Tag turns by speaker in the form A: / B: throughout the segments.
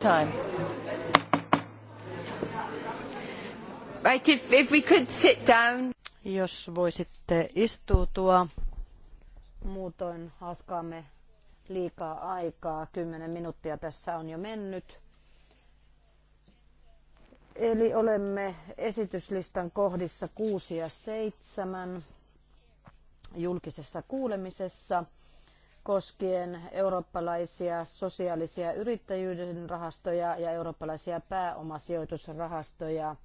A: time.
B: Right, if, if we could sit down. Jos voisitte istuutua, muutoin haskaamme liikaa aikaa. Kymmenen minuuttia tässä on jo mennyt. Eli olemme esityslistan kohdissa 6 ja 7 julkisessa kuulemisessa koskien eurooppalaisia sosiaalisia yrittäjyyden rahastoja ja eurooppalaisia pääomasijoitusrahastoja.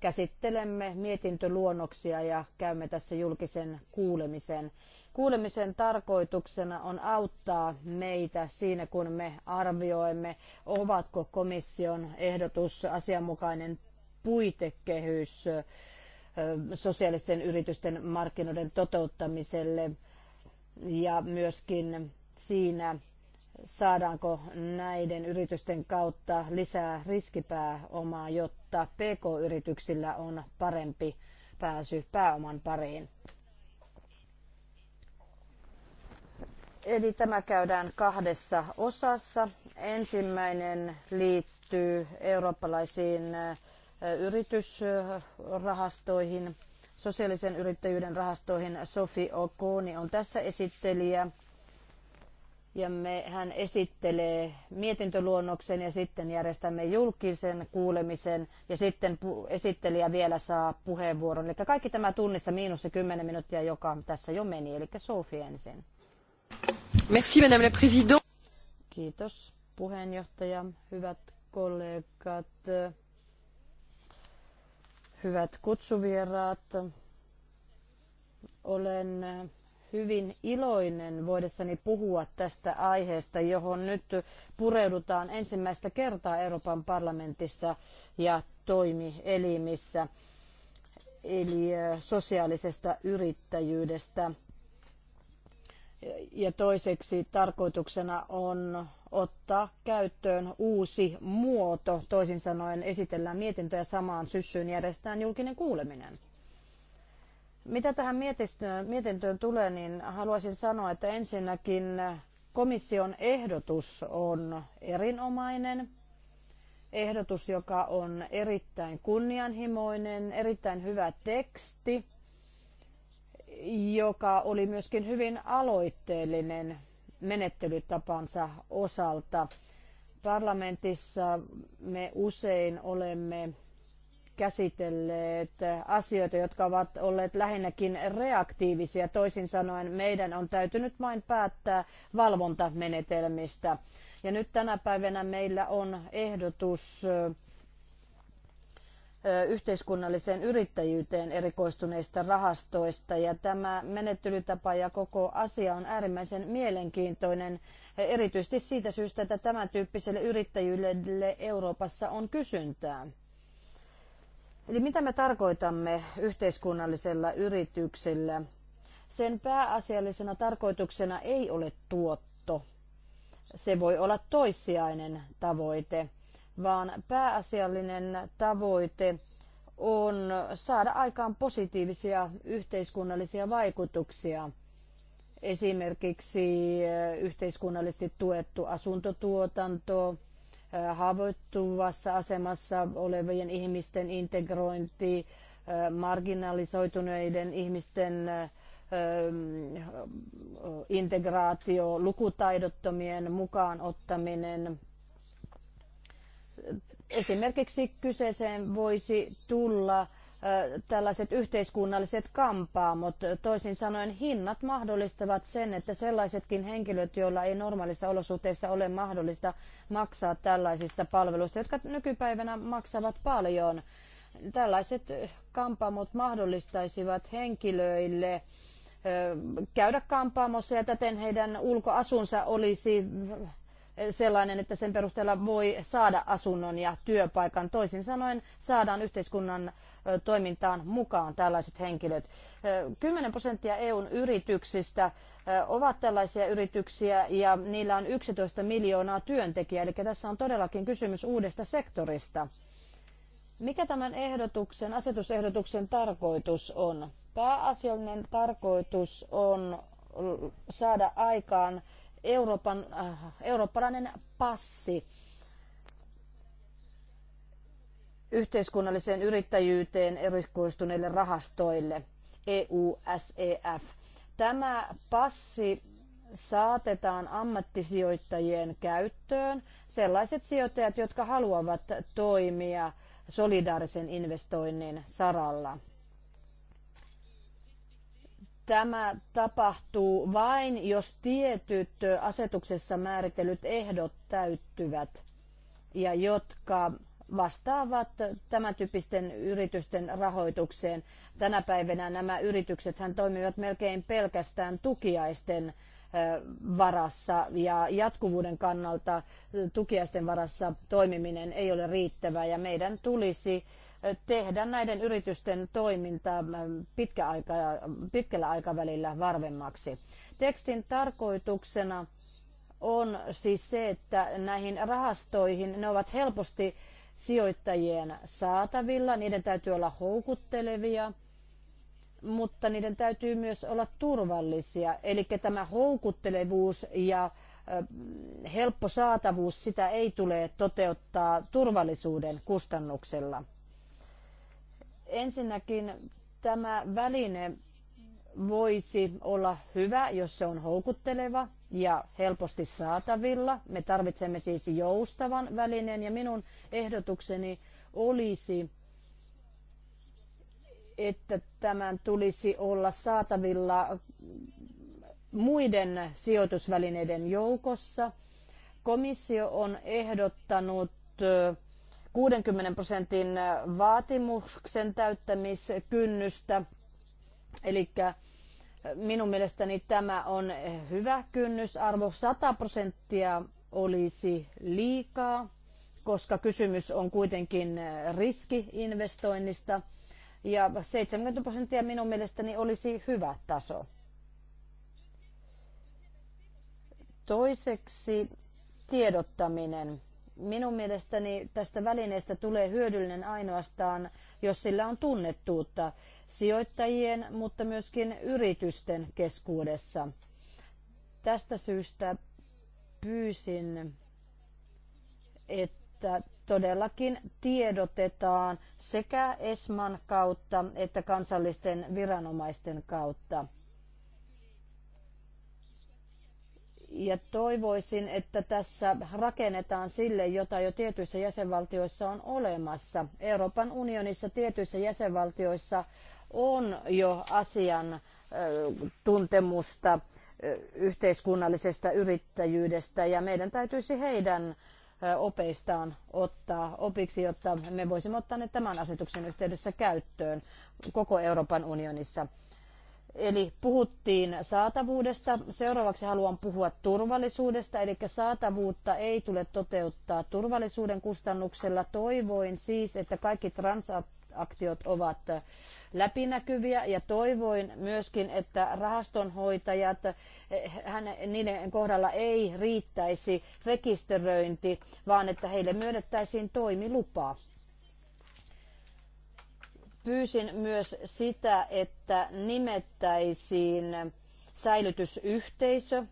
B: Käsittelemme mietintöluonnoksia ja käymme tässä julkisen kuulemisen. Kuulemisen tarkoituksena on auttaa meitä siinä, kun me arvioimme, ovatko komission ehdotus asianmukainen puitekehys sosiaalisten yritysten markkinoiden toteuttamiselle – ja myöskin siinä, saadaanko näiden yritysten kautta lisää riskipääomaa, jotta pk-yrityksillä on parempi pääsy pääoman pariin. Eli tämä käydään kahdessa osassa. Ensimmäinen liittyy eurooppalaisiin yritysrahastoihin – sosiaalisen yrittäjyyden rahastoihin. Sofi Okoni on tässä esittelijä. Ja me, hän esittelee mietintöluonnoksen ja sitten järjestämme julkisen kuulemisen ja sitten esittelijä vielä saa puheenvuoron. Eli kaikki tämä tunnissa miinus se kymmenen minuuttia, joka tässä jo meni. Eli Sofi ensin. Merci, Madame la Présidente. Kiitos puheenjohtaja, hyvät kollegat hyvät kutsuvieraat. Olen hyvin iloinen voidessani puhua tästä aiheesta, johon nyt pureudutaan ensimmäistä kertaa Euroopan parlamentissa ja toimielimissä, eli sosiaalisesta yrittäjyydestä. Ja toiseksi tarkoituksena on ottaa käyttöön uusi muoto, toisin sanoen esitellään mietintö ja samaan syssyyn järjestetään julkinen kuuleminen. Mitä tähän mietintöön, mietintöön tulee, niin haluaisin sanoa, että ensinnäkin komission ehdotus on erinomainen. Ehdotus, joka on erittäin kunnianhimoinen, erittäin hyvä teksti, joka oli myöskin hyvin aloitteellinen menettelytapansa osalta. Parlamentissa me usein olemme käsitelleet asioita, jotka ovat olleet lähinnäkin reaktiivisia. Toisin sanoen meidän on täytynyt vain päättää valvontamenetelmistä. Ja nyt tänä päivänä meillä on ehdotus yhteiskunnalliseen yrittäjyyteen erikoistuneista rahastoista. Ja tämä menettelytapa ja koko asia on äärimmäisen mielenkiintoinen, erityisesti siitä syystä, että tämän tyyppiselle yrittäjyydelle Euroopassa on kysyntää. Eli mitä me tarkoitamme yhteiskunnallisella yrityksellä? Sen pääasiallisena tarkoituksena ei ole tuotto. Se voi olla toissijainen tavoite – vaan pääasiallinen tavoite on saada aikaan positiivisia yhteiskunnallisia vaikutuksia. Esimerkiksi eh, yhteiskunnallisesti tuettu asuntotuotanto, eh, haavoittuvassa asemassa olevien ihmisten integrointi, eh, marginalisoituneiden ihmisten integraatio, lukutaidottomien mukaan ottaminen, Esimerkiksi kyseeseen voisi tulla tällaiset yhteiskunnalliset kampaamot. Toisin sanoen hinnat mahdollistavat sen, että sellaisetkin henkilöt, joilla ei normaalissa olosuhteissa ole mahdollista maksaa tällaisista palveluista, jotka nykypäivänä maksavat paljon, tällaiset kampaamot mahdollistaisivat henkilöille käydä kampaamossa ja täten heidän ulkoasunsa olisi sellainen, että sen perusteella voi saada asunnon ja työpaikan. Toisin sanoen saadaan yhteiskunnan toimintaan mukaan tällaiset henkilöt. 10 prosenttia EUn yrityksistä ovat tällaisia yrityksiä ja niillä on 11 miljoonaa työntekijää, eli tässä on todellakin kysymys uudesta sektorista. Mikä tämän ehdotuksen, asetusehdotuksen tarkoitus on? Pääasiallinen tarkoitus on saada aikaan Euroopan, äh, eurooppalainen passi yhteiskunnalliseen yrittäjyyteen erikoistuneille rahastoille, EUSEF. Tämä passi saatetaan ammattisijoittajien käyttöön sellaiset sijoittajat, jotka haluavat toimia solidaarisen investoinnin saralla. Tämä tapahtuu vain, jos tietyt asetuksessa määritellyt ehdot täyttyvät ja jotka vastaavat tämän tyyppisten yritysten rahoitukseen. Tänä päivänä nämä yritykset toimivat melkein pelkästään tukiaisten varassa ja jatkuvuuden kannalta tukiaisten varassa toimiminen ei ole riittävää ja meidän tulisi tehdä näiden yritysten toiminta ähm, pitkä aika, pitkällä aikavälillä varvemmaksi. Tekstin tarkoituksena on siis se, että näihin rahastoihin ne ovat helposti sijoittajien saatavilla, niiden täytyy olla houkuttelevia, mutta niiden täytyy myös olla turvallisia. Eli tämä houkuttelevuus ja äh, helppo saatavuus, sitä ei tule toteuttaa turvallisuuden kustannuksella. Ensinnäkin tämä väline voisi olla hyvä, jos se on houkutteleva ja helposti saatavilla. Me tarvitsemme siis joustavan välineen ja minun ehdotukseni olisi, että tämän tulisi olla saatavilla muiden sijoitusvälineiden joukossa. Komissio on ehdottanut 60 prosentin äh, vaatimuksen täyttämiskynnystä. Eli äh, minun mielestäni tämä on hyvä kynnysarvo. 100 prosenttia olisi liikaa, koska kysymys on kuitenkin äh, riskiinvestoinnista. Ja 70 prosenttia minun mielestäni olisi hyvä taso. Toiseksi tiedottaminen. Minun mielestäni tästä välineestä tulee hyödyllinen ainoastaan, jos sillä on tunnettuutta sijoittajien, mutta myöskin yritysten keskuudessa. Tästä syystä pyysin, että todellakin tiedotetaan sekä ESMAN kautta että kansallisten viranomaisten kautta. Ja toivoisin, että tässä rakennetaan sille, jota jo tietyissä jäsenvaltioissa on olemassa. Euroopan unionissa tietyissä jäsenvaltioissa on jo asian tuntemusta yhteiskunnallisesta yrittäjyydestä ja meidän täytyisi heidän opeistaan ottaa opiksi, jotta me voisimme ottaa ne tämän asetuksen yhteydessä käyttöön koko Euroopan unionissa. Eli puhuttiin saatavuudesta. Seuraavaksi haluan puhua turvallisuudesta, eli saatavuutta ei tule toteuttaa turvallisuuden kustannuksella. Toivoin siis, että kaikki transaktiot ovat läpinäkyviä ja toivoin myöskin, että rahastonhoitajat, hän, niiden kohdalla ei riittäisi rekisteröinti, vaan että heille myönnettäisiin toimilupaa. Pyysin myös sitä, että nimettäisiin säilytysyhteisö,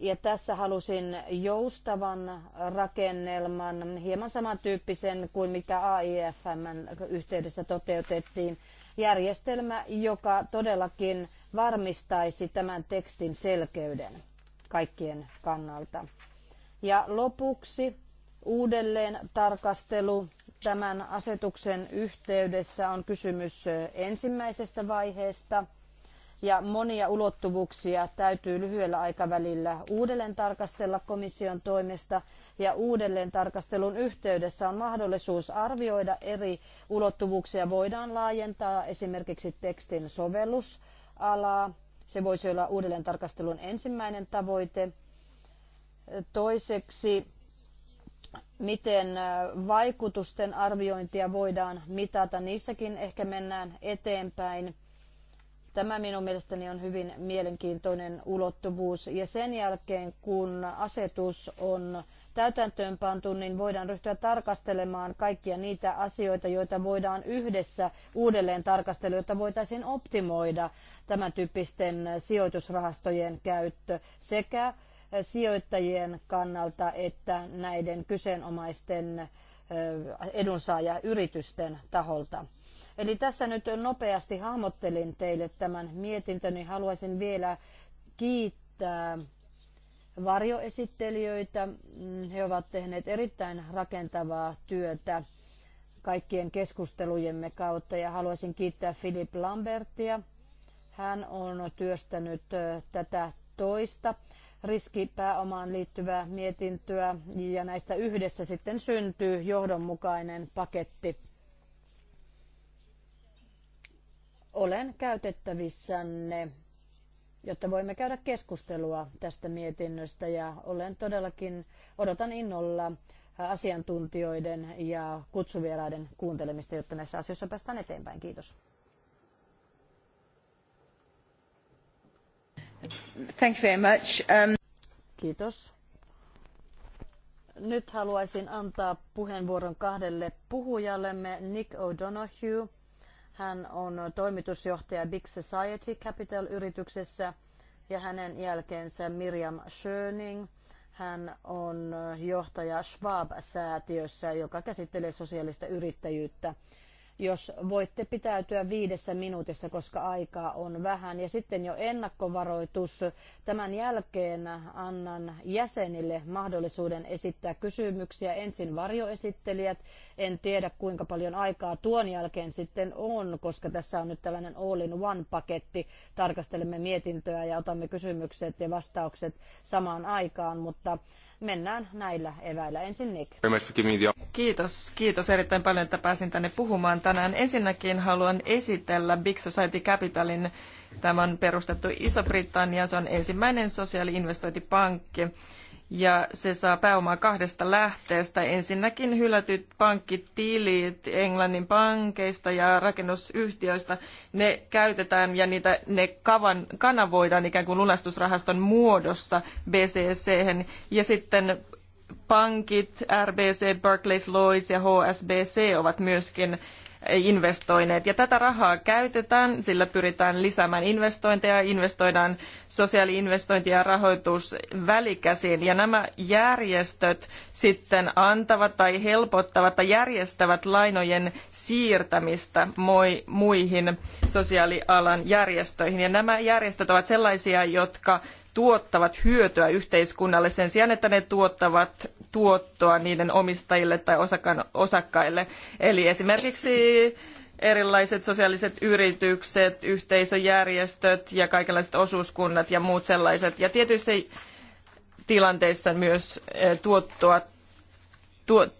B: ja tässä halusin joustavan rakennelman, hieman samantyyppisen kuin mikä AIFM yhteydessä toteutettiin, järjestelmä, joka todellakin varmistaisi tämän tekstin selkeyden kaikkien kannalta. Ja lopuksi uudelleen tarkastelu Tämän asetuksen yhteydessä on kysymys ensimmäisestä vaiheesta ja monia ulottuvuuksia täytyy lyhyellä aikavälillä uudelleen tarkastella komission toimesta ja uudelleen tarkastelun yhteydessä on mahdollisuus arvioida eri ulottuvuuksia. Voidaan laajentaa esimerkiksi tekstin sovellusalaa, se voisi olla uudelleen tarkastelun ensimmäinen tavoite. Toiseksi miten vaikutusten arviointia voidaan mitata. Niissäkin ehkä mennään eteenpäin. Tämä minun mielestäni on hyvin mielenkiintoinen ulottuvuus. Ja sen jälkeen, kun asetus on täytäntöönpantu, niin voidaan ryhtyä tarkastelemaan kaikkia niitä asioita, joita voidaan yhdessä uudelleen tarkastella, jotta voitaisiin optimoida tämän tyyppisten sijoitusrahastojen käyttö sekä sijoittajien kannalta että näiden kyseenomaisten edunsaajayritysten taholta. Eli tässä nyt nopeasti hahmottelin teille tämän mietintöni. Niin haluaisin vielä kiittää varjoesittelijöitä. He ovat tehneet erittäin rakentavaa työtä kaikkien keskustelujemme kautta ja haluaisin kiittää Philip Lambertia. Hän on työstänyt tätä toista riskipääomaan liittyvää mietintöä ja näistä yhdessä sitten syntyy johdonmukainen paketti. Olen käytettävissänne, jotta voimme käydä keskustelua tästä mietinnöstä ja olen todellakin, odotan innolla asiantuntijoiden ja kutsuvieraiden kuuntelemista, jotta näissä asioissa päästään eteenpäin. Kiitos. Um, Kiitos. Nyt haluaisin antaa puheenvuoron kahdelle puhujallemme, Nick O'Donoghue. Hän on toimitusjohtaja Big Society Capital-yrityksessä ja hänen jälkeensä Miriam Schöning. Hän on johtaja Schwab-säätiössä, joka käsittelee sosiaalista yrittäjyyttä jos voitte pitäytyä viidessä minuutissa, koska aikaa on vähän. Ja sitten jo ennakkovaroitus. Tämän jälkeen annan jäsenille mahdollisuuden esittää kysymyksiä. Ensin varjoesittelijät. En tiedä kuinka paljon aikaa tuon jälkeen sitten on, koska tässä on nyt tällainen all-in-one-paketti. Tarkastelemme mietintöä ja otamme kysymykset ja vastaukset samaan aikaan, mutta mennään näillä eväillä. Ensin Nick.
C: Kiitos, kiitos erittäin paljon, että pääsin tänne puhumaan tänään. Ensinnäkin haluan esitellä Big Society Capitalin. Tämä on perustettu Iso-Britannia, se on ensimmäinen sosiaaliinvestointipankki. investointipankki ja se saa pääomaa kahdesta lähteestä. Ensinnäkin hylätyt pankkitilit Englannin pankeista ja rakennusyhtiöistä, ne käytetään ja niitä ne kavan, kanavoidaan ikään kuin lunastusrahaston muodossa BCC. hen Ja sitten pankit, RBC, Barclays Lloyds ja HSBC ovat myöskin investoineet. Ja tätä rahaa käytetään, sillä pyritään lisäämään investointeja, investoidaan sosiaaliinvestointia ja rahoitus välikäsiin. Ja nämä järjestöt sitten antavat tai helpottavat tai järjestävät lainojen siirtämistä muihin sosiaalialan järjestöihin. Ja nämä järjestöt ovat sellaisia, jotka tuottavat hyötyä yhteiskunnalle sen sijaan, että ne tuottavat tuottoa niiden omistajille tai osakkaille. Eli esimerkiksi erilaiset sosiaaliset yritykset, yhteisöjärjestöt ja kaikenlaiset osuuskunnat ja muut sellaiset. Ja tietyissä tilanteissa myös e, tuottoa,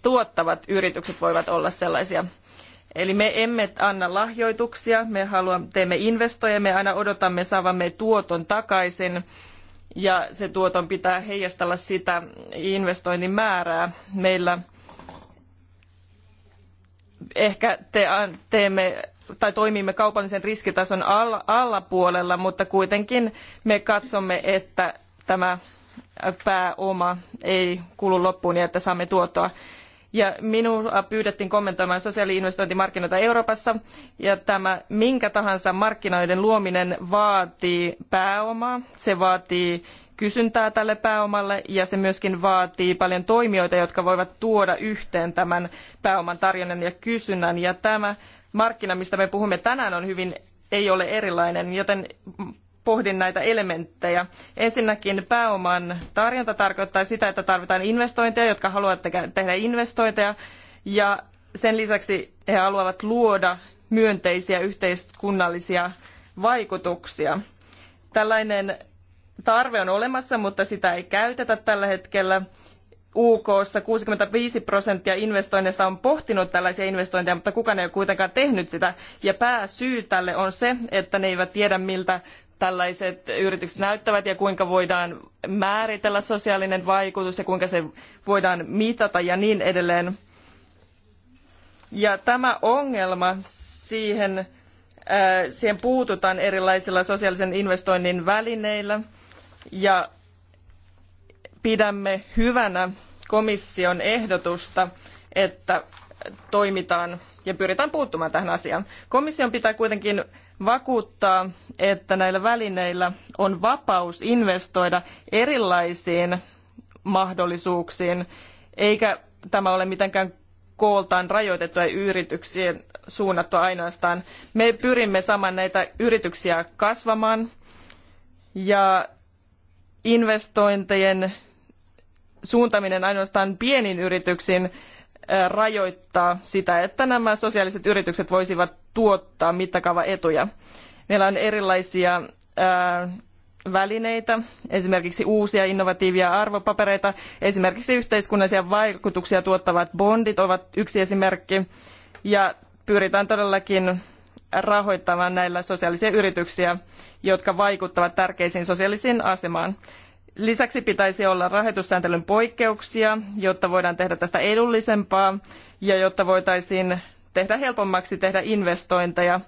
C: tuottavat yritykset voivat olla sellaisia. Eli me emme anna lahjoituksia, me haluamme, teemme investoja, me aina odotamme saavamme tuoton takaisin ja se tuoton pitää heijastella sitä investoinnin määrää. Meillä ehkä te, teemme tai toimimme kaupallisen riskitason alla, alapuolella, mutta kuitenkin me katsomme, että tämä pääoma ei kulu loppuun ja että saamme tuottoa ja minua pyydettiin kommentoimaan sosiaaliinvestointimarkkinoita Euroopassa. Ja tämä minkä tahansa markkinoiden luominen vaatii pääomaa, se vaatii kysyntää tälle pääomalle ja se myöskin vaatii paljon toimijoita, jotka voivat tuoda yhteen tämän pääoman tarjonnan ja kysynnän. Ja tämä markkina, mistä me puhumme tänään, on hyvin ei ole erilainen, joten pohdin näitä elementtejä. Ensinnäkin pääoman tarjonta tarkoittaa sitä, että tarvitaan investointeja, jotka haluavat tehdä investointeja, ja sen lisäksi he haluavat luoda myönteisiä yhteiskunnallisia vaikutuksia. Tällainen tarve on olemassa, mutta sitä ei käytetä tällä hetkellä. UKssa 65 prosenttia investoinneista on pohtinut tällaisia investointeja, mutta kukaan ei ole kuitenkaan tehnyt sitä. Ja pääsyy tälle on se, että ne eivät tiedä miltä tällaiset yritykset näyttävät ja kuinka voidaan määritellä sosiaalinen vaikutus ja kuinka se voidaan mitata ja niin edelleen. Ja tämä ongelma siihen, äh, siihen puututaan erilaisilla sosiaalisen investoinnin välineillä ja pidämme hyvänä komission ehdotusta, että toimitaan ja pyritään puuttumaan tähän asiaan. Komission pitää kuitenkin vakuuttaa, että näillä välineillä on vapaus investoida erilaisiin mahdollisuuksiin, eikä tämä ole mitenkään kooltaan rajoitettu ja yrityksiin suunnattu ainoastaan. Me pyrimme saamaan näitä yrityksiä kasvamaan ja investointien suuntaminen ainoastaan pieniin yrityksiin rajoittaa sitä, että nämä sosiaaliset yritykset voisivat tuottaa mittakaavaetuja. Meillä on erilaisia välineitä, esimerkiksi uusia innovatiivia arvopapereita, esimerkiksi yhteiskunnallisia vaikutuksia tuottavat bondit ovat yksi esimerkki, ja pyritään todellakin rahoittamaan näillä sosiaalisia yrityksiä, jotka vaikuttavat tärkeisiin sosiaalisiin asemaan. Lisäksi pitäisi olla rahoitussääntelyn poikkeuksia, jotta voidaan tehdä tästä edullisempaa ja jotta voitaisiin tehdä helpommaksi tehdä investointeja.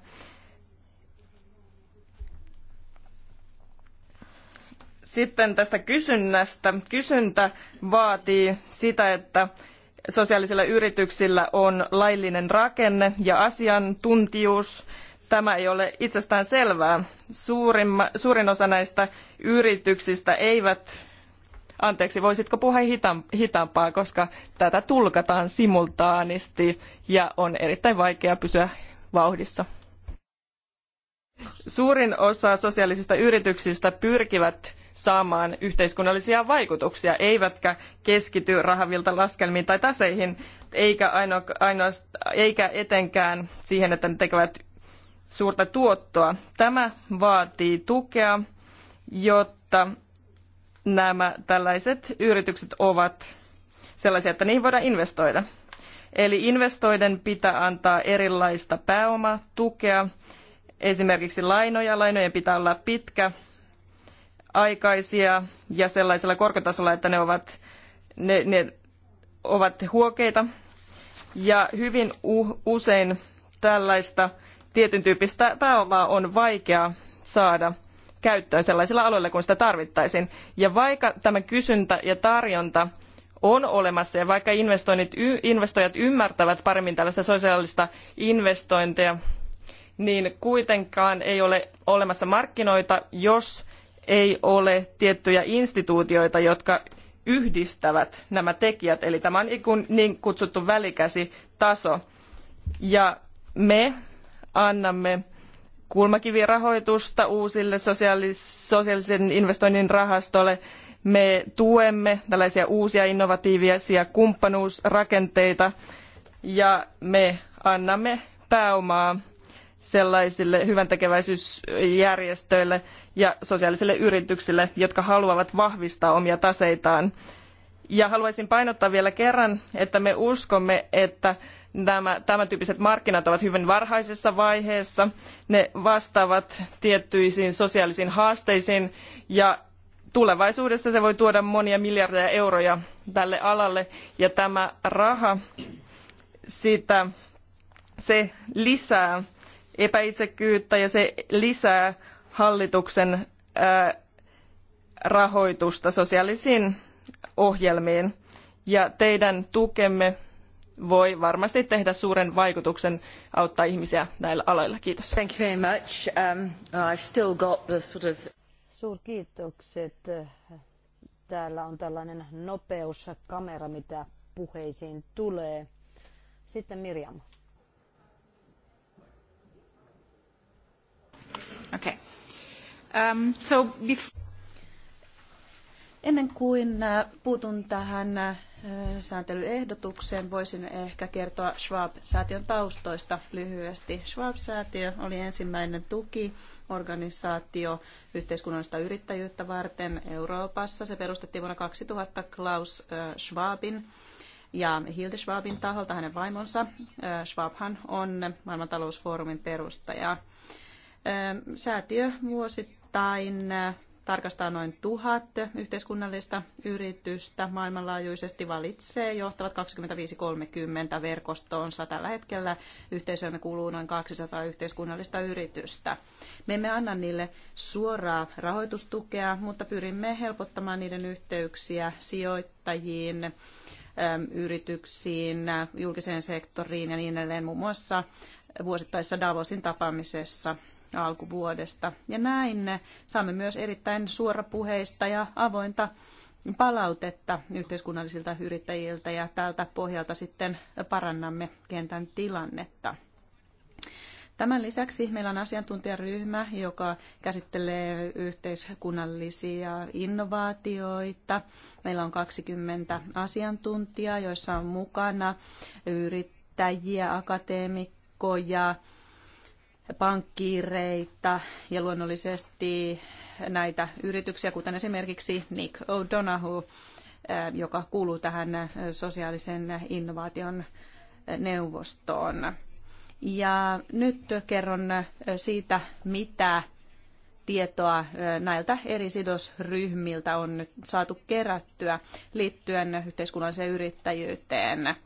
C: Sitten tästä kysynnästä. Kysyntä vaatii sitä, että sosiaalisilla yrityksillä on laillinen rakenne ja asiantuntijuus Tämä ei ole itsestään selvää. Suurimma, suurin osa näistä yrityksistä eivät, anteeksi, voisitko puhua hitaampaa, koska tätä tulkataan simultaanisti ja on erittäin vaikea pysyä vauhdissa. Suurin osa sosiaalisista yrityksistä pyrkivät saamaan yhteiskunnallisia vaikutuksia, eivätkä keskity rahavilta laskelmiin tai taseihin, eikä, aino, eikä etenkään siihen, että ne tekevät suurta tuottoa. Tämä vaatii tukea, jotta nämä tällaiset yritykset ovat sellaisia, että niihin voidaan investoida. Eli investoiden pitää antaa erilaista pääomatukea, esimerkiksi lainoja. Lainojen pitää olla pitkä aikaisia ja sellaisella korkotasolla, että ne ovat, ne, ne ovat huokeita. Ja hyvin usein tällaista tietyn tyyppistä pääomaa on vaikea saada käyttöön sellaisilla aloilla, kun sitä tarvittaisiin. Ja vaikka tämä kysyntä ja tarjonta on olemassa ja vaikka investoinnit, investoijat ymmärtävät paremmin tällaista sosiaalista investointia, niin kuitenkaan ei ole olemassa markkinoita, jos ei ole tiettyjä instituutioita, jotka yhdistävät nämä tekijät. Eli tämä on niin kutsuttu välikäsitaso. Ja me annamme kulmakivirahoitusta uusille sosiaalis sosiaalisen investoinnin rahastolle. Me tuemme tällaisia uusia innovatiivisia kumppanuusrakenteita ja me annamme pääomaa sellaisille hyväntekeväisyysjärjestöille ja sosiaalisille yrityksille, jotka haluavat vahvistaa omia taseitaan. Ja haluaisin painottaa vielä kerran, että me uskomme, että nämä, tämän tyyppiset markkinat ovat hyvin varhaisessa vaiheessa. Ne vastaavat tiettyisiin sosiaalisiin haasteisiin ja tulevaisuudessa se voi tuoda monia miljardeja euroja tälle alalle ja tämä raha sitä se lisää epäitsekyyttä ja se lisää hallituksen rahoitusta sosiaalisiin ohjelmiin ja teidän tukemme voi varmasti tehdä suuren vaikutuksen auttaa ihmisiä näillä aloilla. Kiitos. Thank you very much. Um, I've still got the sort
B: of... Suurkiitokset. Täällä on tällainen nopeuskamera, mitä puheisiin tulee. Sitten Mirjam. Okay.
D: Um, so before... Ennen kuin äh, puutun tähän äh, sääntelyehdotukseen. Voisin ehkä kertoa Schwab-säätiön taustoista lyhyesti. Schwab-säätiö oli ensimmäinen tukiorganisaatio yhteiskunnallista yrittäjyyttä varten Euroopassa. Se perustettiin vuonna 2000 Klaus Schwabin ja Hilde Schwabin taholta hänen vaimonsa. Schwabhan on maailmantalousfoorumin perustaja. Säätiö vuosittain tarkastaa noin tuhat yhteiskunnallista yritystä maailmanlaajuisesti, valitsee johtavat 25-30 verkostoonsa. Tällä hetkellä yhteisöömme kuuluu noin 200 yhteiskunnallista yritystä. Me emme anna niille suoraa rahoitustukea, mutta pyrimme helpottamaan niiden yhteyksiä sijoittajiin, yrityksiin, julkiseen sektoriin ja niin edelleen muun muassa vuosittaisessa Davosin tapaamisessa alkuvuodesta. Ja näin saamme myös erittäin suorapuheista ja avointa palautetta yhteiskunnallisilta yrittäjiltä ja tältä pohjalta sitten parannamme kentän tilannetta. Tämän lisäksi meillä on asiantuntijaryhmä, joka käsittelee yhteiskunnallisia innovaatioita. Meillä on 20 asiantuntijaa, joissa on mukana yrittäjiä, akateemikkoja, pankkiireita ja luonnollisesti näitä yrityksiä, kuten esimerkiksi Nick O'Donohue, eh, joka kuuluu tähän sosiaalisen innovaation neuvostoon. Ja nyt kerron eh, siitä, mitä tietoa eh, näiltä eri sidosryhmiltä on nyt saatu kerättyä liittyen yhteiskunnalliseen yrittäjyyteen –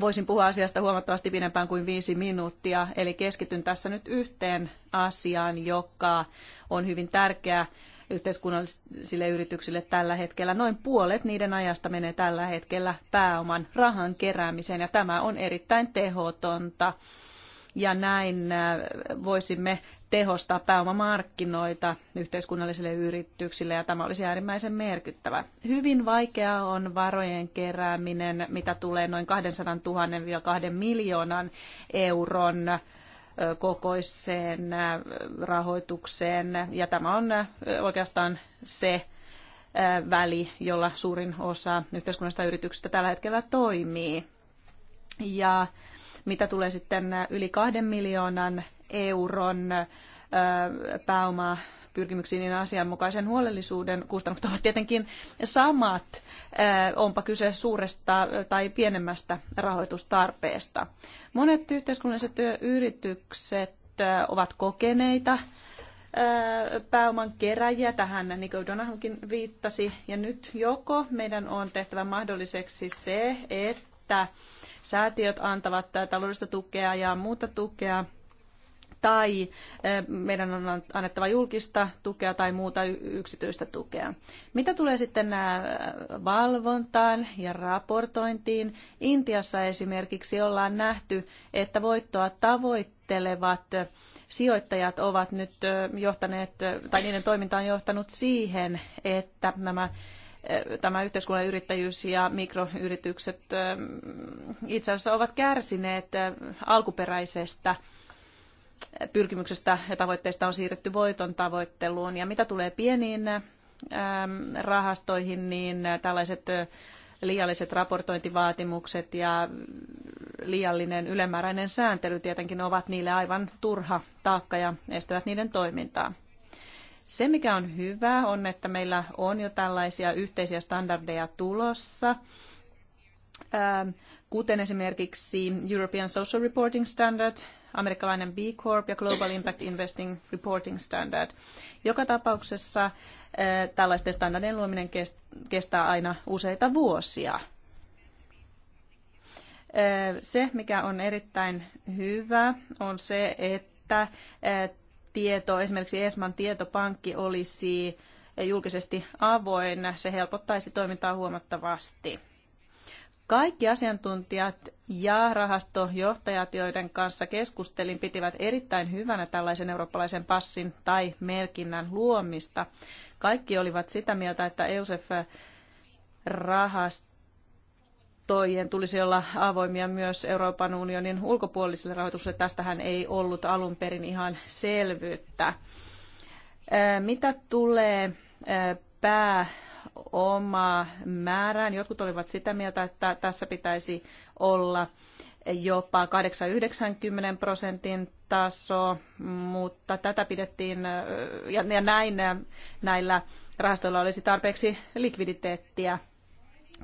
D: voisin puhua asiasta huomattavasti pidempään kuin viisi minuuttia, eli keskityn tässä nyt yhteen asiaan, joka on hyvin tärkeä yhteiskunnallisille yrityksille tällä hetkellä. Noin puolet niiden ajasta menee tällä hetkellä pääoman rahan keräämiseen, ja tämä on erittäin tehotonta. Ja näin äh, voisimme tehostaa pääomamarkkinoita yhteiskunnallisille yrityksille ja tämä olisi äärimmäisen merkittävä. Hyvin vaikeaa on varojen kerääminen, mitä tulee noin 200 000-2 miljoonan euron kokoiseen rahoitukseen ja tämä on oikeastaan se väli, jolla suurin osa yhteiskunnallisista yrityksistä tällä hetkellä toimii. Ja mitä tulee sitten yli kahden miljoonan euron pääomaa pyrkimyksiin, niin asianmukaisen huolellisuuden kustannukset ovat tietenkin samat, onpa kyse suuresta tai pienemmästä rahoitustarpeesta. Monet yhteiskunnalliset yritykset ovat kokeneita pääoman keräjiä, tähän Nico Donahonkin viittasi, ja nyt joko meidän on tehtävä mahdolliseksi se, että säätiöt antavat taloudellista tukea ja muuta tukea tai eh, meidän on annettava julkista tukea tai muuta yksityistä tukea. Mitä tulee sitten eh, valvontaan ja raportointiin? Intiassa esimerkiksi ollaan nähty, että voittoa tavoittelevat eh, sijoittajat ovat nyt johtaneet, tai niiden toiminta on johtanut siihen, että nämä tämä yhteiskunnan yrittäjyys ja mikroyritykset itse asiassa ovat kärsineet alkuperäisestä pyrkimyksestä ja tavoitteista on siirretty voiton tavoitteluun. Ja mitä tulee pieniin ähm, rahastoihin, niin tällaiset äh, liialliset raportointivaatimukset ja liiallinen ylimääräinen sääntely tietenkin ovat niille aivan turha taakka ja estävät niiden toimintaa. Se, mikä on hyvää, on, että meillä on jo tällaisia yhteisiä standardeja tulossa, ähm, kuten esimerkiksi European Social Reporting Standard, amerikkalainen B Corp ja Global Impact Investing Reporting Standard. Joka tapauksessa eh, tällaisten standardien luominen kestää aina useita vuosia. Eh, se, mikä on erittäin hyvä, on se, että eh, tieto, esimerkiksi ESMAn tietopankki olisi julkisesti avoin. Se helpottaisi toimintaa huomattavasti. Kaikki asiantuntijat ja rahastojohtajat, joiden kanssa keskustelin, pitivät erittäin hyvänä tällaisen eurooppalaisen passin tai merkinnän luomista. Kaikki olivat sitä mieltä, että EUSEF-rahastojen tulisi olla avoimia myös Euroopan unionin ulkopuolisille rahoitukselle. Tästähän ei ollut alun perin ihan selvyyttä. Mitä tulee pää omaa määrään. Jotkut olivat sitä mieltä, että tässä pitäisi olla jopa 80-90 prosentin taso, mutta tätä pidettiin, ja näin näillä rahastoilla olisi tarpeeksi likviditeettiä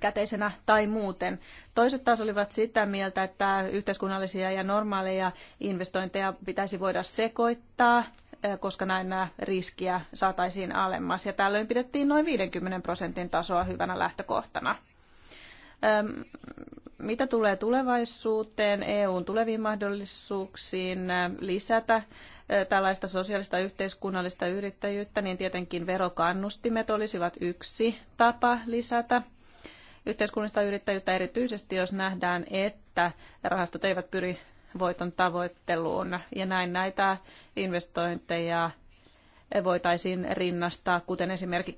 D: käteisenä tai muuten. Toiset taas olivat sitä mieltä, että yhteiskunnallisia ja normaaleja investointeja pitäisi voida sekoittaa – koska näin nämä riskiä saataisiin alemmas. Ja tällöin pidettiin noin 50 prosentin tasoa hyvänä lähtökohtana. Mitä tulee tulevaisuuteen, EUn tuleviin mahdollisuuksiin lisätä tällaista sosiaalista yhteiskunnallista yrittäjyyttä, niin tietenkin verokannustimet olisivat yksi tapa lisätä yhteiskunnallista yrittäjyyttä, erityisesti jos nähdään, että rahastot eivät pyri voiton tavoitteluun. Ja näin näitä investointeja voitaisiin rinnastaa, kuten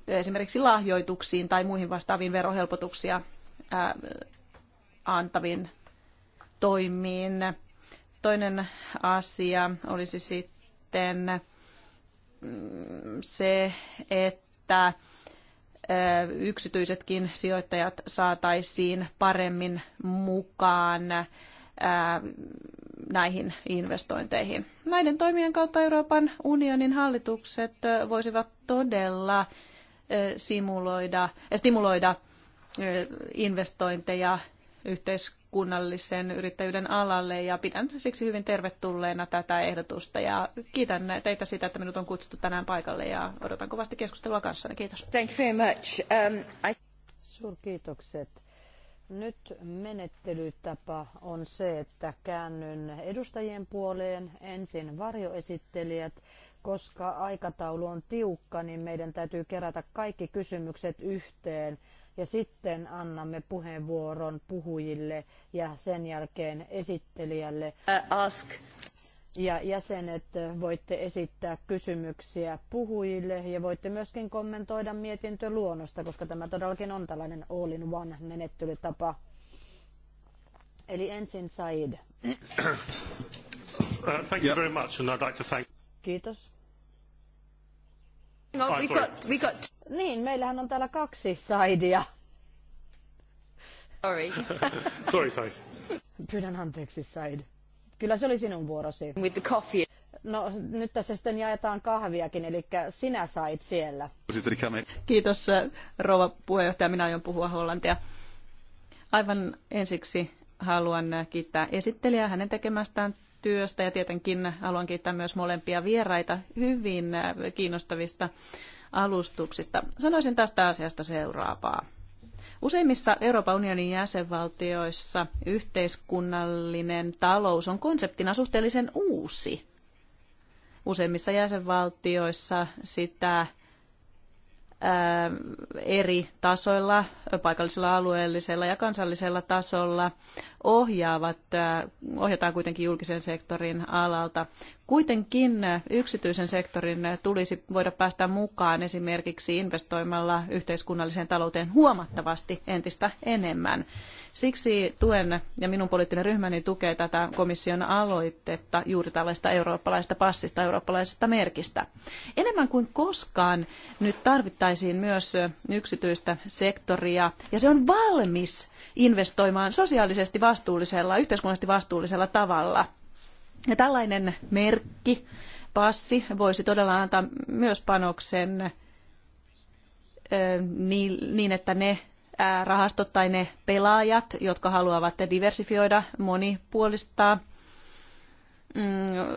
D: esimerkiksi lahjoituksiin tai muihin vastaaviin verohelpotuksia antaviin toimiin. Toinen asia olisi sitten mm, se, että yksityisetkin sijoittajat saataisiin paremmin mukaan näihin investointeihin. Näiden toimien kautta Euroopan unionin hallitukset voisivat todella simuloida, stimuloida investointeja yhteiskunnallisen yrittäjyyden alalle ja pidän siksi hyvin tervetulleena tätä ehdotusta ja kiitän teitä siitä, että minut on kutsuttu tänään paikalle ja odotan kovasti keskustelua kanssanne. Kiitos.
B: Thank you very much. Um, I... Suurkiitokset. Nyt menettelytapa on se, että käännyn edustajien puoleen ensin varjoesittelijät. Koska aikataulu on tiukka, niin meidän täytyy kerätä kaikki kysymykset yhteen ja sitten annamme puheenvuoron puhujille ja sen jälkeen esittelijälle. Uh, ask ja jäsenet eh, voitte esittää kysymyksiä puhujille ja voitte myöskin kommentoida mietintöluonnosta, koska tämä todellakin on tällainen all-in-one-menettelytapa. Eli ensin Said. Uh,
A: thank you very much and I'd like to thank...
B: Kiitos. No, we oh, got, we got... Niin, meillähän on täällä kaksi Saidia.
A: Sorry. sorry, Said.
B: Pyydän anteeksi, Said. Kyllä se oli sinun vuorosi. With the coffee. No nyt tässä sitten jaetaan kahviakin, eli sinä sait siellä.
D: Kiitos äh, rouva puheenjohtaja, minä aion puhua hollantia. Aivan ensiksi haluan äh, kiittää esittelijää hänen tekemästään työstä ja tietenkin haluan kiittää myös molempia vieraita hyvin äh, kiinnostavista alustuksista. Sanoisin tästä asiasta seuraavaa. Useimmissa Euroopan unionin jäsenvaltioissa yhteiskunnallinen talous on konseptina suhteellisen uusi. Useimmissa jäsenvaltioissa sitä eri tasoilla, paikallisella, alueellisella ja kansallisella tasolla ohjaavat, äh, ohjataan kuitenkin julkisen sektorin alalta. Kuitenkin äh, yksityisen sektorin äh, tulisi voida päästä mukaan esimerkiksi investoimalla yhteiskunnalliseen talouteen huomattavasti entistä enemmän. Siksi tuen ja minun poliittinen ryhmäni tukee tätä komission aloitetta juuri tällaista eurooppalaista passista, eurooppalaisesta merkistä. Enemmän kuin koskaan nyt tarvittaisiin myös yksityistä sektoria ja se on valmis investoimaan sosiaalisesti vastuullisella, yhteiskunnallisesti vastuullisella tavalla. Ja tällainen merkki, passi, voisi todella antaa myös panoksen niin, että ne rahastot tai ne pelaajat, jotka haluavat diversifioida, monipuolistaa mm,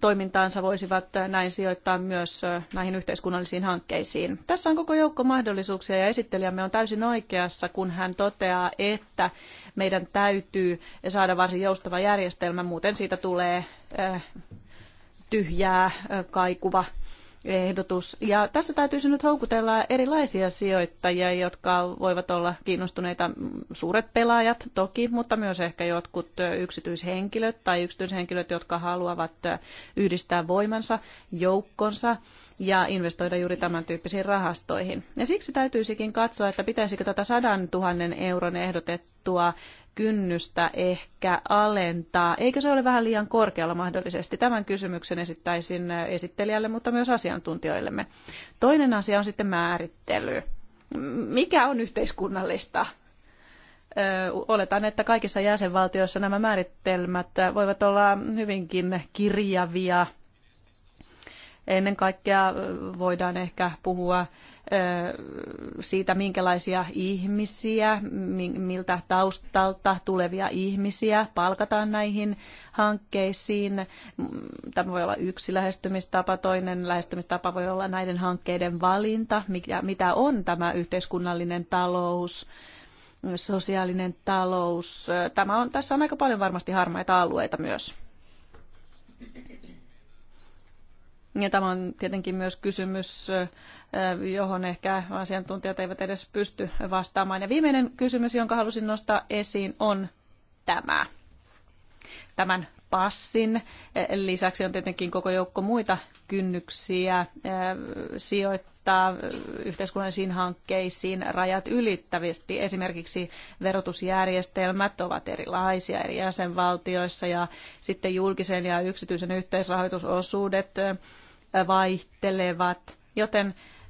D: toimintaansa voisivat näin sijoittaa myös näihin yhteiskunnallisiin hankkeisiin. Tässä on koko joukko mahdollisuuksia ja esittelijämme on täysin oikeassa, kun hän toteaa, että meidän täytyy saada varsin joustava järjestelmä, muuten siitä tulee tyhjää, kaikuva ehdotus. Ja tässä täytyisi nyt houkutella erilaisia sijoittajia, jotka voivat olla kiinnostuneita mm, suuret pelaajat toki, mutta myös ehkä jotkut yksityishenkilöt tai yksityishenkilöt, jotka haluavat yhdistää voimansa, joukkonsa ja investoida juuri tämän tyyppisiin rahastoihin. Ja siksi täytyisikin katsoa, että pitäisikö tätä 100 000 euron ehdotettua kynnystä ehkä alentaa? Eikö se ole vähän liian korkealla mahdollisesti? Tämän kysymyksen esittäisin esittelijälle, mutta myös asiantuntijoillemme. Toinen asia on sitten määrittely. Mikä on yhteiskunnallista? Oletan, että kaikissa jäsenvaltioissa nämä määritelmät voivat olla hyvinkin kirjavia Ennen kaikkea voidaan ehkä puhua siitä, minkälaisia ihmisiä, miltä taustalta tulevia ihmisiä palkataan näihin hankkeisiin. Tämä voi olla yksi lähestymistapa, toinen lähestymistapa voi olla näiden hankkeiden valinta, mikä, mitä on tämä yhteiskunnallinen talous, sosiaalinen talous. Tämä on, tässä on aika paljon varmasti harmaita alueita myös. Ja tämä on tietenkin myös kysymys, eh, johon ehkä asiantuntijat eivät edes pysty vastaamaan. Ja viimeinen kysymys, jonka halusin nostaa esiin, on tämä. Tämän passin eh, lisäksi on tietenkin koko joukko muita kynnyksiä eh, sijoittaa yhteiskunnallisiin hankkeisiin rajat ylittävästi. Esimerkiksi verotusjärjestelmät ovat erilaisia eri jäsenvaltioissa ja sitten julkisen ja yksityisen yhteisrahoitusosuudet vaihtelevat, joten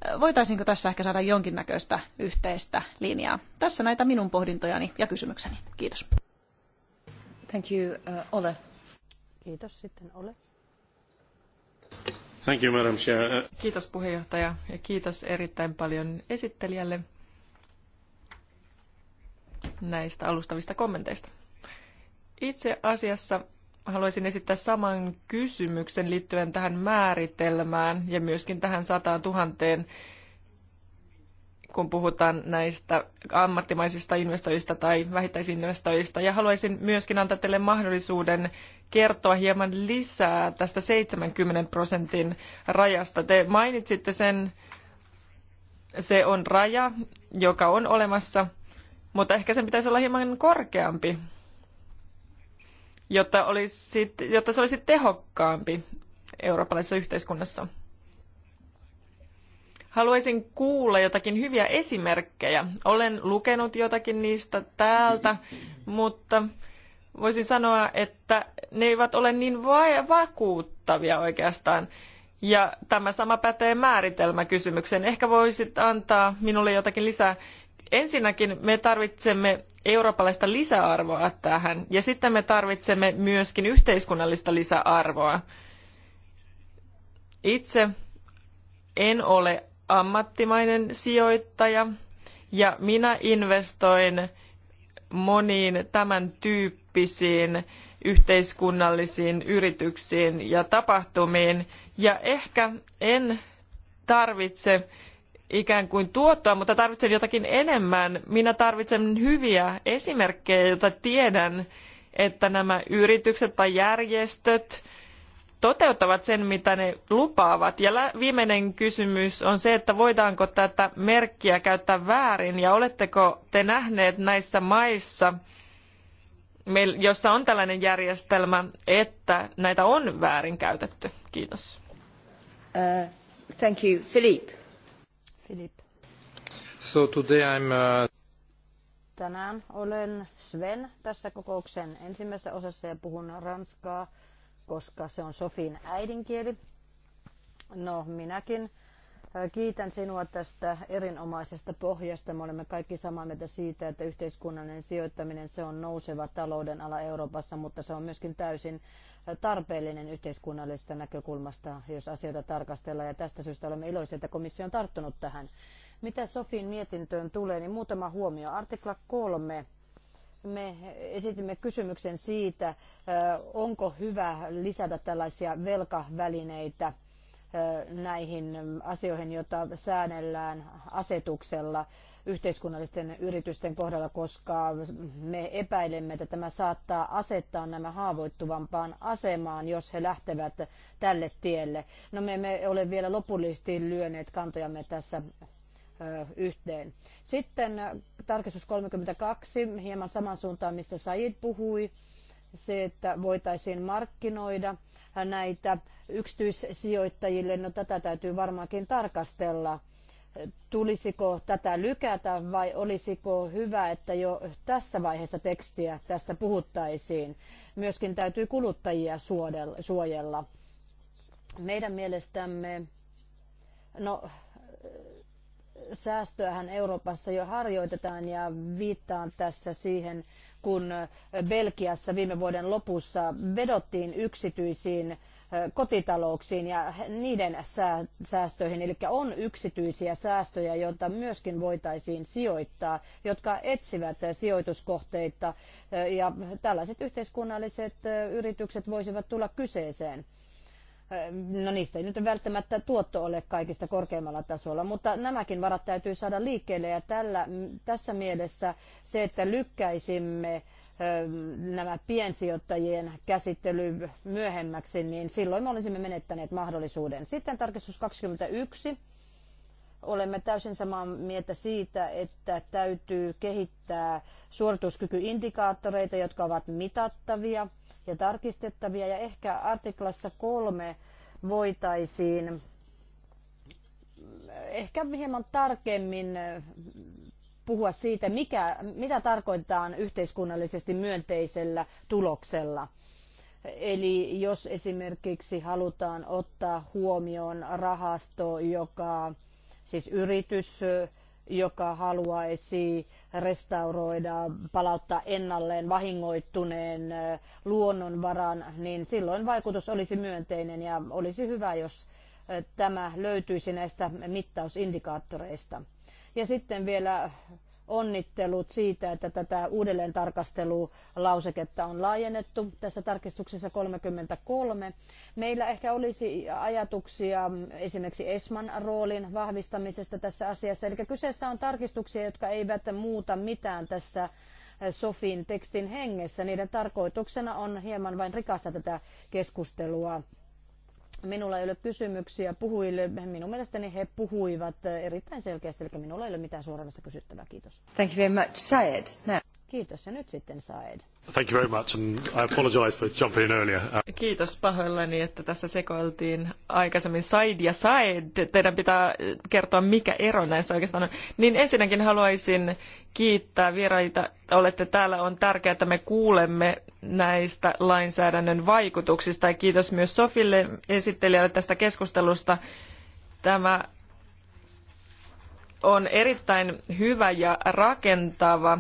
D: äh, voitaisiinko tässä ehkä saada jonkinnäköistä yhteistä linjaa? Tässä näitä minun pohdintojani ja kysymykseni. Kiitos. Thank you, uh, Ole. Kiitos sitten Ole.
A: Thank you, Madam Chair. Uh,
C: kiitos puheenjohtaja ja kiitos erittäin paljon esittelijälle näistä alustavista kommenteista. Itse asiassa haluaisin esittää saman kysymyksen liittyen tähän määritelmään ja myöskin tähän 100 tuhanteen, kun puhutaan näistä ammattimaisista investoijista tai vähittäisinvestoijista. Ja haluaisin myöskin antaa teille mahdollisuuden kertoa hieman lisää tästä 70 prosentin rajasta. Te mainitsitte sen, se on raja, joka on olemassa, mutta ehkä sen pitäisi olla hieman korkeampi jotta, olisi, jotta se olisi tehokkaampi eurooppalaisessa yhteiskunnassa. Haluaisin kuulla jotakin hyviä esimerkkejä. Olen lukenut jotakin niistä täältä, mutta voisin sanoa, että ne eivät ole niin vai vakuuttavia oikeastaan. Ja tämä sama pätee määritelmäkysymykseen. Ehkä voisit antaa minulle jotakin lisää Ensinnäkin me tarvitsemme eurooppalaista lisäarvoa tähän ja sitten me tarvitsemme myöskin yhteiskunnallista lisäarvoa. Itse en ole ammattimainen sijoittaja ja minä investoin moniin tämän tyyppisiin yhteiskunnallisiin yrityksiin ja tapahtumiin ja ehkä en tarvitse ikään kuin tuottoa, mutta tarvitsen jotakin enemmän. Minä tarvitsen hyviä esimerkkejä, joita tiedän, että nämä yritykset tai järjestöt toteuttavat sen, mitä ne lupaavat. Ja viimeinen kysymys on se, että voidaanko tätä merkkiä käyttää väärin ja oletteko te nähneet näissä maissa, jossa on tällainen järjestelmä, että näitä on väärin käytetty? Kiitos. Uh, thank
B: you. Philippe.
A: So today I'm, uh...
B: Tänään olen Sven tässä kokouksen ensimmäisessä osassa ja puhun ranskaa, koska se on Sofin äidinkieli. No, minäkin äh, kiitän sinua tästä erinomaisesta pohjasta. Me olemme kaikki samaa mieltä siitä, että yhteiskunnallinen sijoittaminen se on nouseva talouden ala Euroopassa, mutta se on myöskin täysin äh, tarpeellinen yhteiskunnallisesta näkökulmasta, jos asioita tarkastellaan. Ja tästä syystä olemme iloisia, että komissio on tarttunut tähän. Mitä Sofin mietintöön tulee, niin muutama huomio. Artikla 3 me esitimme kysymyksen siitä, onko hyvä lisätä tällaisia velkavälineitä näihin asioihin, joita säännellään asetuksella yhteiskunnallisten yritysten kohdalla, koska me epäilemme, että tämä saattaa asettaa nämä haavoittuvampaan asemaan, jos he lähtevät tälle tielle. No me emme ole vielä lopullisesti lyöneet kantojamme tässä yhteen. Sitten tarkistus 32, hieman saman suuntaan, mistä Said puhui, se, että voitaisiin markkinoida näitä yksityissijoittajille, no tätä täytyy varmaankin tarkastella. Tulisiko tätä lykätä vai olisiko hyvä, että jo tässä vaiheessa tekstiä tästä puhuttaisiin? Myöskin täytyy kuluttajia suojella. Meidän mielestämme, no säästöähän Euroopassa jo harjoitetaan ja viittaan tässä siihen, kun Belgiassa viime vuoden lopussa vedottiin yksityisiin kotitalouksiin ja niiden säästöihin, eli on yksityisiä säästöjä, joita myöskin voitaisiin sijoittaa, jotka etsivät sijoituskohteita ja tällaiset yhteiskunnalliset yritykset voisivat tulla kyseeseen no niistä ei nyt välttämättä tuotto ole kaikista korkeimmalla tasolla, mutta nämäkin varat täytyy saada liikkeelle ja tällä, tässä mielessä se, että lykkäisimme nämä piensijoittajien käsittely myöhemmäksi, niin silloin me olisimme menettäneet mahdollisuuden. Sitten tarkistus 21. Olemme täysin samaa mieltä siitä, että täytyy kehittää suorituskykyindikaattoreita, jotka ovat mitattavia – ja tarkistettavia ja ehkä artiklassa kolme voitaisiin ehkä hieman tarkemmin puhua siitä, mikä, mitä tarkoitetaan yhteiskunnallisesti myönteisellä tuloksella. Eli jos esimerkiksi halutaan ottaa huomioon rahasto, joka siis yritys, joka haluaisi restauroida, palauttaa ennalleen vahingoittuneen luonnonvaran, niin silloin vaikutus olisi myönteinen ja olisi hyvä, jos tämä löytyisi näistä mittausindikaattoreista. Ja sitten vielä onnittelut siitä, että tätä uudelleen tarkastelulauseketta on laajennettu tässä tarkistuksessa 33. Meillä ehkä olisi ajatuksia esimerkiksi ESMAn roolin vahvistamisesta tässä asiassa. Eli kyseessä on tarkistuksia, jotka eivät muuta mitään tässä Sofin tekstin hengessä. Niiden tarkoituksena on hieman vain rikastaa tätä keskustelua Minulla ei ole kysymyksiä puhujille. Minun mielestäni he puhuivat erittäin selkeästi, eli minulla ei ole mitään suoranaista kysyttävää. Kiitos. Thank you very much. Syed. Now. Kiitos ja nyt sitten Saed.
A: Thank you very much and I apologize for jumping in earlier. Uh,
C: kiitos pahoillani, että tässä sekoiltiin aikaisemmin Said ja Saed. Teidän pitää äh, kertoa, mikä ero näissä oikeastaan on. Niin ensinnäkin haluaisin kiittää vieraita. Olette täällä. On tärkeää, että me kuulemme näistä lainsäädännön vaikutuksista. Ja kiitos myös Sofille esittelijälle tästä keskustelusta. Tämä on erittäin hyvä ja rakentava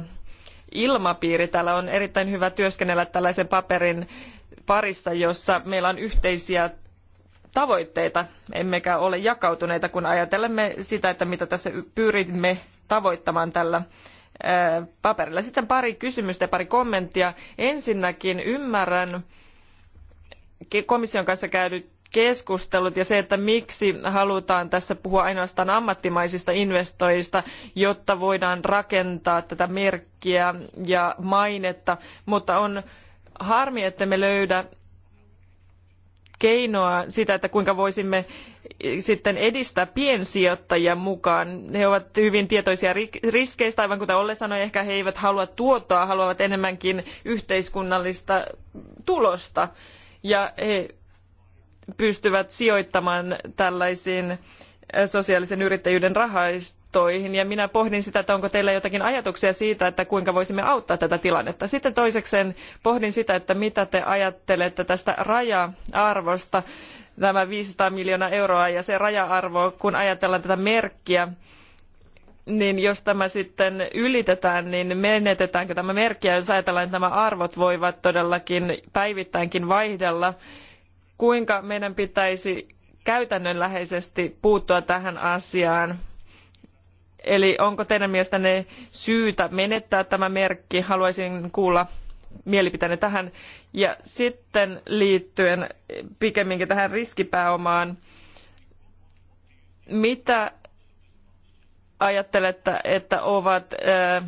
C: ilmapiiri. Täällä on erittäin hyvä työskennellä tällaisen paperin parissa, jossa meillä on yhteisiä tavoitteita, emmekä ole jakautuneita, kun ajatellemme sitä, että mitä tässä pyrimme tavoittamaan tällä paperilla. Sitten pari kysymystä ja pari kommenttia. Ensinnäkin ymmärrän komission kanssa käydyt keskustelut ja se, että miksi halutaan tässä puhua ainoastaan ammattimaisista investoijista, jotta voidaan rakentaa tätä merkkiä ja mainetta, mutta on harmi, että me löydä keinoa sitä, että kuinka voisimme sitten edistää piensijoittajia mukaan. He ovat hyvin tietoisia riskeistä, aivan kuten Olle sanoi, ehkä he eivät halua tuottoa, haluavat enemmänkin yhteiskunnallista tulosta. Ja he pystyvät sijoittamaan tällaisiin eh, sosiaalisen yrittäjyyden rahastoihin. Ja minä pohdin sitä, että onko teillä jotakin ajatuksia siitä, että kuinka voisimme auttaa tätä tilannetta. Sitten toisekseen pohdin sitä, että mitä te ajattelette tästä raja-arvosta, nämä 500 miljoonaa euroa ja se raja-arvo, kun ajatellaan tätä merkkiä, niin jos tämä sitten ylitetään, niin menetetäänkö tämä merkki, ja jos ajatellaan, että nämä arvot voivat todellakin päivittäinkin vaihdella, kuinka meidän pitäisi käytännönläheisesti puuttua tähän asiaan. Eli onko teidän mielestänne syytä menettää tämä merkki? Haluaisin kuulla mielipiteenne tähän. Ja sitten liittyen pikemminkin tähän riskipääomaan, mitä ajattelette, että ovat äh,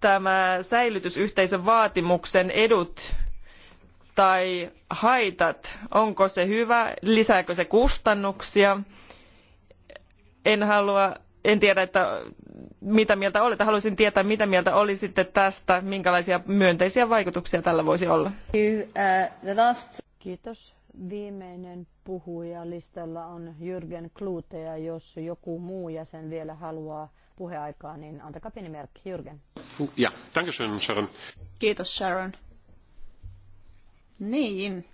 C: tämä säilytysyhteisön vaatimuksen edut tai haitat, onko se hyvä, lisääkö se kustannuksia. En halua, en tiedä, että mitä mieltä olet. Haluaisin tietää, mitä mieltä olisitte tästä, minkälaisia myönteisiä vaikutuksia tällä voisi olla.
B: Kiitos. Viimeinen puhuja listalla on Jürgen Klute ja jos joku muu jäsen vielä haluaa puheaikaa, niin antakaa pieni merkki. Jürgen.
A: Ja, dankeschön Sharon.
B: Kiitos Sharon. Niin.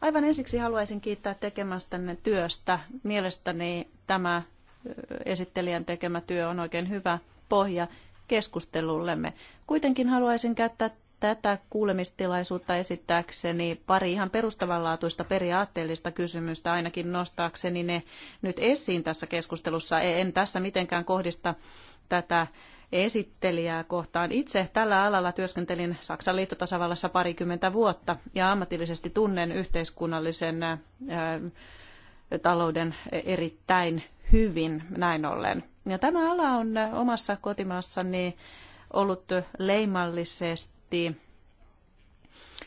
D: Aivan ensiksi haluaisin kiittää tekemästänne työstä. Mielestäni tämä esittelijän tekemä työ on oikein hyvä pohja keskustelullemme. Kuitenkin haluaisin käyttää tätä kuulemistilaisuutta esittääkseni pari ihan perustavanlaatuista periaatteellista kysymystä, ainakin nostaakseni ne nyt esiin tässä keskustelussa. En tässä mitenkään kohdista tätä esittelijää kohtaan. Itse tällä alalla työskentelin Saksan liittotasavallassa parikymmentä vuotta ja ammatillisesti tunnen yhteiskunnallisen ä, äh, talouden erittäin hyvin näin ollen. Ja tämä ala on äh, omassa kotimaassani ollut leimallisesti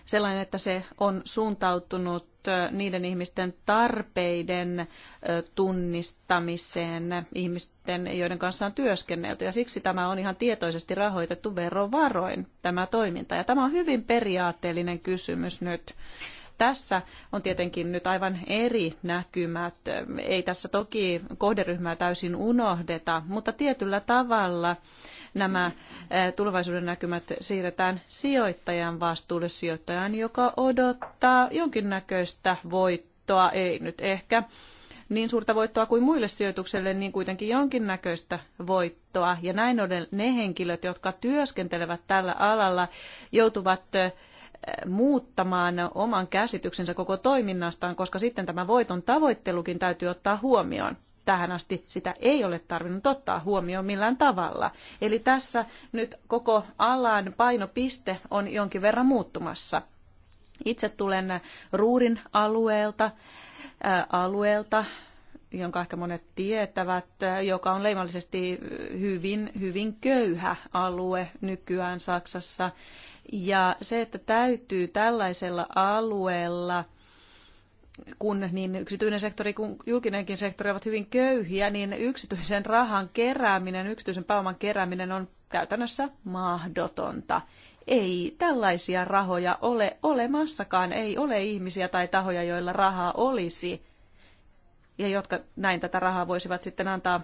D: sellainen, että se on suuntautunut niiden ihmisten tarpeiden tunnistamiseen ihmisten, joiden kanssa on työskennelty. Ja siksi tämä on ihan tietoisesti rahoitettu verovaroin, tämä toiminta. Ja tämä on hyvin periaatteellinen kysymys nyt tässä on tietenkin nyt aivan eri näkymät. Ei tässä toki kohderyhmää täysin unohdeta, mutta tietyllä tavalla nämä tulevaisuuden näkymät siirretään sijoittajan vastuulle sijoittajan, joka odottaa jonkinnäköistä voittoa, ei nyt ehkä niin suurta voittoa kuin muille sijoitukselle, niin kuitenkin jonkinnäköistä voittoa. Ja näin ollen ne henkilöt, jotka työskentelevät tällä alalla, joutuvat muuttamaan oman käsityksensä koko toiminnastaan, koska sitten tämä voiton tavoittelukin täytyy ottaa huomioon tähän asti sitä ei ole tarvinnut ottaa huomioon millään tavalla. Eli tässä nyt koko alan painopiste on jonkin verran muuttumassa. Itse tulen Ruurin alueelta, ää, äh, alueelta jonka ehkä monet tietävät, äh, joka on leimallisesti hyvin, hyvin köyhä alue nykyään Saksassa. Ja se, että täytyy tällaisella alueella – kun niin yksityinen sektori kuin julkinenkin sektori ovat hyvin köyhiä, niin yksityisen rahan kerääminen, yksityisen pääoman kerääminen on käytännössä mahdotonta. Ei tällaisia rahoja ole olemassakaan, ei ole ihmisiä tai tahoja, joilla rahaa olisi ja jotka näin tätä rahaa voisivat sitten antaa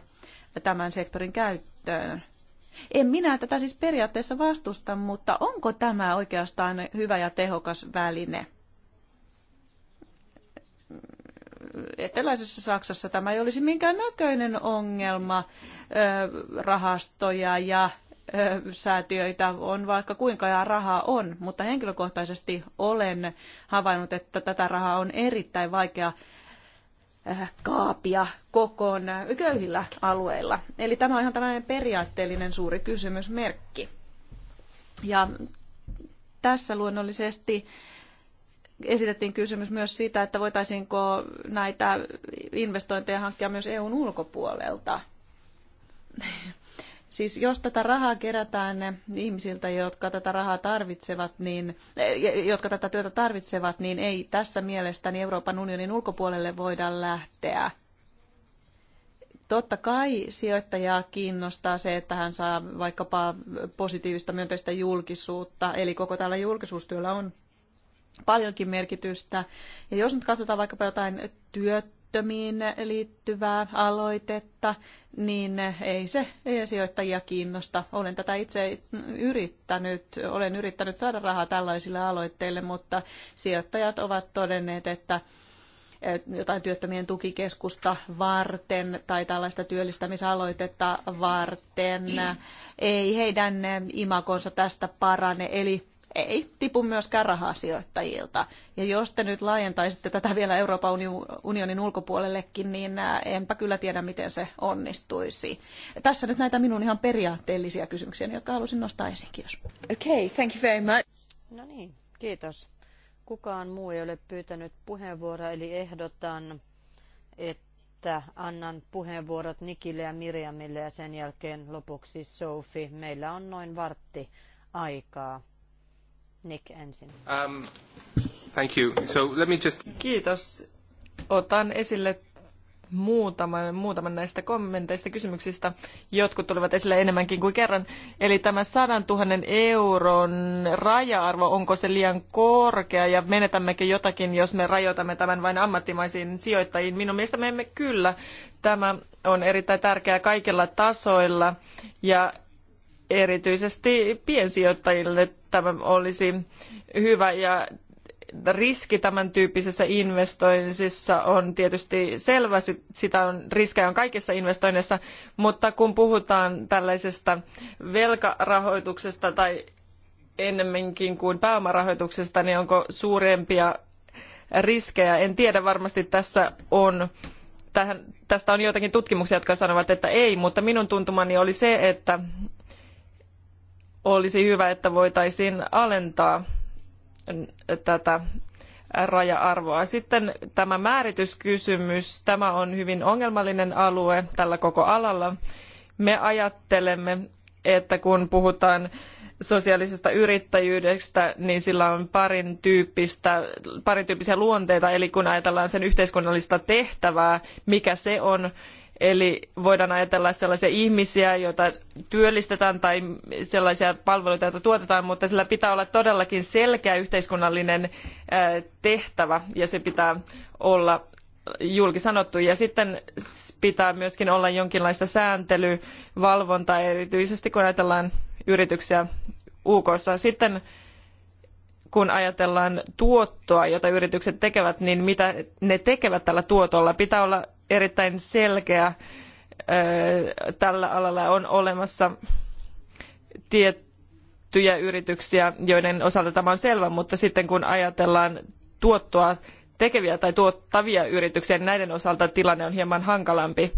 D: tämän sektorin käyttöön. En minä tätä siis periaatteessa vastusta, mutta onko tämä oikeastaan hyvä ja tehokas väline? eteläisessä Saksassa tämä ei olisi minkään näköinen ongelma. Rahastoja ja säätiöitä on vaikka kuinka ja rahaa on, mutta henkilökohtaisesti olen havainnut, että tätä rahaa on erittäin vaikea kaapia kokoon köyhillä alueilla. Eli tämä on ihan tällainen periaatteellinen suuri kysymysmerkki. Ja tässä luonnollisesti esitettiin kysymys myös siitä, että voitaisiinko näitä investointeja hankkia myös EUn ulkopuolelta. Siis jos tätä rahaa kerätään ihmisiltä, jotka tätä rahaa tarvitsevat, niin, eh, jotka tätä työtä tarvitsevat, niin ei tässä mielestäni Euroopan unionin ulkopuolelle voida lähteä. Totta kai sijoittajaa kiinnostaa se, että hän saa vaikkapa positiivista myönteistä julkisuutta, eli koko tällä julkisuustyöllä on paljonkin merkitystä. Ja jos nyt katsotaan vaikkapa jotain työttömiin liittyvää aloitetta, niin ei se ei sijoittajia kiinnosta. Olen tätä itse yrittänyt, olen yrittänyt saada rahaa tällaisille aloitteille, mutta sijoittajat ovat todenneet, että jotain työttömien tukikeskusta varten tai tällaista työllistämisaloitetta varten. Ei heidän imakonsa tästä parane. Eli ei tipu myöskään rahasijoittajilta. Ja jos te nyt laajentaisitte tätä vielä Euroopan unionin ulkopuolellekin, niin äh, enpä kyllä tiedä, miten se onnistuisi. Tässä nyt näitä minun ihan periaatteellisia kysymyksiä, jotka halusin nostaa esiin. Kiitos.
A: Okay, thank you very much.
B: No niin, kiitos. Kukaan muu ei ole pyytänyt puheenvuoroa, eli ehdotan, että annan puheenvuorot Nikille ja Mirjamille ja sen jälkeen lopuksi Sophie. Meillä on noin vartti aikaa Nick ensin.
A: Um, thank you. So let me just...
C: Kiitos. Otan esille muutaman, muutaman näistä kommenteista, kysymyksistä. Jotkut tulivat esille enemmänkin kuin kerran. Eli tämä 100 000 euron raja-arvo, onko se liian korkea ja menetämmekö jotakin, jos me rajoitamme tämän vain ammattimaisiin sijoittajiin? Minun mielestä me emme kyllä. Tämä on erittäin tärkeää kaikilla tasoilla ja erityisesti piensijoittajille tämä olisi hyvä ja riski tämän tyyppisessä investoinnissa on tietysti selvä, sitä on, riskejä on kaikissa investoinneissa, mutta kun puhutaan tällaisesta velkarahoituksesta tai ennemminkin kuin pääomarahoituksesta, niin onko suurempia riskejä? En tiedä, varmasti tässä on tähän, tästä on joitakin tutkimuksia, jotka sanovat, että ei, mutta minun tuntumani oli se, että olisi hyvä, että voitaisiin alentaa tätä raja-arvoa. Sitten tämä määrityskysymys, tämä on hyvin ongelmallinen alue tällä koko alalla. Me ajattelemme, että kun puhutaan sosiaalisesta yrittäjyydestä, niin sillä on parin, tyyppistä, parin tyyppisiä luonteita. Eli kun ajatellaan sen yhteiskunnallista tehtävää, mikä se on, Eli voidaan ajatella sellaisia ihmisiä, joita työllistetään tai sellaisia palveluita, joita tuotetaan, mutta sillä pitää olla todellakin selkeä yhteiskunnallinen tehtävä ja se pitää olla julki sanottu. Ja sitten pitää myöskin olla jonkinlaista sääntelyvalvontaa, erityisesti kun ajatellaan yrityksiä UKssa. Sitten kun ajatellaan tuottoa, jota yritykset tekevät, niin mitä ne tekevät tällä tuotolla? Pitää olla erittäin selkeä tällä alalla on olemassa tiettyjä yrityksiä, joiden osalta tämä on selvä, mutta sitten kun ajatellaan tuottoa tekeviä tai tuottavia yrityksiä, niin näiden osalta tilanne on hieman hankalampi.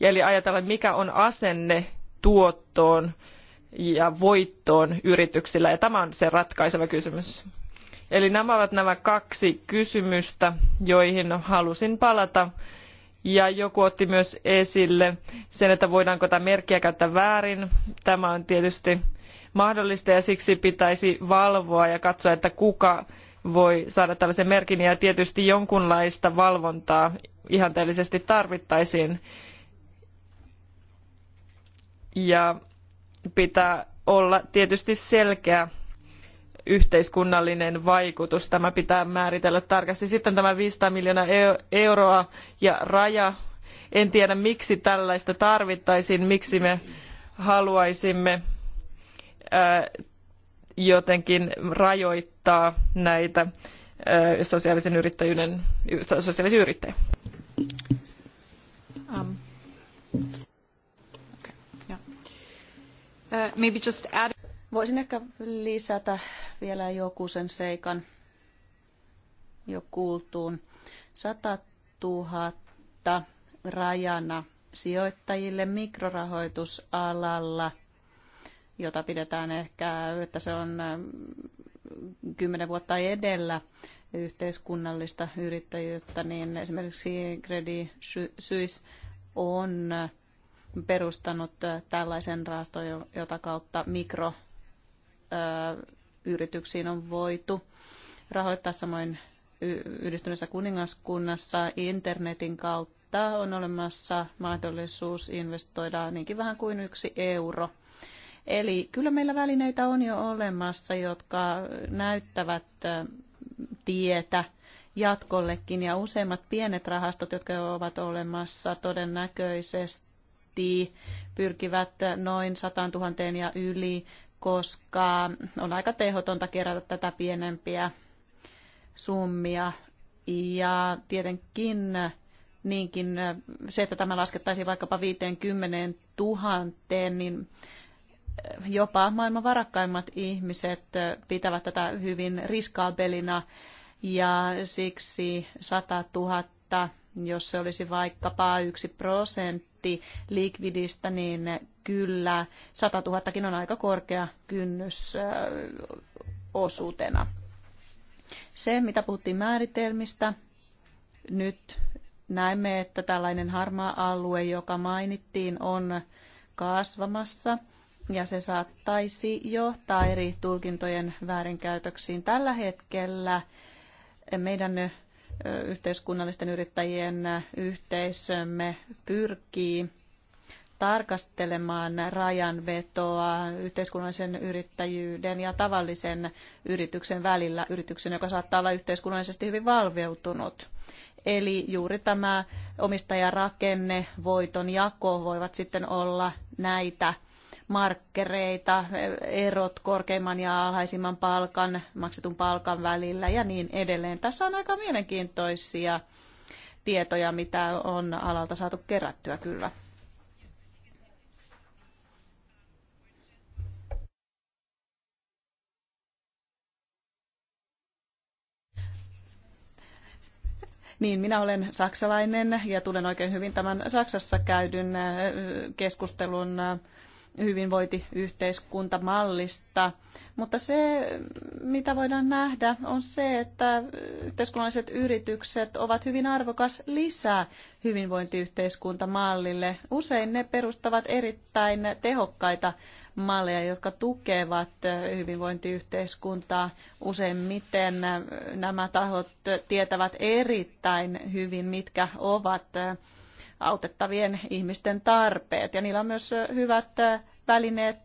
C: Eli ajatellaan, mikä on asenne tuottoon ja voittoon yrityksillä, ja tämä on se ratkaiseva kysymys. Eli nämä ovat nämä kaksi kysymystä, joihin halusin palata ja joku otti myös esille sen, että voidaanko tämä merkkiä käyttää väärin. Tämä on tietysti mahdollista ja siksi pitäisi valvoa ja katsoa, että kuka voi saada tällaisen merkin ja tietysti jonkunlaista valvontaa ihanteellisesti tarvittaisiin. Ja pitää olla tietysti selkeä yhteiskunnallinen vaikutus. Tämä pitää määritellä tarkasti. Sitten tämä 500 miljoonaa euroa ja raja. En tiedä, miksi tällaista tarvittaisiin, miksi me haluaisimme jotenkin rajoittaa näitä sosiaalisen yrittäjyyden, sosiaalisia yrittäjiä.
D: Um. Okay. Yeah. Uh, maybe just add Voisin ehkä lisätä vielä joku sen seikan jo kuultuun. 100 000 rajana sijoittajille mikrorahoitusalalla, jota pidetään ehkä, että se on ähm, kymmenen vuotta edellä yhteiskunnallista yrittäjyyttä, niin esimerkiksi Credit Suisse on perustanut äh, tällaisen rahaston, jota kautta mikro yrityksiin on voitu rahoittaa samoin yhdistyneessä kuningaskunnassa internetin kautta on olemassa mahdollisuus investoida niinkin vähän kuin yksi euro. Eli kyllä meillä välineitä on jo olemassa, jotka näyttävät tietä jatkollekin ja useimmat pienet rahastot, jotka ovat olemassa todennäköisesti pyrkivät noin 100 000 ja yli koska on aika tehotonta kerätä tätä pienempiä summia. Ja tietenkin niinkin se, että tämä laskettaisiin vaikkapa 50 000, niin jopa maailman varakkaimmat ihmiset pitävät tätä hyvin riskaabelina ja siksi 100 000, jos se olisi vaikkapa yksi prosentti likvidistä, niin kyllä 100 000 on aika korkea kynnys osuutena. Se, mitä puhuttiin määritelmistä, nyt näemme, että tällainen harmaa alue, joka mainittiin, on kasvamassa ja se saattaisi johtaa eri tulkintojen väärinkäytöksiin. Tällä hetkellä meidän yhteiskunnallisten yrittäjien yhteisömme pyrkii tarkastelemaan rajanvetoa yhteiskunnallisen yrittäjyyden ja tavallisen yrityksen välillä, yrityksen, joka saattaa olla yhteiskunnallisesti hyvin valveutunut. Eli juuri tämä omistajarakenne, voiton jako voivat sitten olla näitä markkereita, erot korkeimman ja alhaisimman palkan, maksetun palkan välillä ja niin edelleen. Tässä on aika mielenkiintoisia tietoja, mitä on alalta saatu kerättyä kyllä. Niin, minä olen saksalainen ja tulen oikein hyvin tämän Saksassa käydyn äh, keskustelun äh, hyvinvointiyhteiskuntamallista. Mutta se, mitä voidaan nähdä, on se, että yhteiskunnalliset yritykset ovat hyvin arvokas lisä hyvinvointiyhteiskuntamallille. Usein ne perustavat erittäin tehokkaita malleja, jotka tukevat hyvinvointiyhteiskuntaa. Useimmiten nämä tahot tietävät erittäin hyvin, mitkä ovat autettavien ihmisten tarpeet, ja niillä on myös hyvät välineet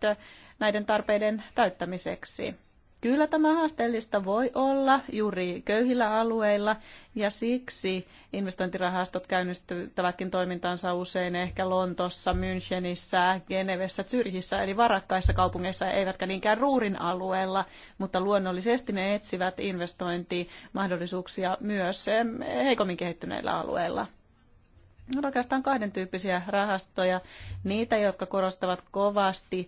D: näiden tarpeiden täyttämiseksi. Kyllä tämä haasteellista voi olla juuri köyhillä alueilla ja siksi investointirahastot käynnistävätkin toimintansa usein ehkä Lontossa, Münchenissä, Genevessä, Zyrhissä eli varakkaissa kaupungeissa eivätkä niinkään ruurin alueella, mutta luonnollisesti ne etsivät investointimahdollisuuksia myös heikommin kehittyneillä alueilla on no, oikeastaan kahden tyyppisiä rahastoja. Niitä, jotka korostavat kovasti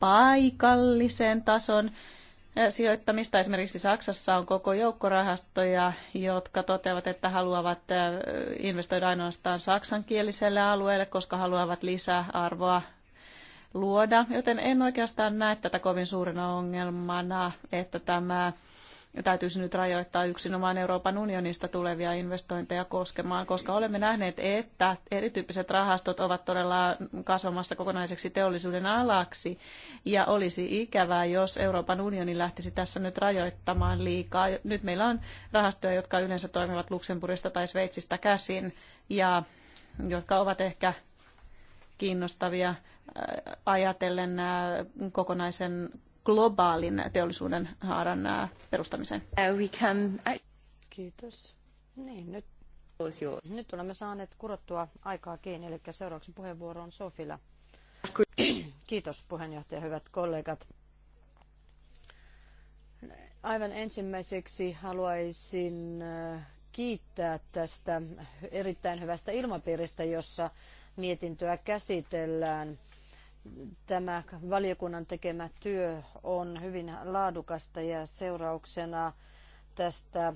D: paikallisen tason sijoittamista. Esimerkiksi Saksassa on koko joukko rahastoja, jotka toteavat, että haluavat investoida ainoastaan saksankieliselle alueelle, koska haluavat lisäarvoa luoda. Joten en oikeastaan näe tätä kovin suurena ongelmana, että tämä täytyisi nyt rajoittaa yksinomaan Euroopan unionista tulevia investointeja koskemaan, koska olemme nähneet, että erityyppiset rahastot ovat todella kasvamassa kokonaiseksi teollisuuden alaksi, ja olisi ikävää, jos Euroopan unioni lähtisi tässä nyt rajoittamaan liikaa. Nyt meillä on rahastoja, jotka yleensä toimivat Luxemburgista tai Sveitsistä käsin, ja jotka ovat ehkä kiinnostavia äh, ajatellen äh, kokonaisen globaalin teollisuuden haaran perustamiseen.
B: Uh, Kiitos. Niin, nyt, nyt olemme saaneet kurottua aikaa kiinni, eli seuraavaksi puheenvuoro on Sofila. Kiitos puheenjohtaja, hyvät kollegat. Aivan ensimmäiseksi haluaisin kiittää tästä erittäin hyvästä ilmapiiristä, jossa mietintöä käsitellään tämä valiokunnan tekemä työ on hyvin laadukasta ja seurauksena tästä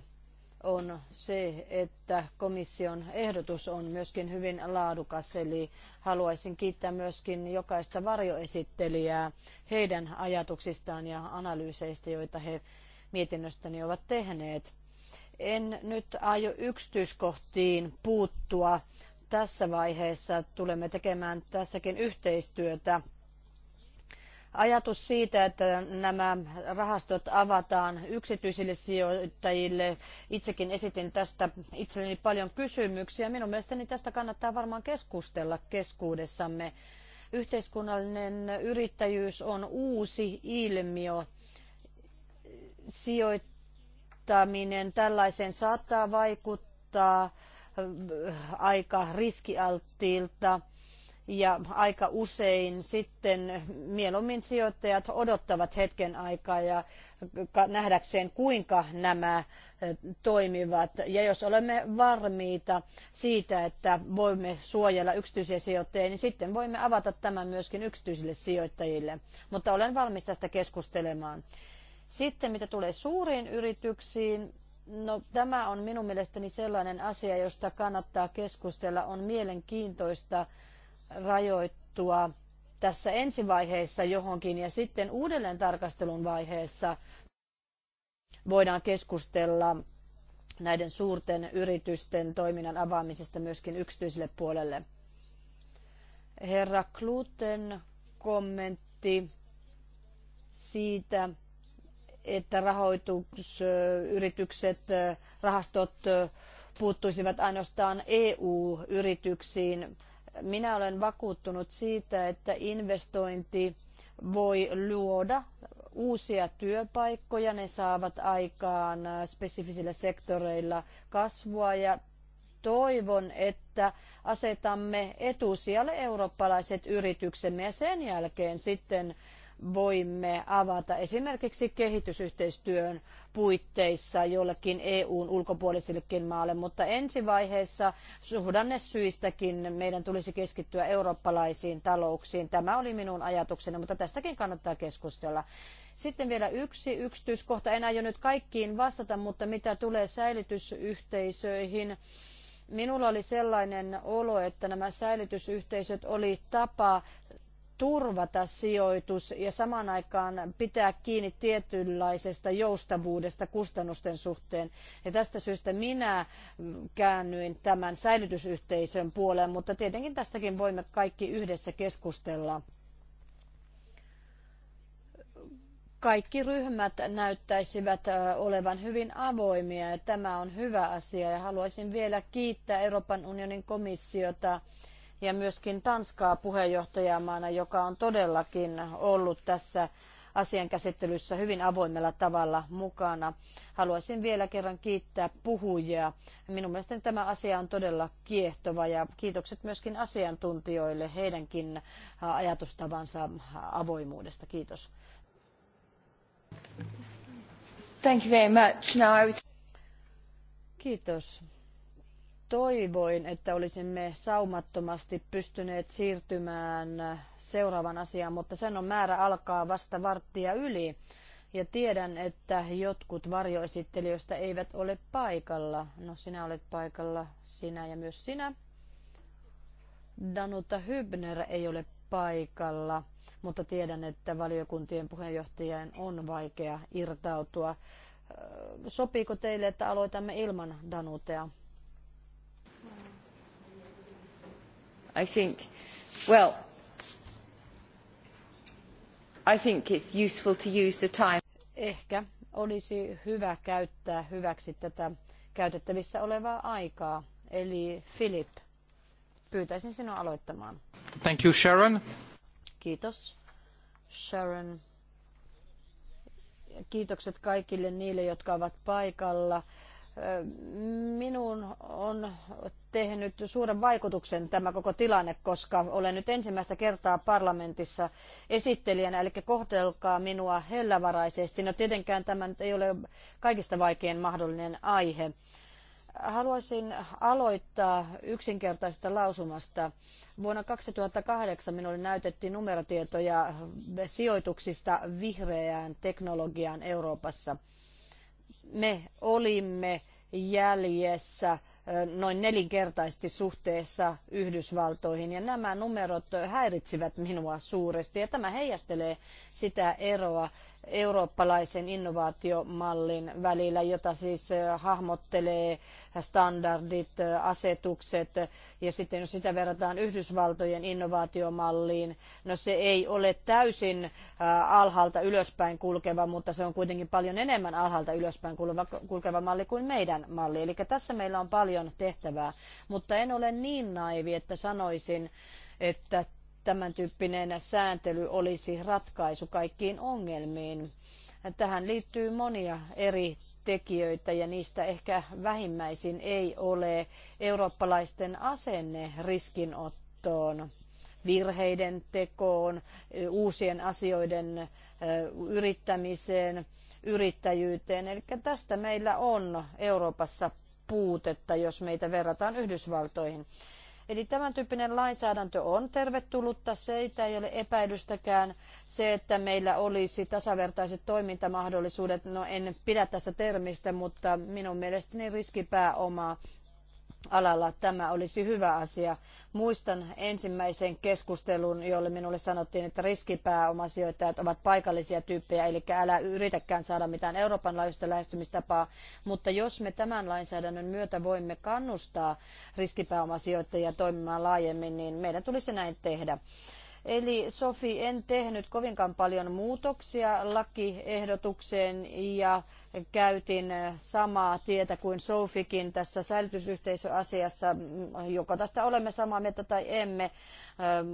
B: on se, että komission ehdotus on myöskin hyvin laadukas, eli haluaisin kiittää myöskin jokaista varjoesittelijää heidän ajatuksistaan ja analyyseistä, joita he mietinnöstäni ovat tehneet. En nyt aio yksityiskohtiin puuttua, tässä vaiheessa tulemme tekemään tässäkin yhteistyötä. Ajatus siitä, että nämä rahastot avataan yksityisille sijoittajille. Itsekin esitin tästä itselleni paljon kysymyksiä. Minun mielestäni tästä kannattaa varmaan keskustella keskuudessamme. Yhteiskunnallinen yrittäjyys on uusi ilmiö. Sijoittaminen tällaiseen saattaa vaikuttaa aika riskialttiilta ja aika usein sitten mieluummin sijoittajat odottavat hetken aikaa ja nähdäkseen kuinka nämä toimivat. Ja jos olemme varmiita siitä, että voimme suojella yksityisiä sijoittajia, niin sitten voimme avata tämän myöskin yksityisille sijoittajille. Mutta olen valmis tästä keskustelemaan. Sitten mitä tulee suuriin yrityksiin, No, tämä on minun mielestäni sellainen asia, josta kannattaa keskustella. On mielenkiintoista rajoittua tässä ensivaiheessa johonkin ja sitten uudelleen tarkastelun vaiheessa voidaan keskustella näiden suurten yritysten toiminnan avaamisesta myöskin yksityiselle puolelle. Herra Kluten kommentti siitä, että rahoitusyritykset, rahastot puuttuisivat ainoastaan EU-yrityksiin. Minä olen vakuuttunut siitä, että investointi voi luoda uusia työpaikkoja, ne saavat aikaan spesifisillä sektoreilla kasvua ja toivon, että asetamme etusijalle eurooppalaiset yrityksemme ja sen jälkeen sitten voimme avata esimerkiksi kehitysyhteistyön puitteissa jollekin EUn ulkopuolisillekin maalle, mutta ensivaiheessa suhdannesyistäkin meidän tulisi keskittyä eurooppalaisiin talouksiin. Tämä oli minun ajatukseni, mutta tästäkin kannattaa keskustella. Sitten vielä yksi yksityiskohta. En aio nyt kaikkiin vastata, mutta mitä tulee säilytysyhteisöihin, minulla oli sellainen olo, että nämä säilytysyhteisöt oli tapa turvata sijoitus ja samaan aikaan pitää kiinni tietynlaisesta joustavuudesta kustannusten suhteen. Ja tästä syystä minä käännyin tämän säilytysyhteisön puoleen, mutta tietenkin tästäkin voimme kaikki yhdessä keskustella. kaikki ryhmät näyttäisivät olevan hyvin avoimia ja tämä on hyvä asia ja haluaisin vielä kiittää Euroopan unionin komissiota ja myöskin Tanskaa puheenjohtajamaana, joka on todellakin ollut tässä asian käsittelyssä hyvin avoimella tavalla mukana. Haluaisin vielä kerran kiittää puhujia. Minun mielestäni tämä asia on todella kiehtova ja kiitokset myöskin asiantuntijoille heidänkin ajatustavansa avoimuudesta. Kiitos.
A: Thank you very much. Now I was...
B: Kiitos toivoin, että olisimme saumattomasti pystyneet siirtymään seuraavan asiaan, mutta sen on määrä alkaa vasta varttia yli. Ja tiedän, että jotkut varjoesittelijöistä eivät ole paikalla. No sinä olet paikalla, sinä ja myös sinä. Danuta Hybner ei ole paikalla, mutta tiedän, että valiokuntien puheenjohtajien on vaikea irtautua. Äh, sopiiko teille, että aloitamme ilman Danutea?
A: I think, well, I think it's useful to use the time.
B: Ehkä olisi hyvä käyttää hyväksi tätä käytettävissä olevaa aikaa. Eli Philip, pyytäisin sinua aloittamaan.
A: Thank you, Sharon.
B: Kiitos, Sharon. Kiitokset kaikille niille, jotka ovat paikalla. Minun on tehnyt suuren vaikutuksen tämä koko tilanne, koska olen nyt ensimmäistä kertaa parlamentissa esittelijänä, eli kohtelkaa minua hellävaraisesti. No tietenkään tämä nyt ei ole kaikista vaikein mahdollinen aihe. Haluaisin aloittaa yksinkertaisesta lausumasta. Vuonna 2008 minulle näytettiin numerotietoja sijoituksista vihreään teknologiaan Euroopassa. Me olimme jäljessä noin nelinkertaisesti suhteessa Yhdysvaltoihin. Ja nämä numerot häiritsivät minua suuresti ja tämä heijastelee sitä eroa, eurooppalaisen innovaatiomallin välillä, jota siis hahmottelee standardit, asetukset ja sitten jos sitä verrataan Yhdysvaltojen innovaatiomalliin, no se ei ole täysin alhaalta ylöspäin kulkeva, mutta se on kuitenkin paljon enemmän alhaalta ylöspäin kulkeva malli kuin meidän malli. Eli tässä meillä on paljon tehtävää, mutta en ole niin naivi, että sanoisin, että tämän tyyppinen sääntely olisi ratkaisu kaikkiin ongelmiin. Tähän liittyy monia eri tekijöitä ja niistä ehkä vähimmäisin ei ole eurooppalaisten asenne riskinottoon, virheiden tekoon, uusien asioiden yrittämiseen, yrittäjyyteen. Eli tästä meillä on Euroopassa puutetta, jos meitä verrataan Yhdysvaltoihin. Eli tämän tyyppinen lainsäädäntö on tervetullutta, seitä ei ole epäilystäkään. Se, että meillä olisi tasavertaiset toimintamahdollisuudet, no en pidä tässä termistä, mutta minun mielestäni riskipääomaa alalla tämä olisi hyvä asia. Muistan ensimmäisen keskustelun, jolle minulle sanottiin, että riskipääomasijoittajat ovat paikallisia tyyppejä, eli älä yritäkään saada mitään Euroopan laajuista lähestymistapaa, mutta jos me tämän lainsäädännön myötä voimme kannustaa riskipääomasijoittajia toimimaan laajemmin, niin meidän tulisi näin tehdä. Eli Sofi, en tehnyt kovinkaan paljon muutoksia lakiehdotukseen ja käytin samaa tietä kuin Sofikin tässä säilytysyhteisöasiassa, joko tästä olemme samaa mieltä tai emme,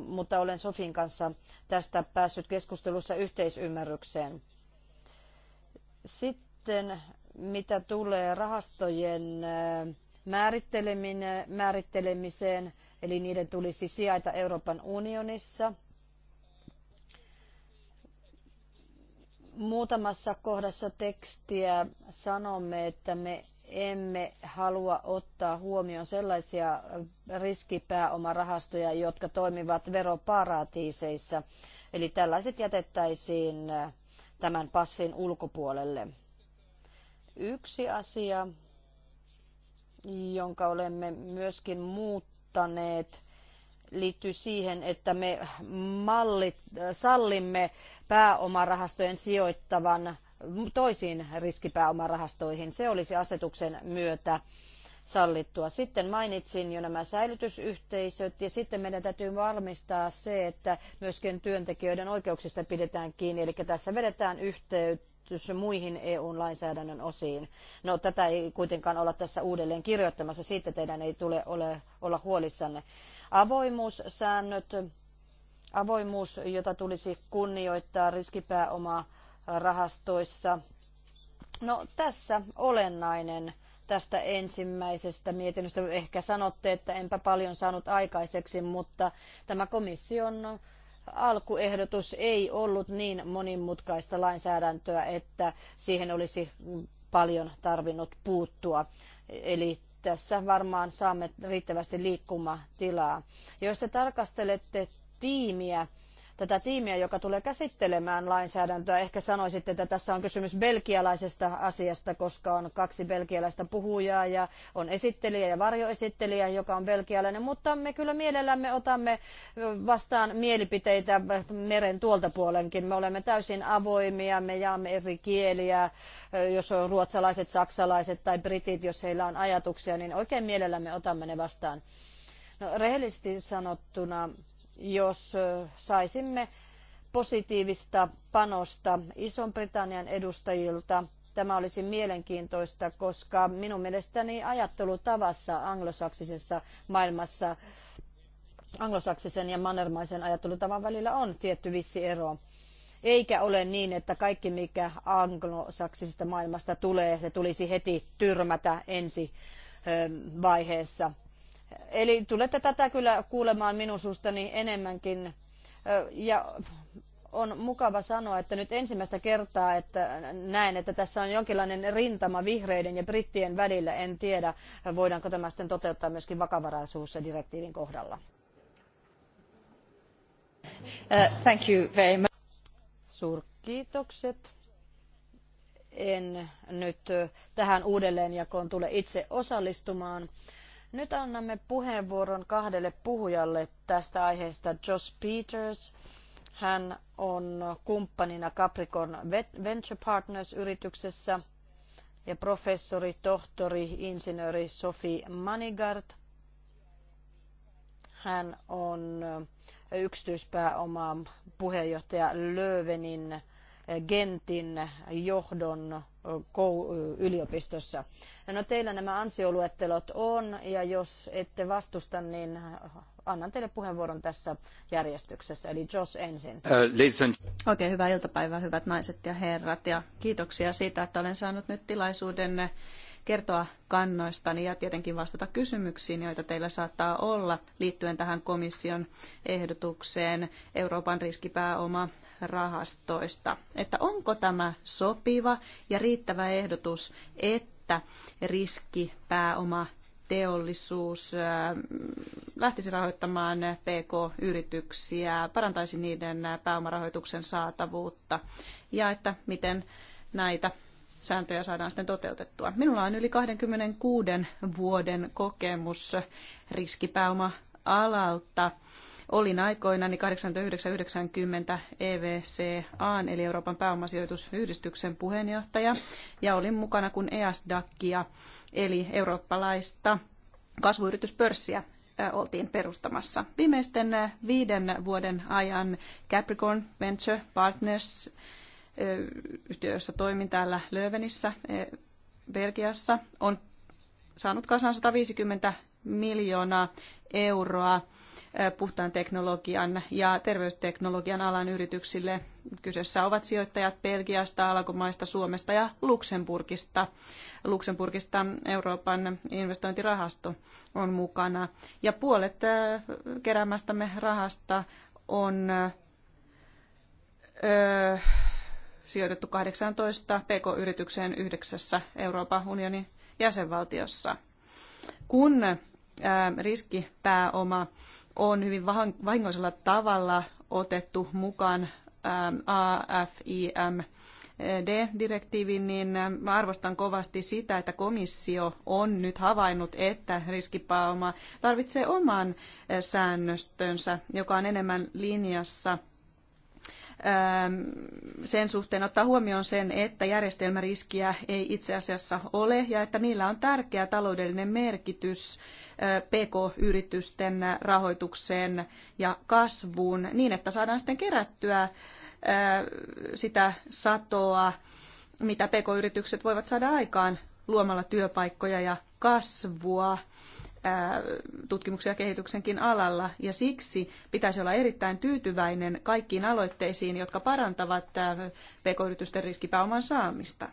B: mutta olen Sofin kanssa tästä päässyt keskustelussa yhteisymmärrykseen. Sitten mitä tulee rahastojen määrittelemiseen, eli niiden tulisi sijaita Euroopan unionissa. Muutamassa kohdassa tekstiä sanomme, että me emme halua ottaa huomioon sellaisia riskipääomarahastoja, jotka toimivat veroparatiiseissa. Eli tällaiset jätettäisiin tämän passin ulkopuolelle. Yksi asia, jonka olemme myöskin muut ehdottaneet, liittyy siihen, että me mallit, sallimme pääomarahastojen sijoittavan toisiin riskipääomarahastoihin. Se olisi asetuksen myötä sallittua. Sitten mainitsin jo nämä säilytysyhteisöt ja sitten meidän täytyy varmistaa se, että myöskin työntekijöiden oikeuksista pidetään kiinni. Eli tässä vedetään yhteyttä yhteys muihin EU-lainsäädännön osiin. No tätä ei kuitenkaan olla tässä uudelleen kirjoittamassa, siitä teidän ei tule ole, olla huolissanne. Avoimuussäännöt, avoimuus, jota tulisi kunnioittaa riskipääoma rahastoissa. No tässä olennainen tästä ensimmäisestä mietinnöstä. Ehkä sanotte, että enpä paljon saanut aikaiseksi, mutta tämä komission alkuehdotus ei ollut niin monimutkaista lainsäädäntöä, että siihen olisi paljon tarvinnut puuttua. Eli tässä varmaan saamme riittävästi liikkumatilaa. Jos te tarkastelette tiimiä, tätä tiimiä, joka tulee käsittelemään lainsäädäntöä. Ehkä sanoisitte, että tässä on kysymys belgialaisesta asiasta, koska on kaksi belgialaista puhujaa ja on esittelijä ja varjoesittelijä, joka on belgialainen, mutta me kyllä mielellämme otamme vastaan mielipiteitä meren tuolta puolenkin. Me olemme täysin avoimia, me jaamme eri kieliä, jos on ruotsalaiset, saksalaiset tai britit, jos heillä on ajatuksia, niin oikein mielellämme otamme ne vastaan. No, rehellisesti sanottuna jos saisimme positiivista panosta Ison-Britannian edustajilta. Tämä olisi mielenkiintoista, koska minun mielestäni ajattelutavassa anglosaksisessa maailmassa anglosaksisen ja mannermaisen ajattelutavan välillä on tietty vissi ero. Eikä ole niin, että kaikki mikä anglosaksisesta maailmasta tulee, se tulisi heti tyrmätä ensi vaiheessa. Eli tulette tätä kyllä kuulemaan minun suustani enemmänkin. Ja on mukava sanoa, että nyt ensimmäistä kertaa että näen, että tässä on jonkinlainen rintama vihreiden ja brittien välillä. En tiedä, voidaanko tämä sitten toteuttaa myöskin vakavaraisuusdirektiivin kohdalla. Uh, thank you very much. Suurkiitokset. En nyt tähän uudelleenjakoon tule itse osallistumaan, nyt annamme puheenvuoron kahdelle puhujalle tästä aiheesta. Josh Peters, hän on kumppanina Capricorn Venture Partners-yrityksessä ja professori, tohtori, insinööri Sophie Manigard. Hän on yksityispääoma puheenjohtaja Löövenin Gentin johdon yliopistossa. No teillä nämä ansioluettelot on ja jos ette vastusta, niin äh, annan teille puheenvuoron tässä järjestyksessä. Eli Jos ensin.
A: Äh,
D: Oikein hyvää iltapäivää, hyvät naiset ja herrat. Ja kiitoksia siitä, että olen saanut nyt tilaisuuden kertoa kannoistani ja tietenkin vastata kysymyksiin, joita teillä saattaa olla liittyen tähän komission ehdotukseen Euroopan riskipääoma rahastoista, että onko tämä sopiva ja riittävä ehdotus, että riski, pääoma, teollisuus äh, lähtisi rahoittamaan PK-yrityksiä, parantaisi niiden pääomarahoituksen saatavuutta ja että miten näitä sääntöjä saadaan sitten toteutettua. Minulla on yli 26 vuoden kokemus riskipääoma alalta Olin aikoinani 1990 EVCA, 90 eli Euroopan pääomasijoitusyhdistyksen puheenjohtaja ja olin mukana kun EASDACia eli eurooppalaista kasvuyrityspörssiä oltiin perustamassa. Viimeisten viiden vuoden ajan Capricorn Venture Partners yhtiössä toimin täällä Lövenissä Belgiassa on saanut kasaan 150 miljoonaa euroa puhtaan teknologian ja terveysteknologian alan yrityksille. Kyseessä ovat sijoittajat Belgiasta, Alankomaista, Suomesta ja Luxemburgista. Luxemburgista Euroopan investointirahasto on mukana. Ja puolet keräämästämme rahasta on öö, sijoitettu 18 pk-yritykseen yhdeksässä Euroopan unionin jäsenvaltiossa. Kun riskipääoma on hyvin vahingoisella tavalla otettu mukaan ähm, AFIM D-direktiivin, niin ähm, arvostan kovasti sitä, että komissio on nyt havainnut, että riskipääoma tarvitsee oman äh, säännöstönsä, joka on enemmän linjassa – Ähm, sen suhteen ottaa huomioon sen, että järjestelmäriskiä ei itse asiassa ole ja että niillä on tärkeä taloudellinen merkitys PK-yritysten rahoitukseen ja kasvuun niin, että saadaan sitten kerättyä sitä satoa, mitä PK-yritykset voivat saada aikaan luomalla työpaikkoja ja kasvua tutkimuksen ja kehityksenkin alalla. Ja siksi pitäisi olla erittäin tyytyväinen kaikkiin aloitteisiin, jotka parantavat pk-yritysten riskipääoman saamista.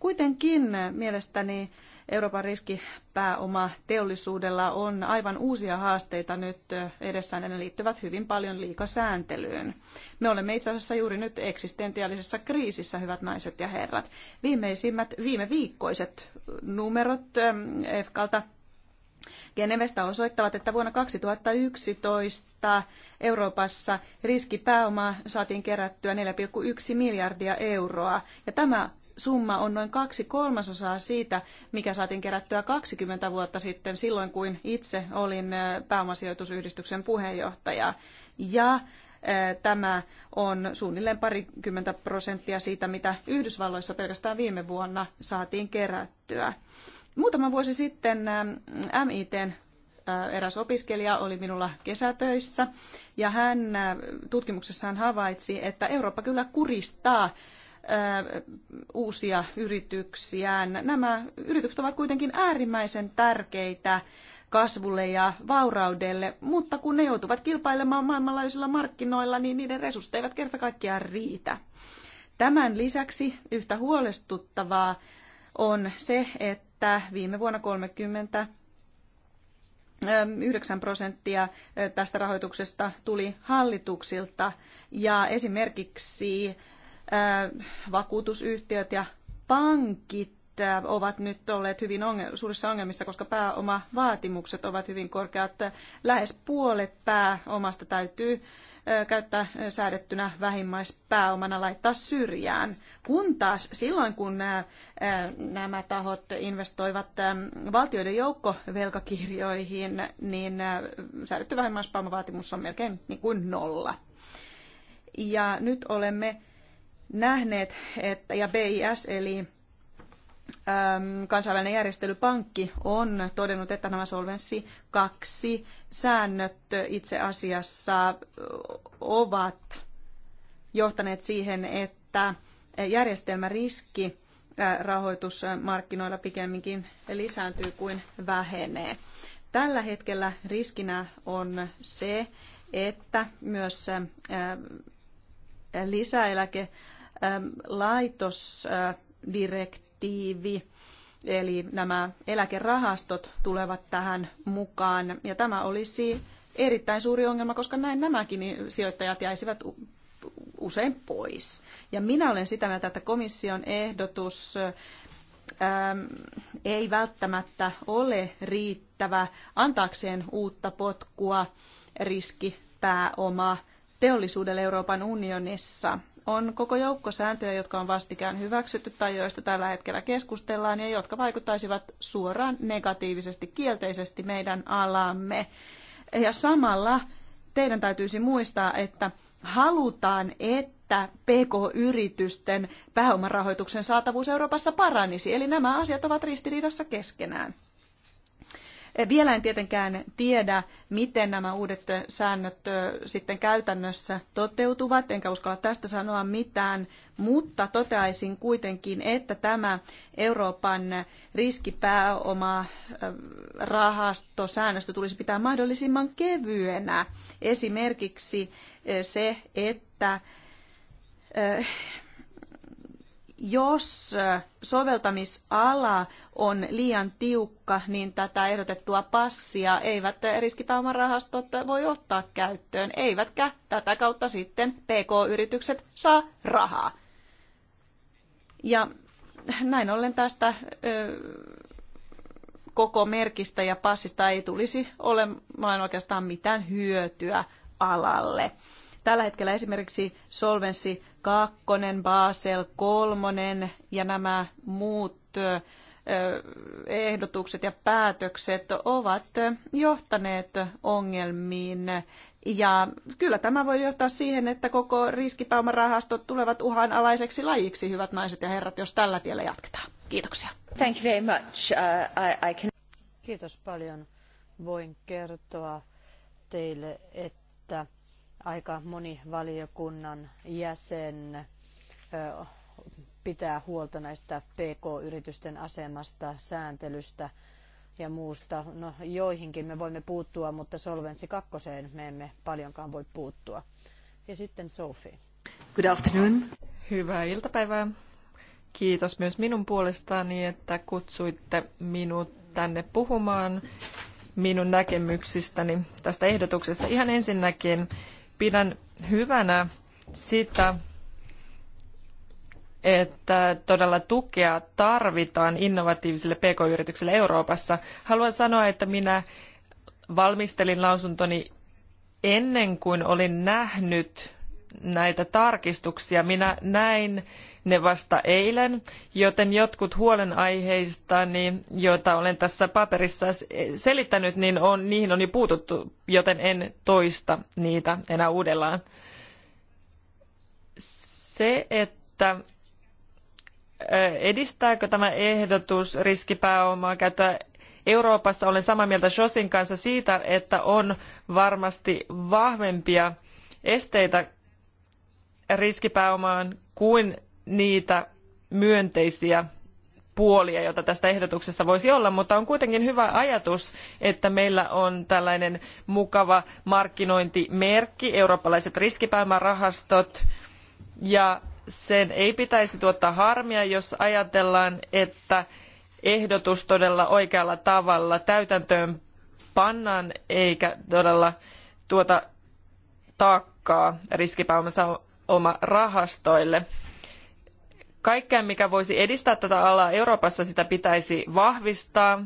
D: Kuitenkin mielestäni Euroopan riskipääoma teollisuudella on aivan uusia haasteita nyt edessään ja ne liittyvät hyvin paljon liikasääntelyyn. Me olemme itse asiassa juuri nyt eksistentiaalisessa kriisissä, hyvät naiset ja herrat. Viimeisimmät viime viikkoiset numerot EFKalta Genevestä osoittavat, että vuonna 2011 Euroopassa riskipääomaa saatiin kerättyä 4,1 miljardia euroa. Ja tämä summa on noin kaksi kolmasosaa siitä, mikä saatiin kerättyä 20 vuotta sitten silloin, kun itse olin pääomasijoitusyhdistyksen puheenjohtaja. Ja Tämä on suunnilleen parikymmentä prosenttia siitä, mitä Yhdysvalloissa pelkästään viime vuonna saatiin kerättyä. Muutama vuosi sitten MITn ähm, äh, eräs opiskelija oli minulla kesätöissä ja hän äh, tutkimuksessaan havaitsi, että Eurooppa kyllä kuristaa äh, uusia yrityksiään. Nämä yritykset ovat kuitenkin äärimmäisen tärkeitä kasvulle ja vauraudelle, mutta kun ne joutuvat kilpailemaan maailmanlaajuisilla markkinoilla, niin niiden resurssit eivät kerta kaikkiaan riitä. Tämän lisäksi yhtä huolestuttavaa on se, että että viime vuonna 30 9 prosenttia tästä rahoituksesta tuli hallituksilta ja esimerkiksi vakuutusyhtiöt ja pankit ovat nyt olleet hyvin ongel- suurissa ongelmissa, koska pääomavaatimukset ovat hyvin korkeat. Lähes puolet pääomasta täytyy käyttää säädettynä vähimmäispääomana laittaa syrjään. Kun taas silloin, kun nämä, nämä tahot investoivat valtioiden joukkovelkakirjoihin, niin säädetty vähimmäispääomavaatimus on melkein niin kuin nolla. Ja nyt olemme nähneet, että, ja BIS eli kansainvälinen järjestelypankki on todennut, että nämä Solvenssi kaksi säännöt itse asiassa ovat johtaneet siihen, että järjestelmäriski rahoitusmarkkinoilla pikemminkin lisääntyy kuin vähenee. Tällä hetkellä riskinä on se, että myös lisäeläkelaitosdirektiivi direktiivi, eli nämä eläkerahastot tulevat tähän mukaan. Ja tämä olisi erittäin suuri ongelma, koska näin nämäkin sijoittajat jäisivät usein pois. Ja minä olen sitä mieltä, että komission ehdotus ähm, ei välttämättä ole riittävä antaakseen uutta potkua riskipääoma teollisuudelle Euroopan unionissa on koko joukko sääntöjä, jotka on vastikään hyväksytty tai joista tällä hetkellä keskustellaan ja jotka vaikuttaisivat suoraan negatiivisesti, kielteisesti meidän alamme. Ja samalla teidän täytyisi muistaa, että halutaan, että PK-yritysten pääomarahoituksen saatavuus Euroopassa paranisi. Eli nämä asiat ovat ristiriidassa keskenään. Eh, vielä en tietenkään tiedä, miten nämä uudet eh, säännöt eh, sitten käytännössä toteutuvat, enkä uskalla tästä sanoa mitään, mutta toteaisin kuitenkin, että tämä Euroopan riskipääoma rahastosäännöstö tulisi pitää mahdollisimman kevyenä. Esimerkiksi se, että jos soveltamisala on liian tiukka, niin tätä ehdotettua passia eivät riskipääomarahastot voi ottaa käyttöön, eivätkä tätä kautta sitten PK-yritykset saa rahaa. Ja näin ollen tästä koko merkistä ja passista ei tulisi olemaan oikeastaan mitään hyötyä alalle. Tällä hetkellä esimerkiksi Solvenssi 2, Basel 3 ja nämä muut ehdotukset ja päätökset ovat johtaneet ongelmiin. Ja kyllä tämä voi johtaa siihen, että koko riskipääomarahastot tulevat uhanalaiseksi lajiksi, hyvät naiset ja herrat, jos tällä tiellä jatketaan.
B: Kiitoksia. Thank you very much. Uh, I, I can... Kiitos paljon. Voin kertoa teille, että aika moni valiokunnan jäsen pitää huolta näistä PK-yritysten asemasta, sääntelystä ja muusta. No, joihinkin me voimme puuttua, mutta Solvenssi kakkoseen me emme paljonkaan voi puuttua. Ja sitten Sophie.
C: Good afternoon. Hyvää iltapäivää. Kiitos myös minun puolestani, että kutsuitte minut tänne puhumaan minun näkemyksistäni tästä ehdotuksesta. Ihan ensinnäkin pidän hyvänä sitä, että todella tukea tarvitaan innovatiivisille pk-yrityksille Euroopassa. Haluan sanoa, että minä valmistelin lausuntoni ennen kuin olin nähnyt näitä tarkistuksia. Minä näin ne vasta eilen, joten jotkut huolenaiheista, niin, joita olen tässä paperissa selittänyt, niin on, niihin on jo puututtu, joten en toista niitä enää uudellaan. Se, että edistääkö tämä ehdotus riskipääomaa käyttöä Euroopassa, olen samaa mieltä Josin kanssa siitä, että on varmasti vahvempia esteitä riskipääomaan kuin niitä myönteisiä puolia, joita tästä ehdotuksessa voisi olla, mutta on kuitenkin hyvä ajatus, että meillä on tällainen mukava markkinointimerkki, eurooppalaiset riskipääomarahastot, ja sen ei pitäisi tuottaa harmia, jos ajatellaan, että ehdotus todella oikealla tavalla täytäntöön pannaan, eikä todella tuota taakkaa riskipääomassa oma rahastoille kaikkea, mikä voisi edistää tätä alaa Euroopassa, sitä pitäisi vahvistaa.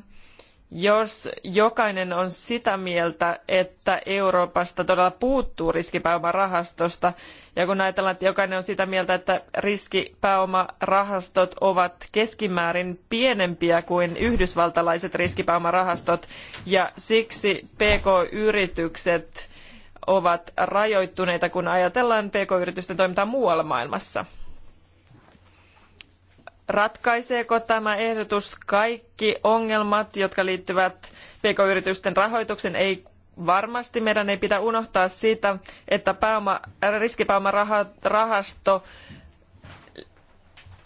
C: Jos jokainen on sitä mieltä, että Euroopasta todella puuttuu riskipääomarahastosta, ja kun ajatellaan, että jokainen on sitä mieltä, että riskipääomarahastot ovat keskimäärin pienempiä kuin yhdysvaltalaiset riskipääomarahastot, ja siksi PK-yritykset ovat rajoittuneita, kun ajatellaan PK-yritysten toimintaa muualla maailmassa ratkaiseeko tämä ehdotus kaikki ongelmat, jotka liittyvät pk-yritysten rahoituksen? Ei varmasti. Meidän ei pidä unohtaa sitä, että pääoma, riskipääomarahasto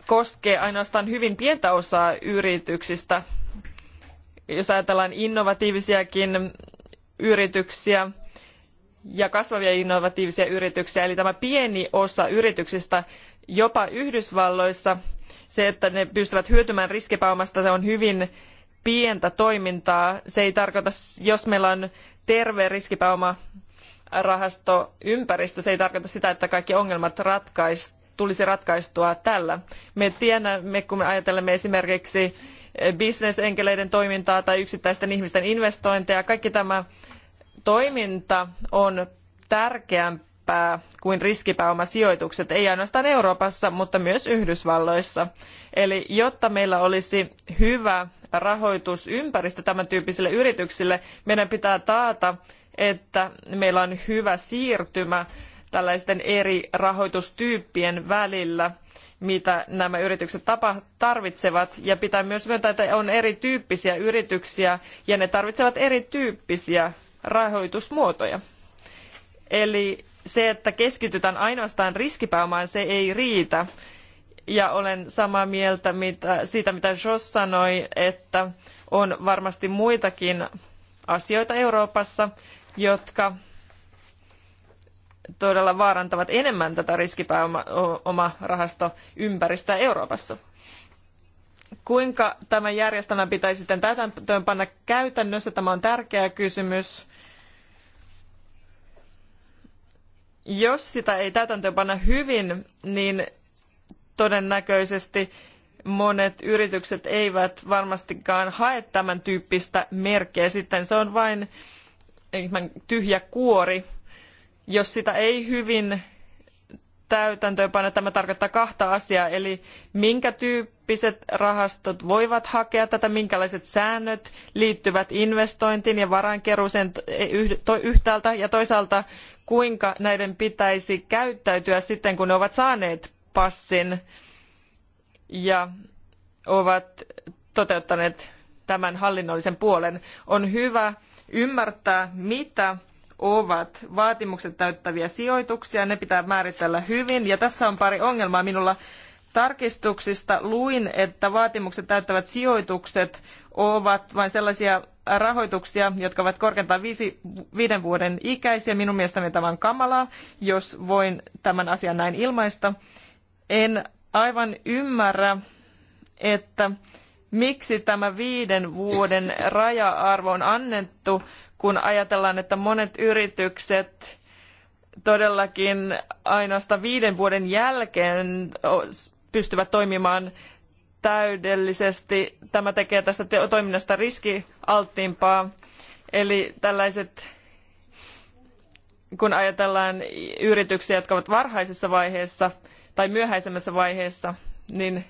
C: koskee ainoastaan hyvin pientä osaa yrityksistä. Jos ajatellaan innovatiivisiakin yrityksiä ja kasvavia innovatiivisia yrityksiä, eli tämä pieni osa yrityksistä jopa Yhdysvalloissa – se, että ne pystyvät hyötymään riskipääomasta, se on hyvin pientä toimintaa. Se ei tarkoita, jos meillä on terve riskipääoma ympäristö, se ei tarkoita sitä, että kaikki ongelmat ratkaist, tulisi ratkaistua tällä. Me tiedämme, kun me ajattelemme esimerkiksi bisnesenkeleiden toimintaa tai yksittäisten ihmisten investointeja, kaikki tämä toiminta on tärkeämpää enempää kuin riskipääomasijoitukset, ei ainoastaan Euroopassa, mutta myös Yhdysvalloissa. Eli jotta meillä olisi hyvä rahoitusympäristö tämän tyyppisille yrityksille, meidän pitää taata, että meillä on hyvä siirtymä tällaisten eri rahoitustyyppien välillä, mitä nämä yritykset tarvitsevat. Ja pitää myös myöntää, että on erityyppisiä yrityksiä ja ne tarvitsevat erityyppisiä rahoitusmuotoja. Eli se, että keskitytään ainoastaan riskipääomaan, se ei riitä. Ja olen samaa mieltä mitä, siitä, mitä Jos sanoi, että on varmasti muitakin asioita Euroopassa, jotka todella vaarantavat enemmän tätä riskipääomarahastoympäristöä Euroopassa. Kuinka tämä järjestelmä pitäisi sitten täytäntöön panna käytännössä? Tämä on tärkeä kysymys jos sitä ei täytäntöönpanna hyvin, niin todennäköisesti monet yritykset eivät varmastikaan hae tämän tyyppistä merkkiä. Sitten se on vain tyhjä kuori. Jos sitä ei hyvin täytäntöönpanna, tämä tarkoittaa kahta asiaa, eli minkä tyyppiset rahastot voivat hakea tätä, minkälaiset säännöt liittyvät investointiin ja varankeruuseen yhtäältä, ja toisaalta kuinka näiden pitäisi käyttäytyä sitten, kun ne ovat saaneet passin ja ovat toteuttaneet tämän hallinnollisen puolen. On hyvä ymmärtää, mitä ovat vaatimukset täyttäviä sijoituksia. Ne pitää määritellä hyvin. Ja tässä on pari ongelmaa minulla tarkistuksista luin, että vaatimukset täyttävät sijoitukset ovat vain sellaisia rahoituksia, jotka ovat korkeintaan viisi, viiden vuoden ikäisiä. Minun mielestäni tämä on kamalaa, jos voin tämän asian näin ilmaista. En aivan ymmärrä, että miksi tämä viiden vuoden raja-arvo on annettu, kun ajatellaan, että monet yritykset todellakin ainoastaan viiden vuoden jälkeen pystyvät toimimaan täydellisesti. Tämä tekee tästä toiminnasta riskialttiimpaa. Eli tällaiset, kun ajatellaan yrityksiä, jotka ovat varhaisessa vaiheessa tai myöhäisemmässä vaiheessa, niin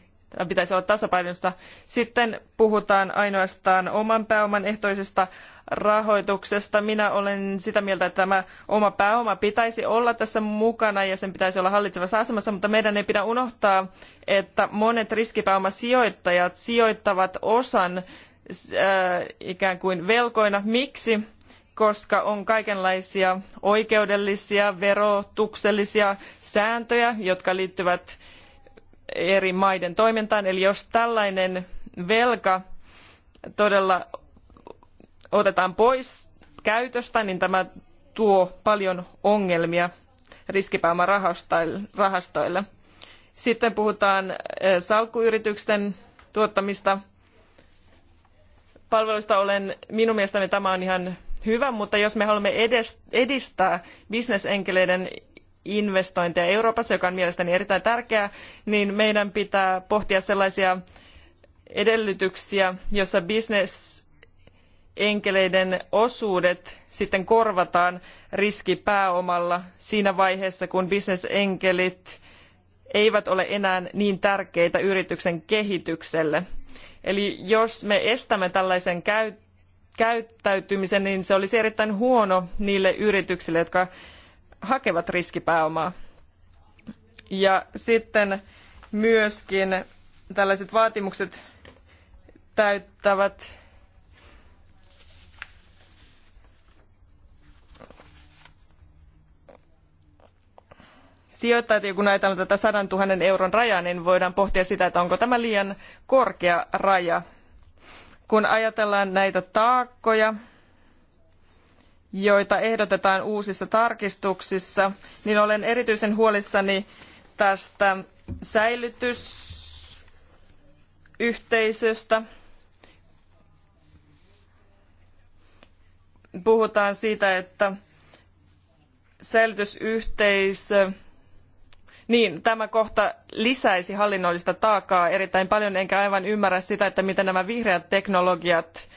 C: pitäisi olla tasapainossa. Sitten puhutaan ainoastaan oman pääoman ehtoisesta rahoituksesta. Minä olen sitä mieltä, että tämä oma pääoma pitäisi olla tässä mukana ja sen pitäisi olla hallitsevassa asemassa, mutta meidän ei pidä unohtaa, että monet riskipääomasijoittajat sijoittavat osan äh, ikään kuin velkoina. Miksi? koska on kaikenlaisia oikeudellisia, verotuksellisia sääntöjä, jotka liittyvät eri maiden toimintaan. Eli jos tällainen velka todella otetaan pois käytöstä, niin tämä tuo paljon ongelmia riskipääomarahastoille. Sitten puhutaan eh, salkkuyritysten tuottamista palveluista. Olen, minun mielestäni tämä on ihan hyvä, mutta jos me haluamme edistää bisnesenkeleiden investointeja Euroopassa, joka on mielestäni erittäin tärkeää, niin meidän pitää pohtia sellaisia edellytyksiä, jossa business enkeleiden osuudet sitten korvataan riskipääomalla siinä vaiheessa, kun bisnesenkelit eivät ole enää niin tärkeitä yrityksen kehitykselle. Eli jos me estämme tällaisen käyttäytymisen, niin se olisi erittäin huono niille yrityksille, jotka hakevat riskipääomaa. Ja sitten myöskin tällaiset vaatimukset täyttävät sijoittajat, ja kun ajatellaan tätä 100 000 euron rajaa, niin voidaan pohtia sitä, että onko tämä liian korkea raja. Kun ajatellaan näitä taakkoja, joita ehdotetaan uusissa tarkistuksissa, niin olen erityisen huolissani tästä säilytysyhteisöstä. Puhutaan siitä, että säilytysyhteisö niin tämä kohta lisäisi hallinnollista taakkaa erittäin paljon, enkä aivan ymmärrä sitä, että miten nämä vihreät teknologiat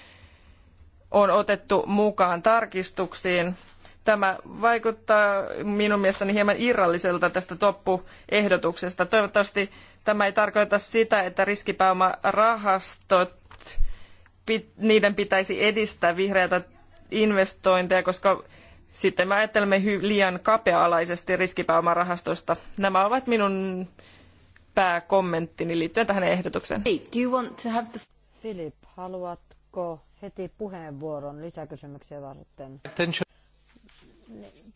C: on otettu mukaan tarkistuksiin. Tämä vaikuttaa minun mielestäni hieman irralliselta tästä toppuehdotuksesta. Toivottavasti tämä ei tarkoita sitä, että riskipääomarahastot, niiden pitäisi edistää vihreätä investointeja, koska sitten me ajattelemme liian kapea-alaisesti riskipääomarahastosta. Nämä ovat minun pääkommenttini liittyen tähän ehdotukseen.
B: Philip, haluatko heti puheenvuoron lisäkysymyksiä varten?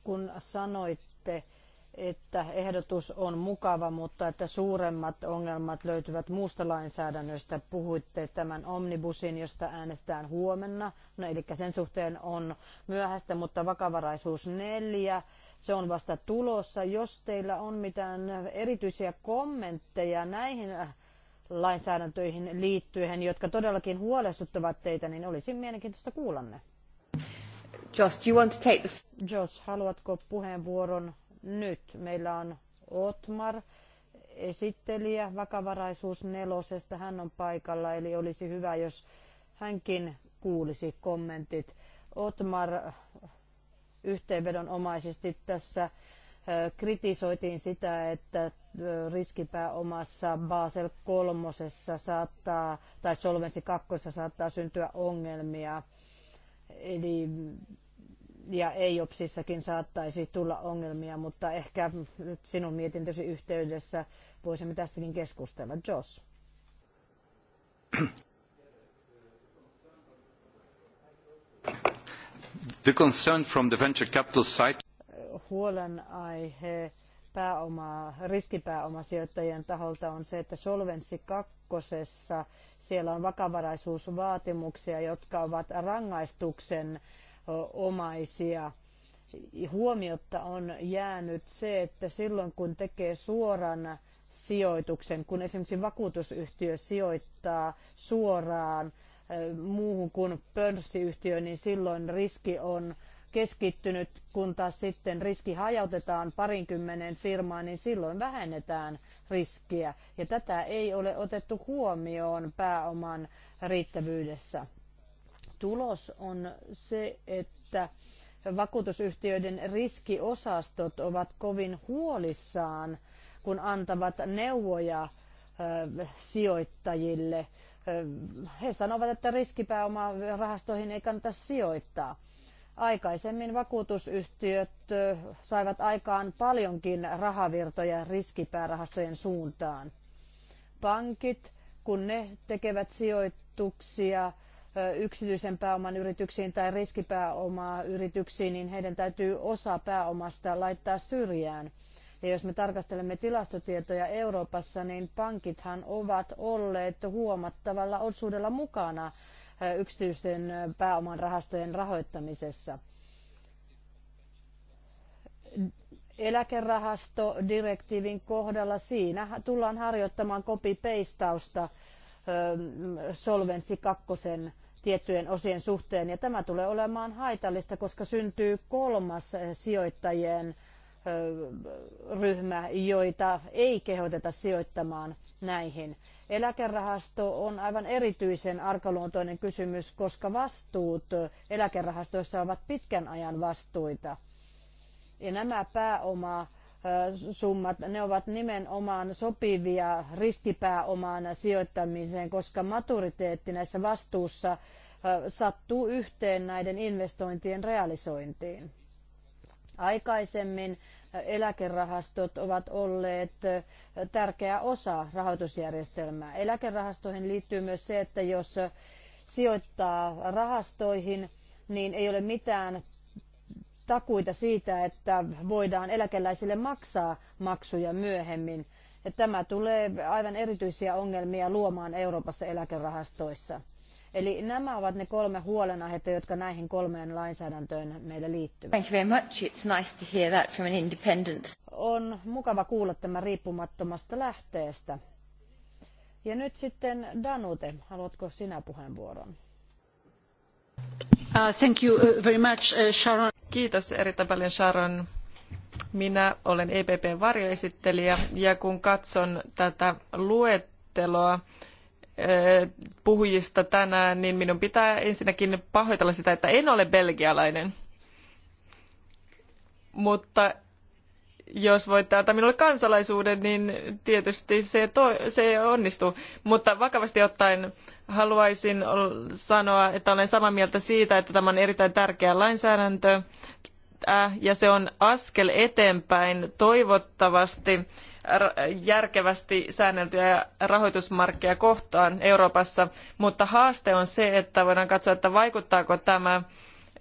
B: Kun sanoitte, että ehdotus on mukava, mutta että suuremmat ongelmat löytyvät muusta lainsäädännöstä. Puhuitte tämän omnibusin, josta äänestetään huomenna, no, eli sen suhteen on myöhäistä, mutta vakavaraisuus neljä, se on vasta tulossa. Jos teillä on mitään erityisiä kommentteja näihin lainsäädäntöihin liittyen, jotka todellakin huolestuttavat teitä, niin olisi mielenkiintoista kuulla ne. Jos, you want to take the... Jos, haluatko puheenvuoron nyt. Meillä on Otmar, esittelijä vakavaraisuus nelosesta, hän on paikalla, eli olisi hyvä, jos hänkin kuulisi kommentit. Otmar yhteenvedonomaisesti tässä kritisoitiin sitä, että riskipääomassa Basel kolmosessa saattaa, tai Solvensi kakkossa saattaa syntyä ongelmia. Eli ja EIOPSissakin saattaisi tulla ongelmia, mutta ehkä nyt sinun mietintösi yhteydessä voisimme tästäkin keskustella. Jos.
A: The concern from the venture capital side.
B: Huolenaihe pääoma, riskipääomasijoittajien taholta on se, että Solvenssi 2 siellä on vakavaraisuusvaatimuksia, jotka ovat rangaistuksen omaisia. Huomiotta on jäänyt se, että silloin kun tekee suoran sijoituksen, kun esimerkiksi vakuutusyhtiö sijoittaa suoraan muuhun kuin pörssiyhtiö, niin silloin riski on keskittynyt, kun taas sitten riski hajautetaan parinkymmenen firmaan, niin silloin vähennetään riskiä. Ja tätä ei ole otettu huomioon pääoman riittävyydessä tulos on se, että vakuutusyhtiöiden riskiosastot ovat kovin huolissaan, kun antavat neuvoja sijoittajille. He sanovat, että riskipääomaa rahastoihin ei kannata sijoittaa. Aikaisemmin vakuutusyhtiöt saivat aikaan paljonkin rahavirtoja riskipäärahastojen suuntaan. Pankit, kun ne tekevät sijoituksia yksityisen pääoman yrityksiin tai riskipääomaa yrityksiin, niin heidän täytyy osa pääomasta laittaa syrjään. Ja jos me tarkastelemme tilastotietoja Euroopassa, niin pankithan ovat olleet huomattavalla osuudella mukana yksityisten pääoman rahastojen rahoittamisessa. Eläkerahastodirektiivin kohdalla siinä tullaan harjoittamaan copy-pastausta Solvensi kakkosen tiettyjen osien suhteen. Ja tämä tulee olemaan haitallista, koska syntyy kolmas eh, sijoittajien eh, ryhmä, joita ei kehoteta sijoittamaan näihin. Eläkerahasto on aivan erityisen arkaluontoinen kysymys, koska vastuut eh, eläkerahastoissa ovat pitkän ajan vastuita. Ja nämä pääoma summat, ne ovat nimenomaan sopivia riskipääomana sijoittamiseen, koska maturiteetti näissä vastuussa sattuu yhteen näiden investointien realisointiin. Aikaisemmin eläkerahastot ovat olleet tärkeä osa rahoitusjärjestelmää. Eläkerahastoihin liittyy myös se, että jos sijoittaa rahastoihin, niin ei ole mitään takuita siitä, että voidaan eläkeläisille maksaa maksuja myöhemmin. Ja tämä tulee aivan erityisiä ongelmia luomaan Euroopassa eläkerahastoissa. Eli nämä ovat ne kolme huolenaihetta, jotka näihin kolmeen lainsäädäntöön meillä liittyvät. Thank you very much. It's nice to hear that from an independent. On mukava kuulla tämä riippumattomasta lähteestä. Ja nyt sitten Danute, haluatko sinä puheenvuoron? Uh, thank you
C: uh, very much, uh, Sharon. Kiitos erittäin paljon Sharon. Minä olen epp varjoesittelijä ja kun katson tätä luetteloa puhujista tänään, niin minun pitää ensinnäkin pahoitella sitä, että en ole belgialainen. Mutta jos voitte antaa minulle kansalaisuuden, niin tietysti se, to, se onnistuu. Mutta vakavasti ottaen haluaisin sanoa, että olen samaa mieltä siitä, että tämä on erittäin tärkeä lainsäädäntö äh, ja se on askel eteenpäin toivottavasti järkevästi säänneltyjä rahoitusmarkkia kohtaan Euroopassa, mutta haaste on se, että voidaan katsoa, että vaikuttaako tämä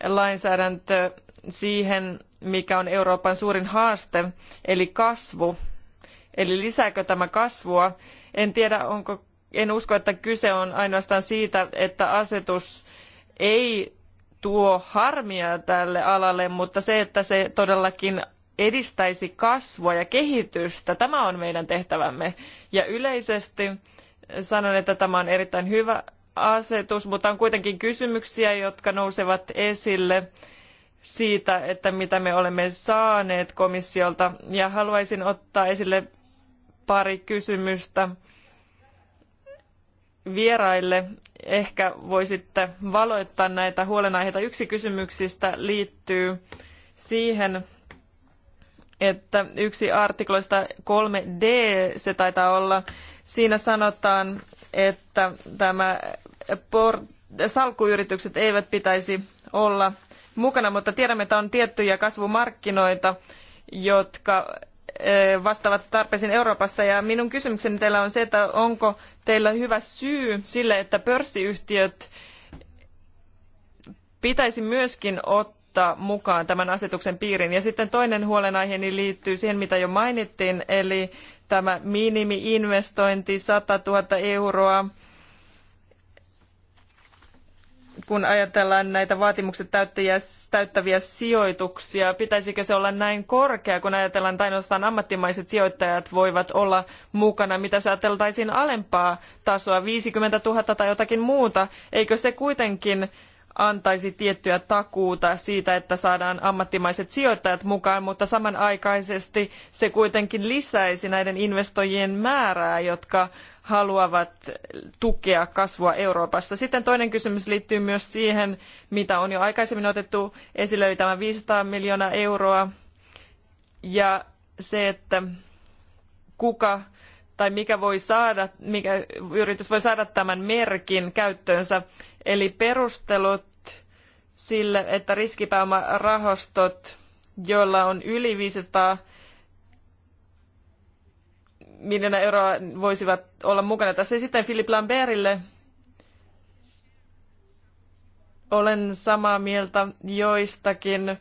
C: lainsäädäntö siihen, mikä on Euroopan suurin haaste, eli kasvu. Eli lisääkö tämä kasvua? En tiedä, onko en usko, että kyse on ainoastaan siitä, että asetus ei tuo harmia tälle alalle, mutta se, että se todellakin edistäisi kasvua ja kehitystä, tämä on meidän tehtävämme. Ja yleisesti sanon, että tämä on erittäin hyvä asetus, mutta on kuitenkin kysymyksiä, jotka nousevat esille siitä, että mitä me olemme saaneet komissiolta. Ja haluaisin ottaa esille pari kysymystä vieraille. Ehkä voisitte valoittaa näitä huolenaiheita. Yksi kysymyksistä liittyy siihen, että yksi artikloista 3D, se taitaa olla, siinä sanotaan, että tämä por- eivät pitäisi olla mukana, mutta tiedämme, että on tiettyjä kasvumarkkinoita, jotka Eh, vastaavat tarpeisiin Euroopassa. Ja minun kysymykseni teillä on se, että onko teillä hyvä syy sille, että pörssiyhtiöt pitäisi myöskin ottaa mukaan tämän asetuksen piiriin. Ja sitten toinen huolenaiheeni liittyy siihen, mitä jo mainittiin, eli tämä minimi-investointi 100 000 euroa kun ajatellaan näitä vaatimukset täyttäviä, täyttäviä sijoituksia, pitäisikö se olla näin korkea, kun ajatellaan, että ainoastaan ammattimaiset sijoittajat voivat olla mukana, mitä jos ajateltaisiin alempaa tasoa, 50 000 tai jotakin muuta, eikö se kuitenkin antaisi tiettyä takuuta siitä, että saadaan ammattimaiset sijoittajat mukaan, mutta samanaikaisesti se kuitenkin lisäisi näiden investoijien määrää, jotka haluavat tukea kasvua Euroopassa. Sitten toinen kysymys liittyy myös siihen, mitä on jo aikaisemmin otettu esille, eli tämä 500 miljoonaa euroa ja se, että kuka tai mikä, voi saada, mikä yritys voi saada tämän merkin käyttöönsä. Eli perustelut sille, että riskipääomarahastot, joilla on yli 500 miljoonaa euroa, voisivat olla mukana tässä. Sitten Philip Lambertille olen samaa mieltä joistakin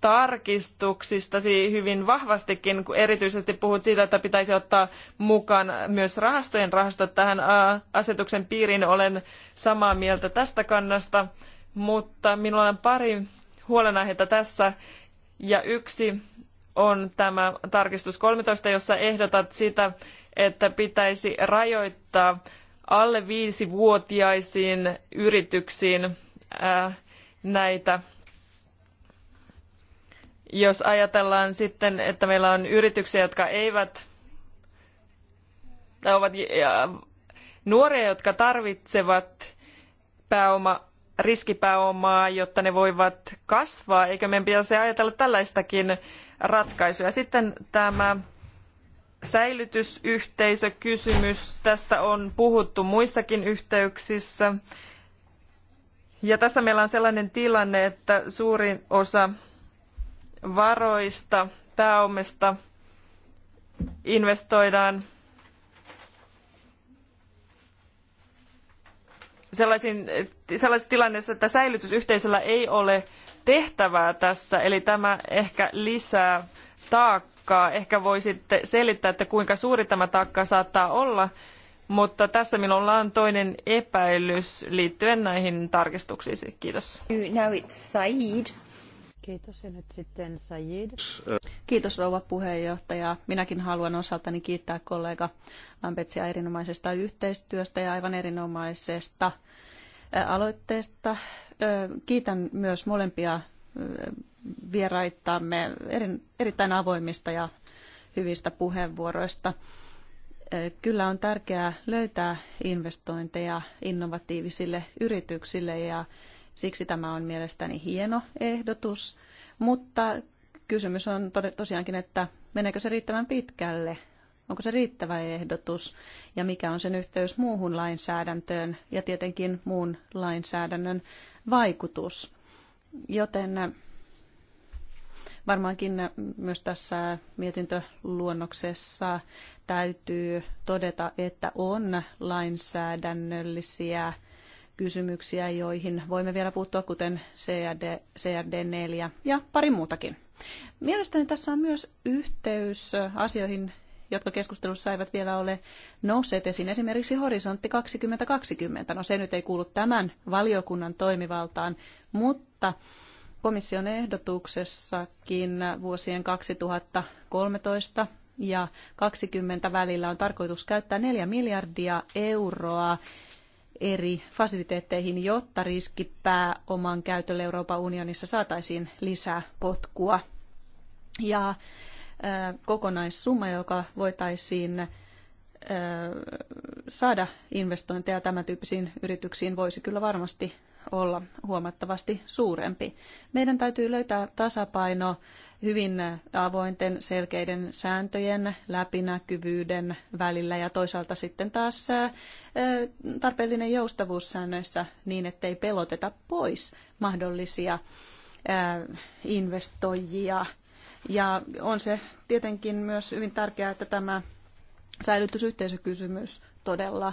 C: tarkistuksistasi hyvin vahvastikin, kun erityisesti puhut siitä, että pitäisi ottaa mukaan myös rahastojen rahastot tähän asetuksen piiriin. Olen samaa mieltä tästä kannasta, mutta minulla on pari huolenaihetta tässä ja yksi on tämä tarkistus 13, jossa ehdotat sitä, että pitäisi rajoittaa alle viisi vuotiaisiin yrityksiin näitä jos ajatellaan sitten, että meillä on yrityksiä, jotka eivät tai ovat nuoria, jotka tarvitsevat pääoma, riskipääomaa, jotta ne voivat kasvaa, eikö meidän pitäisi ajatella tällaistakin ratkaisuja. Sitten tämä säilytysyhteisökysymys, tästä on puhuttu muissakin yhteyksissä. Ja tässä meillä on sellainen tilanne, että suurin osa varoista, pääomista investoidaan sellaisiin, sellaisessa tilanteessa, että säilytysyhteisöllä ei ole tehtävää tässä, eli tämä ehkä lisää taakkaa. Ehkä voisitte selittää, että kuinka suuri tämä taakka saattaa olla, mutta tässä minulla on toinen epäilys liittyen näihin tarkistuksiin. Kiitos.
A: Now it's
D: Said. Kiitos ja nyt sitten Sajid. Kiitos rouva puheenjohtaja. Minäkin haluan osaltani kiittää kollega Lampetsia erinomaisesta yhteistyöstä ja aivan erinomaisesta aloitteesta. Kiitän myös molempia vieraittamme erittäin avoimista ja hyvistä puheenvuoroista. Kyllä on tärkeää löytää investointeja innovatiivisille yrityksille ja Siksi tämä on mielestäni hieno ehdotus, mutta kysymys on tosiaankin, että meneekö se riittävän pitkälle? Onko se riittävä ehdotus ja mikä on sen yhteys muuhun lainsäädäntöön ja tietenkin muun lainsäädännön vaikutus? Joten äh, varmaankin äh, myös tässä mietintöluonnoksessa täytyy todeta, että on lainsäädännöllisiä kysymyksiä, joihin voimme vielä puuttua, kuten CRD, CRD4 ja pari muutakin. Mielestäni tässä on myös yhteys asioihin, jotka keskustelussa eivät vielä ole nousseet esiin. Esimerkiksi Horisontti 2020. No se nyt ei kuulu tämän valiokunnan toimivaltaan, mutta komission ehdotuksessakin vuosien 2013 ja 2020 välillä on tarkoitus käyttää 4 miljardia euroa eri fasiliteetteihin, jotta riskipääoman käytölle Euroopan unionissa saataisiin lisää potkua. Ja kokonaissumma, joka voitaisiin saada investointeja tämän tyyppisiin yrityksiin, voisi kyllä varmasti olla huomattavasti suurempi. Meidän täytyy löytää tasapaino hyvin avointen, selkeiden sääntöjen, läpinäkyvyyden välillä ja toisaalta sitten taas tarpeellinen joustavuus säännöissä niin, ettei peloteta pois mahdollisia investoijia. Ja on se tietenkin myös hyvin tärkeää, että tämä säilytysyhteisökysymys todella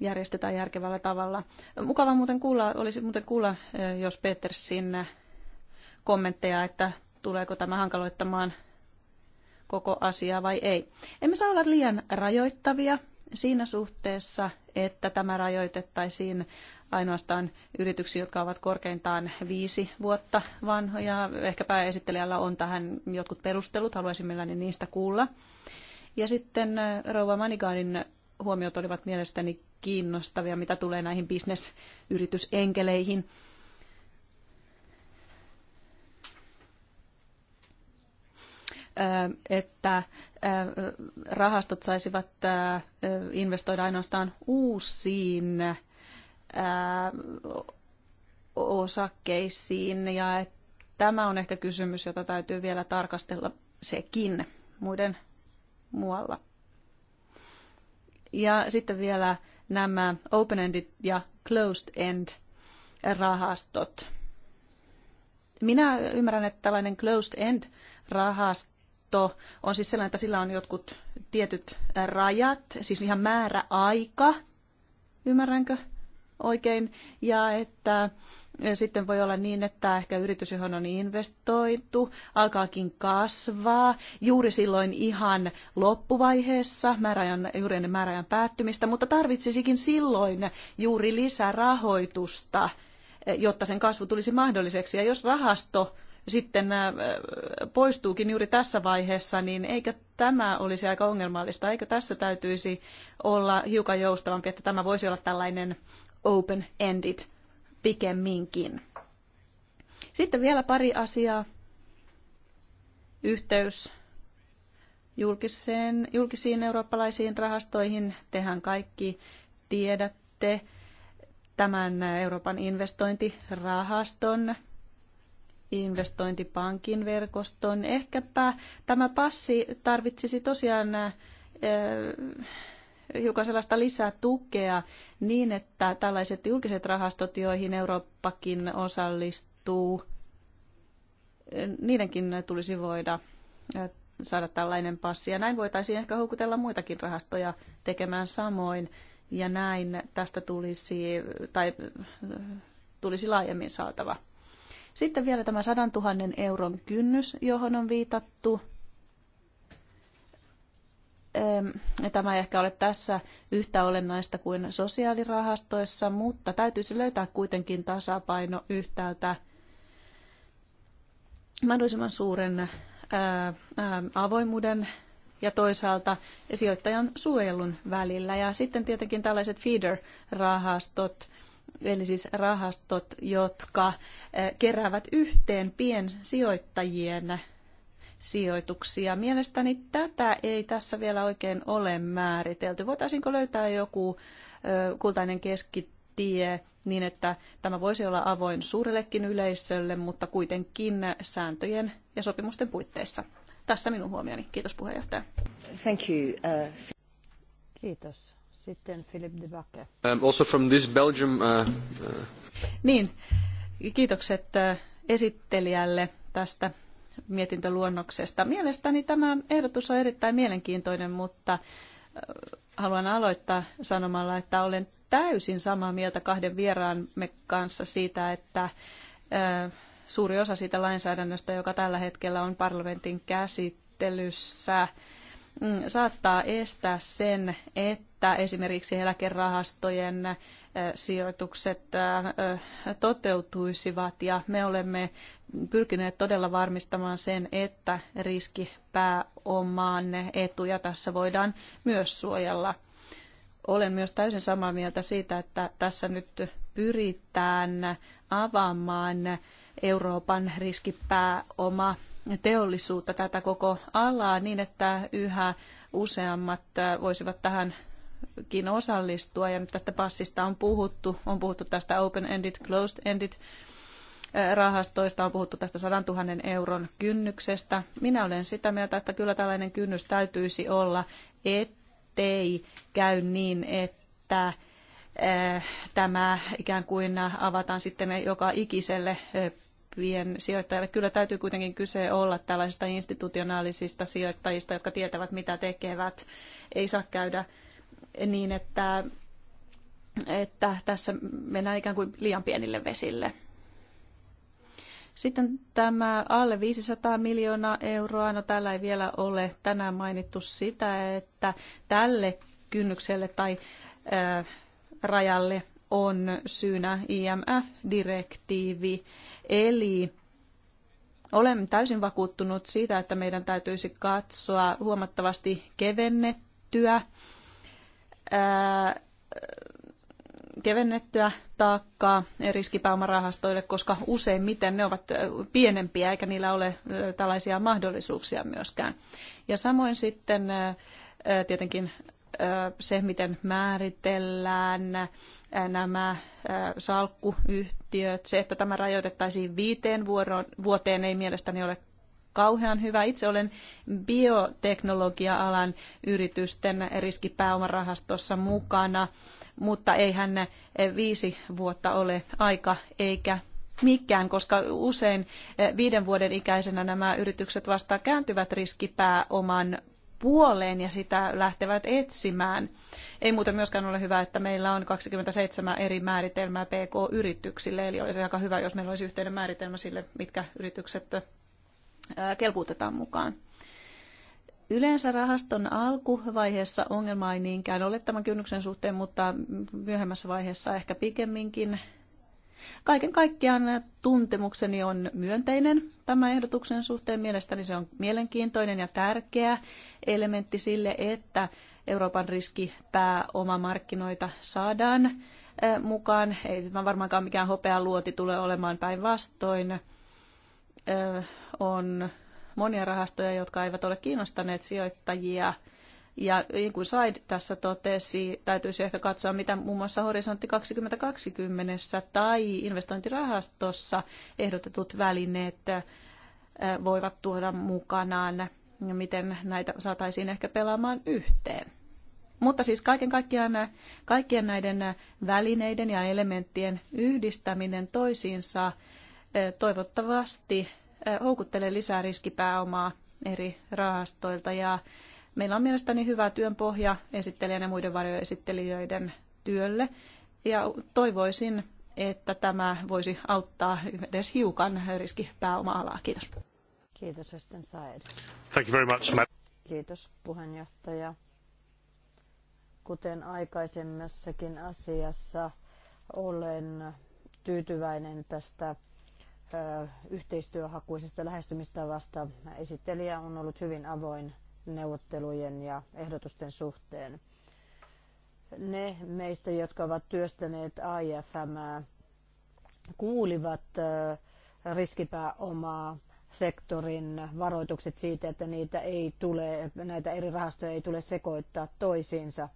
D: järjestetään järkevällä tavalla. Mukava muuten kuulla, olisi muuten kuulla, jos Petersin kommentteja, että tuleeko tämä hankaloittamaan koko asiaa vai ei. Emme saa olla liian rajoittavia siinä suhteessa, että tämä rajoitettaisiin ainoastaan yrityksiin, jotka ovat korkeintaan viisi vuotta vanhoja. Ehkäpä esittelijällä on tähän jotkut perustelut, haluaisin mielelläni niistä kuulla. Ja sitten Rouva Maniganin huomiot olivat mielestäni kiinnostavia, mitä tulee näihin bisnesyritysenkeleihin. että rahastot saisivat investoida ainoastaan uusiin osakkeisiin ja tämä on ehkä kysymys, jota täytyy vielä tarkastella sekin muiden muualla ja sitten vielä nämä open-ended ja closed-end rahastot. Minä ymmärrän, että tällainen closed-end rahasto on siis sellainen, että sillä on jotkut tietyt rajat, siis ihan määrä aika, ymmärränkö oikein, ja että sitten voi olla niin, että ehkä yritys, johon on investoitu, alkaakin kasvaa juuri silloin ihan loppuvaiheessa, määräajan, juuri ennen määräajan päättymistä, mutta tarvitsisikin silloin juuri lisärahoitusta, eh, jotta sen kasvu tulisi mahdolliseksi. Ja jos rahasto sitten eh, poistuukin juuri tässä vaiheessa, niin eikö tämä olisi aika ongelmallista? Eikö tässä täytyisi olla hiukan joustavampi, että tämä voisi olla tällainen open-ended pikemminkin. Sitten vielä pari asiaa. Yhteys julkiseen, julkisiin eurooppalaisiin rahastoihin. Tehän kaikki tiedätte tämän Euroopan investointirahaston investointipankin verkoston. Ehkäpä tämä passi tarvitsisi tosiaan eh, hiukan sellaista lisää tukea niin, että tällaiset julkiset rahastot, joihin Eurooppakin osallistuu, niidenkin tulisi voida saada tällainen passi. Ja näin voitaisiin ehkä houkutella muitakin rahastoja tekemään samoin. Ja näin tästä tulisi, tai tulisi laajemmin saatava. Sitten vielä tämä 100 000 euron kynnys, johon on viitattu – Tämä ei ehkä ole tässä yhtä olennaista kuin sosiaalirahastoissa, mutta täytyisi löytää kuitenkin tasapaino yhtäältä mahdollisimman suuren avoimuuden ja toisaalta sijoittajan suojelun välillä. Ja sitten tietenkin tällaiset feeder-rahastot, eli siis rahastot, jotka keräävät yhteen piensijoittajien sijoituksia. Mielestäni tätä ei tässä vielä oikein ole määritelty. Voitaisiinko löytää joku kultainen keskitie niin, että tämä voisi olla avoin suurellekin yleisölle, mutta kuitenkin sääntöjen ja sopimusten puitteissa. Tässä minun huomioni. Kiitos puheenjohtaja.
B: Thank you. Uh... Kiitos. Sitten Philip de Backe. Um, also from this Belgium... Uh, uh...
D: Niin, kiitokset uh, esittelijälle tästä mietintöluonnoksesta. Mielestäni tämä ehdotus on erittäin mielenkiintoinen, mutta haluan aloittaa sanomalla, että olen täysin samaa mieltä kahden vieraamme kanssa siitä, että suuri osa siitä lainsäädännöstä, joka tällä hetkellä on parlamentin käsittelyssä, mm, saattaa estää sen, että esimerkiksi eläkerahastojen sijoitukset toteutuisivat ja me olemme pyrkineet todella varmistamaan sen, että riskipääoman etuja tässä voidaan myös suojella. Olen myös täysin samaa mieltä siitä, että tässä nyt pyritään avaamaan Euroopan riskipääoma teollisuutta tätä koko alaa niin, että yhä useammat voisivat tähän muidenkin osallistua. Ja nyt tästä passista on puhuttu, on puhuttu tästä open-ended, closed-ended rahastoista, on puhuttu tästä 100 000 euron kynnyksestä. Minä olen sitä mieltä, että kyllä tällainen kynnys täytyisi olla, ettei käy niin, että tämä ikään kuin avataan sitten joka ikiselle sijoittajalle. Kyllä täytyy kuitenkin kyse olla tällaisista institutionaalisista sijoittajista, jotka tietävät mitä tekevät. Ei saa käydä niin, että, että tässä mennään ikään kuin liian pienille vesille. Sitten tämä alle 500 miljoonaa euroa, no täällä ei vielä ole tänään mainittu sitä, että tälle kynnykselle tai äh, rajalle on syynä IMF-direktiivi. Eli olen täysin vakuuttunut siitä, että meidän täytyisi katsoa huomattavasti kevennettyä kevennettyä taakkaa riskipääomarahastoille, koska useimmiten ne ovat pienempiä eikä niillä ole tällaisia mahdollisuuksia myöskään. Ja samoin sitten tietenkin se, miten määritellään nämä salkkuyhtiöt, se, että tämä rajoitettaisiin viiteen vuoteen, ei mielestäni ole kauhean hyvä. Itse olen bioteknologia-alan yritysten riskipääomarahastossa mukana, mutta eihän viisi vuotta ole aika eikä mikään, koska usein eh, viiden vuoden ikäisenä nämä yritykset vasta kääntyvät riskipääoman puoleen ja sitä lähtevät etsimään. Ei muuten myöskään ole hyvä, että meillä on 27 eri määritelmää PK-yrityksille, eli olisi aika hyvä, jos meillä olisi yhteinen määritelmä sille, mitkä yritykset kelpuutetaan mukaan. Yleensä rahaston alkuvaiheessa ongelma ei niinkään ole tämän kynnyksen suhteen, mutta myöhemmässä vaiheessa ehkä pikemminkin. Kaiken kaikkiaan tuntemukseni on myönteinen tämän ehdotuksen suhteen. Mielestäni se on mielenkiintoinen ja tärkeä elementti sille, että Euroopan riskipääomamarkkinoita saadaan mukaan. Ei tämä varmaankaan mikään hopea luoti tule olemaan päinvastoin on monia rahastoja, jotka eivät ole kiinnostaneet sijoittajia. Ja niin kuin Said tässä totesi, täytyisi ehkä katsoa, mitä muun muassa Horisontti 2020 tai investointirahastossa ehdotetut välineet voivat tuoda mukanaan, miten näitä saataisiin ehkä pelaamaan yhteen. Mutta siis kaiken kaikkiaan kaikkien näiden välineiden ja elementtien yhdistäminen toisiinsa toivottavasti houkuttelee lisää riskipääomaa eri rahastoilta ja meillä on mielestäni hyvä työn pohja esittelijän ja muiden varjoesittelijöiden työlle ja toivoisin, että tämä voisi auttaa edes hiukan
B: riskipääoma-alaa. Kiitos. Kiitos, Esten Saed.
A: Thank you very much, Matt.
B: Kiitos, puheenjohtaja. Kuten aikaisemmassakin asiassa, olen tyytyväinen tästä yhteistyöhakuisesta lähestymistavasta. Esittelijä on ollut hyvin avoin neuvottelujen ja ehdotusten suhteen. Ne meistä, jotka ovat työstäneet AIFM, kuulivat riskipääomaa sektorin varoitukset siitä, että niitä ei tule, näitä eri rahastoja ei tule sekoittaa toisiinsa.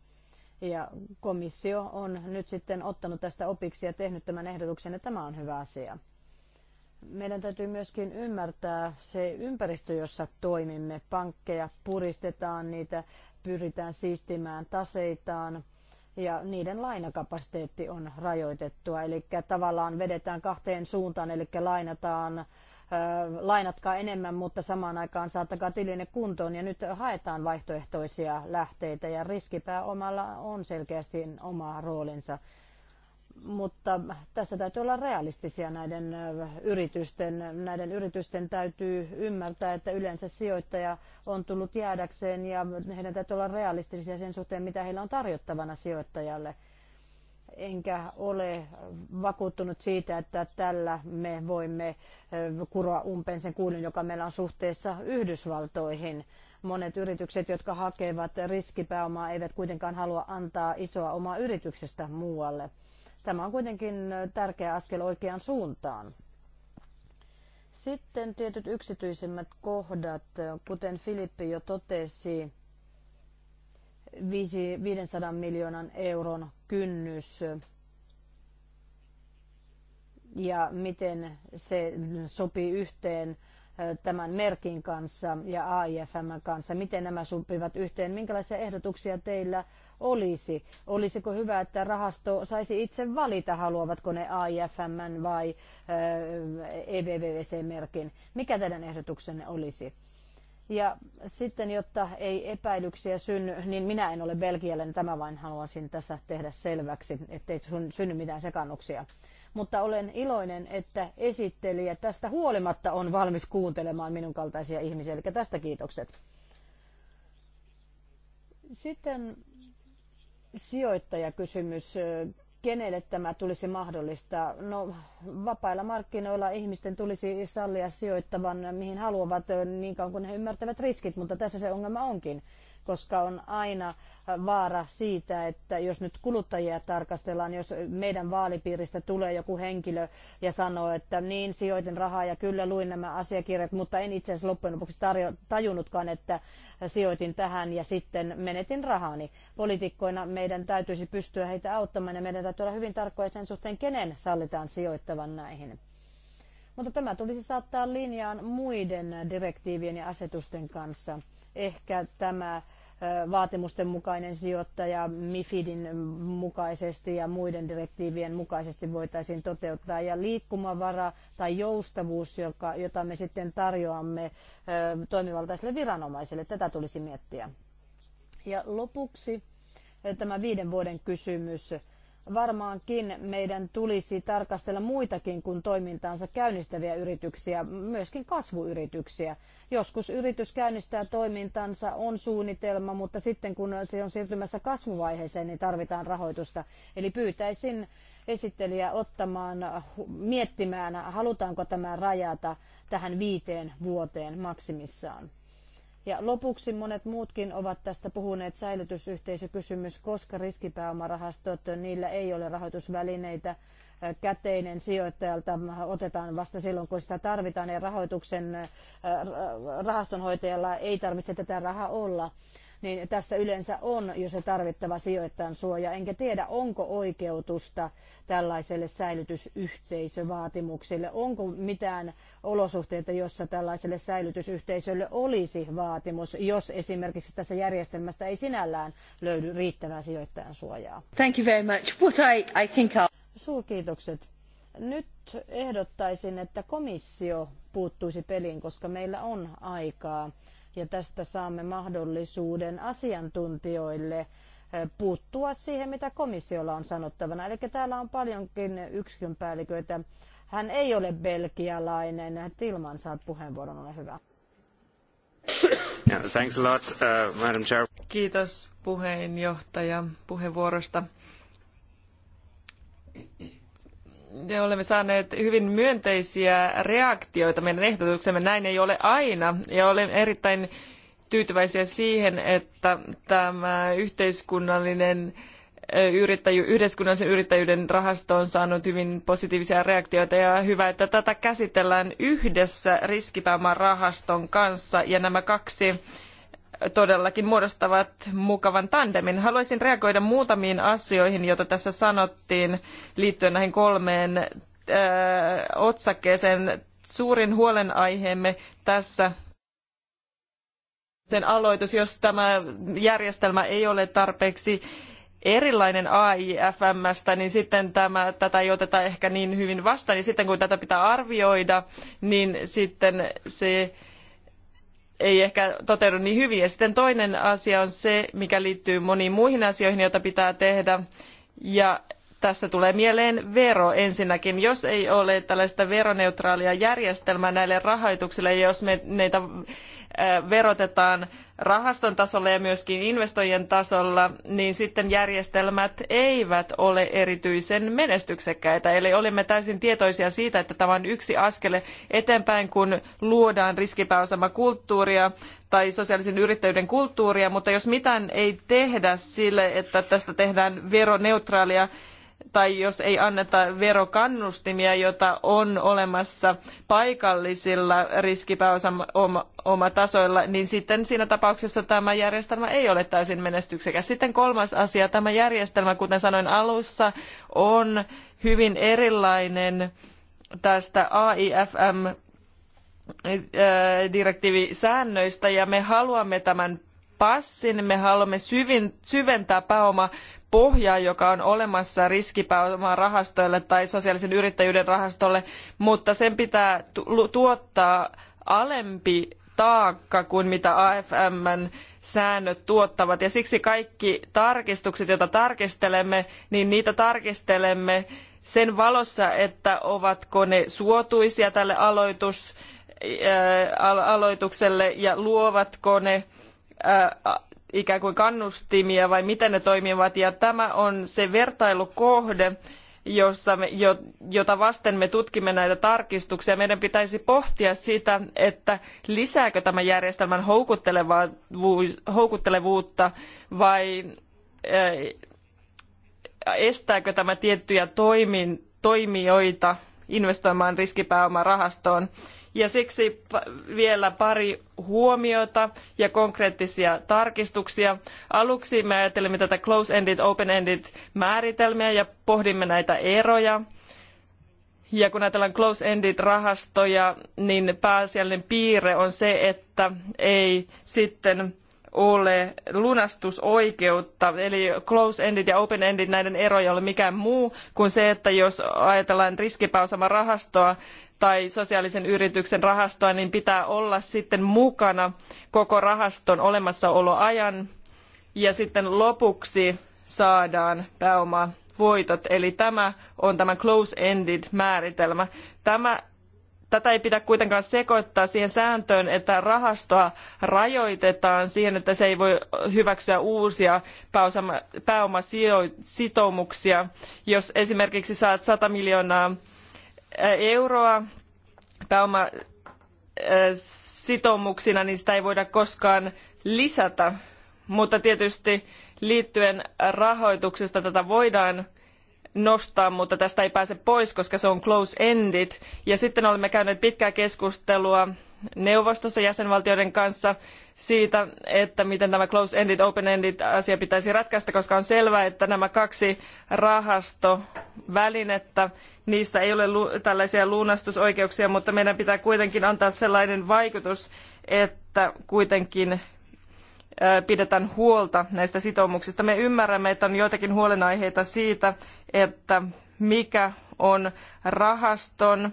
B: Ja komissio on nyt sitten ottanut tästä opiksi ja tehnyt tämän ehdotuksen, että tämä on hyvä asia meidän täytyy myöskin ymmärtää se ympäristö, jossa toimimme. Pankkeja puristetaan, niitä pyritään siistimään taseitaan ja niiden lainakapasiteetti on rajoitettua. Eli tavallaan vedetään kahteen suuntaan, eli lainataan lainatkaa enemmän, mutta samaan aikaan saattakaa tilinne kuntoon. Ja nyt haetaan vaihtoehtoisia lähteitä ja riskipääomalla on selkeästi oma roolinsa mutta tässä täytyy olla realistisia näiden yritysten. Näiden yritysten täytyy ymmärtää, että yleensä sijoittaja on tullut jäädäkseen ja heidän täytyy olla realistisia sen suhteen, mitä heillä on tarjottavana sijoittajalle. Enkä ole vakuuttunut siitä, että tällä me voimme kuroa umpeen sen kuulun, joka meillä on suhteessa Yhdysvaltoihin monet yritykset, jotka hakevat riskipääomaa, eivät kuitenkaan halua antaa isoa omaa yrityksestä muualle. Tämä on kuitenkin tärkeä askel oikeaan suuntaan. Sitten tietyt yksityisimmät kohdat, kuten Filippi jo totesi, 500 miljoonan euron kynnys ja miten se sopii yhteen tämän merkin kanssa ja AIFM kanssa, miten nämä sopivat yhteen, minkälaisia ehdotuksia teillä olisi. Olisiko hyvä, että rahasto saisi itse valita, haluavatko ne AIFM vai EVVC-merkin? Mikä teidän ehdotuksenne olisi? Ja sitten, jotta ei epäilyksiä synny, niin minä en ole belgialainen, niin tämä vain haluaisin tässä tehdä selväksi, ettei synny mitään sekannuksia. Mutta olen iloinen, että esittelijä tästä huolimatta on valmis kuuntelemaan minun kaltaisia ihmisiä, eli tästä kiitokset. Sitten sijoittajakysymys, kenelle tämä tulisi mahdollista? No, vapailla markkinoilla ihmisten tulisi sallia sijoittavan mihin haluavat niin kauan kuin he ymmärtävät riskit, mutta tässä se ongelma onkin koska on aina vaara siitä, että jos nyt kuluttajia tarkastellaan, jos meidän vaalipiiristä tulee joku henkilö ja sanoo, että niin sijoitin rahaa ja kyllä luin nämä asiakirjat, mutta en itse asiassa loppujen lopuksi tarjo- tajunnutkaan, että sijoitin tähän ja sitten menetin rahani. Poliitikkoina meidän täytyisi pystyä heitä auttamaan ja meidän täytyy olla hyvin tarkkoja sen suhteen, kenen sallitaan sijoittavan näihin. Mutta tämä tulisi saattaa linjaan muiden direktiivien ja asetusten kanssa. Ehkä tämä vaatimusten mukainen sijoittaja MIFIDin mukaisesti ja muiden direktiivien mukaisesti voitaisiin toteuttaa. Ja liikkumavara tai joustavuus, joka, jota me sitten tarjoamme toimivaltaisille viranomaisille, tätä tulisi miettiä. Ja lopuksi tämä viiden vuoden kysymys varmaankin meidän tulisi tarkastella muitakin kuin toimintaansa käynnistäviä yrityksiä, myöskin kasvuyrityksiä. Joskus yritys käynnistää toimintansa, on suunnitelma, mutta sitten kun se on siirtymässä kasvuvaiheeseen, niin tarvitaan rahoitusta. Eli pyytäisin esittelijä ottamaan, miettimään, halutaanko tämä rajata tähän viiteen vuoteen maksimissaan. Ja lopuksi monet muutkin ovat tästä puhuneet säilytysyhteisökysymys, koska riskipääomarahastot, niillä ei ole rahoitusvälineitä käteinen sijoittajalta otetaan vasta silloin, kun sitä tarvitaan ja rahoituksen äh, rahastonhoitajalla ei tarvitse tätä rahaa olla niin tässä yleensä on jo se tarvittava sijoittajan suoja. Enkä tiedä, onko oikeutusta tällaiselle säilytysyhteisövaatimukselle. Onko mitään olosuhteita, jossa tällaiselle säilytysyhteisölle olisi vaatimus, jos esimerkiksi tässä järjestelmästä ei sinällään löydy riittävää sijoittajan suojaa? Thank you very much. What I, I think I'll... Suurkiitokset nyt ehdottaisin, että komissio puuttuisi peliin, koska meillä on aikaa ja tästä saamme mahdollisuuden asiantuntijoille eh, puuttua siihen, mitä komissiolla on sanottavana. Eli täällä on paljonkin yksikön päälliköitä. Hän ei ole belgialainen. Tilman, saat puheenvuoron, ole hyvä.
A: Thanks a lot, uh, Madam Chair.
C: Kiitos puheenjohtaja puheenvuorosta ja olemme saaneet hyvin myönteisiä reaktioita meidän ehdotuksemme. Näin ei ole aina ja olen erittäin tyytyväisiä siihen, että tämä yhteiskunnallinen yrittäjy, yhteiskunnallisen yrittäjyyden rahasto on saanut hyvin positiivisia reaktioita ja hyvä, että tätä käsitellään yhdessä riskipääomarahaston rahaston kanssa ja nämä kaksi todellakin muodostavat mukavan tandemin. Haluaisin reagoida muutamiin asioihin, joita tässä sanottiin liittyen näihin kolmeen äh, otsakkeeseen. Suurin huolenaiheemme tässä sen aloitus, jos tämä järjestelmä ei ole tarpeeksi erilainen AIFMstä, niin sitten tämä, tätä ei oteta ehkä niin hyvin vastaan. Niin sitten kun tätä pitää arvioida, niin sitten se ei ehkä toteudu niin hyvin. Ja sitten toinen asia on se, mikä liittyy moniin muihin asioihin, joita pitää tehdä. Ja tässä tulee mieleen vero ensinnäkin. Jos ei ole tällaista veroneutraalia järjestelmää näille rahoituksille, jos me, neitä verotetaan rahaston tasolla ja myöskin investoijien tasolla, niin sitten järjestelmät eivät ole erityisen menestyksekkäitä. Eli olemme täysin tietoisia siitä, että tämä on yksi askel eteenpäin, kun luodaan riskipääosama kulttuuria tai sosiaalisen yrittäjyyden kulttuuria, mutta jos mitään ei tehdä sille, että tästä tehdään veroneutraalia, tai jos ei anneta verokannustimia, jota on olemassa paikallisilla riskipääomatasoilla, niin sitten siinä tapauksessa tämä järjestelmä ei ole täysin menestyksekäs. Sitten kolmas asia, tämä järjestelmä, kuten sanoin alussa, on hyvin erilainen tästä AIFM äh, direktiivisäännöistä ja me haluamme tämän passin, me haluamme syventää pääoma pohja, joka on olemassa riskipääoman rahastoille tai sosiaalisen yrittäjyyden rahastolle, mutta sen pitää tuottaa alempi taakka kuin mitä AFMn säännöt tuottavat. Ja siksi kaikki tarkistukset, joita tarkistelemme, niin niitä tarkistelemme sen valossa, että ovatko ne suotuisia tälle aloitus, aloitukselle ja luovatko ne ikään kuin kannustimia vai miten ne toimivat. Ja tämä on se vertailukohde, jossa me, jo, jota vasten me tutkimme näitä tarkistuksia. Meidän pitäisi pohtia sitä, että lisääkö tämä järjestelmän houkuttelevuutta vai eh, estääkö tämä tiettyjä toimin, toimijoita investoimaan riskipääomarahastoon. rahastoon ja siksi vielä pari huomiota ja konkreettisia tarkistuksia. Aluksi me ajattelimme tätä close-ended, open-ended määritelmiä ja pohdimme näitä eroja. Ja kun ajatellaan close-ended rahastoja, niin pääasiallinen piirre on se, että ei sitten ole lunastusoikeutta. Eli close-ended ja open-ended näiden ero ei ole mikään muu kuin se, että jos ajatellaan riskipääosamarahastoa, tai sosiaalisen yrityksen rahastoa, niin pitää olla sitten mukana koko rahaston olemassaoloajan ja sitten lopuksi saadaan pääoma voitot. Eli tämä on tämä close-ended määritelmä. Tämä, tätä ei pidä kuitenkaan sekoittaa siihen sääntöön, että rahastoa rajoitetaan siihen, että se ei voi hyväksyä uusia pääomasitoumuksia. Jos esimerkiksi saat 100 miljoonaa euroa pääomasitoumuksina, niin sitä ei voida koskaan lisätä. Mutta tietysti liittyen rahoituksesta tätä voidaan nostaa, mutta tästä ei pääse pois, koska se on close-ended. Ja sitten olemme käyneet pitkää keskustelua neuvostossa jäsenvaltioiden kanssa siitä, että miten tämä close-ended, open-ended asia pitäisi ratkaista, koska on selvää, että nämä kaksi rahastovälinettä, niissä ei ole tällaisia lunastusoikeuksia, mutta meidän pitää kuitenkin antaa sellainen vaikutus, että kuitenkin pidetään huolta näistä sitoumuksista. Me ymmärrämme, että on joitakin huolenaiheita siitä, että mikä on rahaston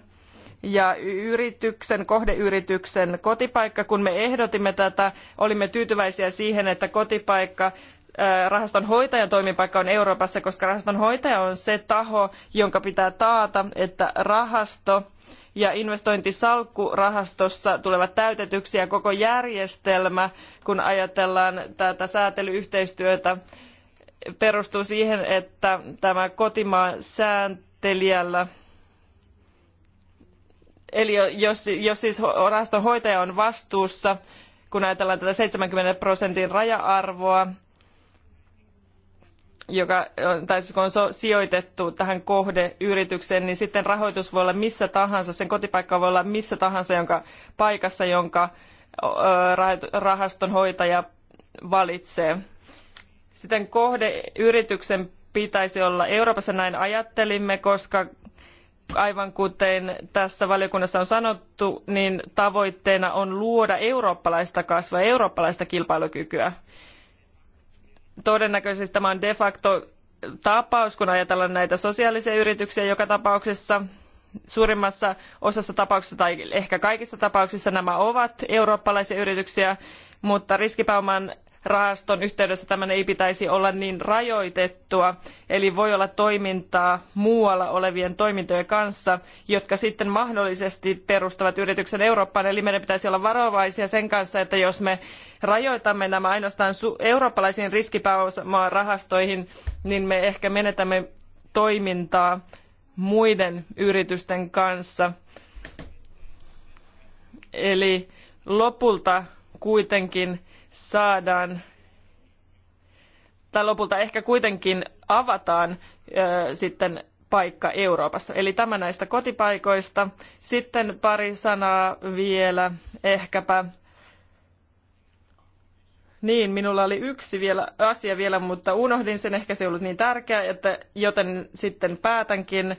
C: ja yrityksen, kohdeyrityksen kotipaikka. Kun me ehdotimme tätä, olimme tyytyväisiä siihen, että kotipaikka Äh, rahaston hoitajan toimipaikka on Euroopassa, koska rahaston hoitaja on se taho, jonka pitää taata, että rahasto ja investointisalkku rahastossa tulevat täytetyksi ja koko järjestelmä, kun ajatellaan tätä säätelyyhteistyötä, perustuu siihen, että tämä kotimaan sääntelijällä Eli jos, jos siis rahaston hoitaja on vastuussa kun ajatellaan tätä 70 prosentin raja-arvoa, joka tai siis kun on sijoitettu tähän kohdeyritykseen, niin sitten rahoitus voi olla missä tahansa, sen kotipaikka voi olla missä tahansa jonka paikassa, jonka rahaston hoitaja valitsee. Sitten kohdeyrityksen pitäisi olla Euroopassa, näin ajattelimme, koska aivan kuten tässä valiokunnassa on sanottu, niin tavoitteena on luoda eurooppalaista kasvua, eurooppalaista kilpailukykyä todennäköisesti tämä on de facto tapaus, kun ajatellaan näitä sosiaalisia yrityksiä joka tapauksessa. Suurimmassa osassa tapauksista tai ehkä kaikissa tapauksissa nämä ovat eurooppalaisia yrityksiä, mutta riskipääoman rahaston yhteydessä tämän ei pitäisi olla niin rajoitettua, eli voi olla toimintaa muualla olevien toimintojen kanssa, jotka sitten mahdollisesti perustavat yrityksen Eurooppaan. Eli meidän pitäisi olla varovaisia sen kanssa, että jos me rajoitamme nämä ainoastaan eurooppalaisiin riskipääomarahastoihin, niin me ehkä menetämme toimintaa muiden yritysten kanssa. Eli lopulta kuitenkin saadaan tai lopulta ehkä kuitenkin avataan ö, sitten paikka Euroopassa. Eli tämä näistä kotipaikoista. Sitten pari sanaa vielä ehkäpä. Niin, minulla oli yksi vielä, asia vielä, mutta unohdin sen, ehkä se ei ollut niin tärkeä, että, joten sitten päätänkin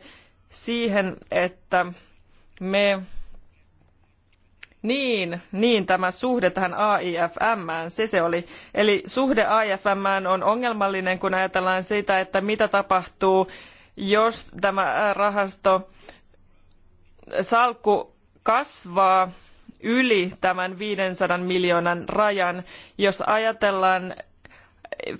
C: siihen, että me niin, niin tämä suhde tähän AIFM, se se oli. Eli suhde AIFM on ongelmallinen, kun ajatellaan sitä, että mitä tapahtuu, jos tämä rahasto salkku kasvaa yli tämän 500 miljoonan rajan. Jos ajatellaan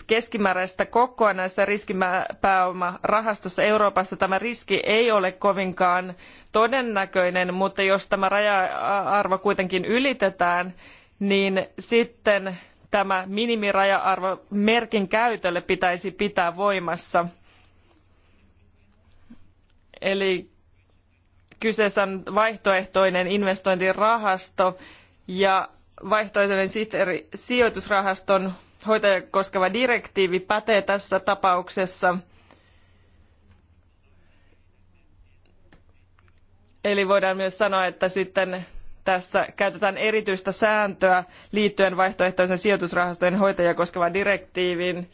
C: keskimääräistä kokoa näissä riskipääomarahastossa Euroopassa, tämä riski ei ole kovinkaan todennäköinen, mutta jos tämä raja-arvo kuitenkin ylitetään, niin sitten tämä minimiraja-arvo merkin käytölle pitäisi pitää voimassa. Eli kyseessä on vaihtoehtoinen investointirahasto ja vaihtoehtoinen sijoitusrahaston hoitaja koskeva direktiivi pätee tässä tapauksessa – Eli voidaan myös sanoa, että sitten tässä käytetään erityistä sääntöä liittyen vaihtoehtoisen sijoitusrahastojen hoitajia koskevaan direktiiviin.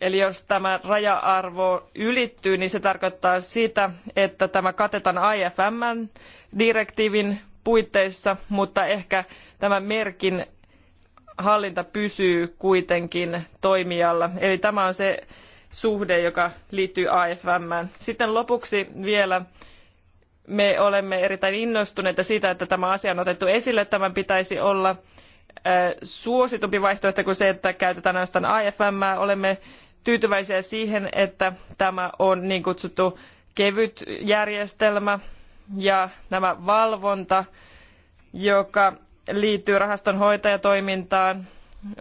C: Eli jos tämä raja-arvo ylittyy, niin se tarkoittaa sitä, että tämä katetaan IFM-direktiivin puitteissa, mutta ehkä tämä merkin hallinta pysyy kuitenkin toimijalla. Eli tämä on se suhde, joka liittyy AFM. Sitten lopuksi vielä me olemme erittäin innostuneita siitä, että tämä asia on otettu esille. Tämän pitäisi olla suositumpi vaihtoehto kuin se, että käytetään ainoastaan IFM. Olemme tyytyväisiä siihen, että tämä on niin kutsuttu kevyt järjestelmä ja nämä valvonta, joka liittyy rahaston hoitajatoimintaan,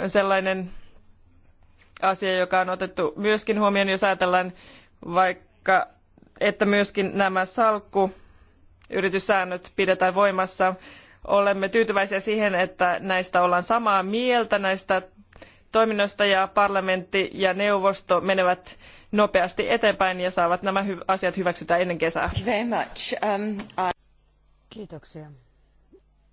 C: sellainen asia, joka on otettu myöskin huomioon, jos ajatellaan vaikka, että myöskin nämä salkku yrityssäännöt pidetään voimassa. Olemme tyytyväisiä siihen, että näistä ollaan samaa mieltä näistä toiminnoista ja parlamentti ja neuvosto menevät nopeasti eteenpäin ja saavat nämä asiat hyväksytään ennen kesää.
B: Um, Kiitoksia.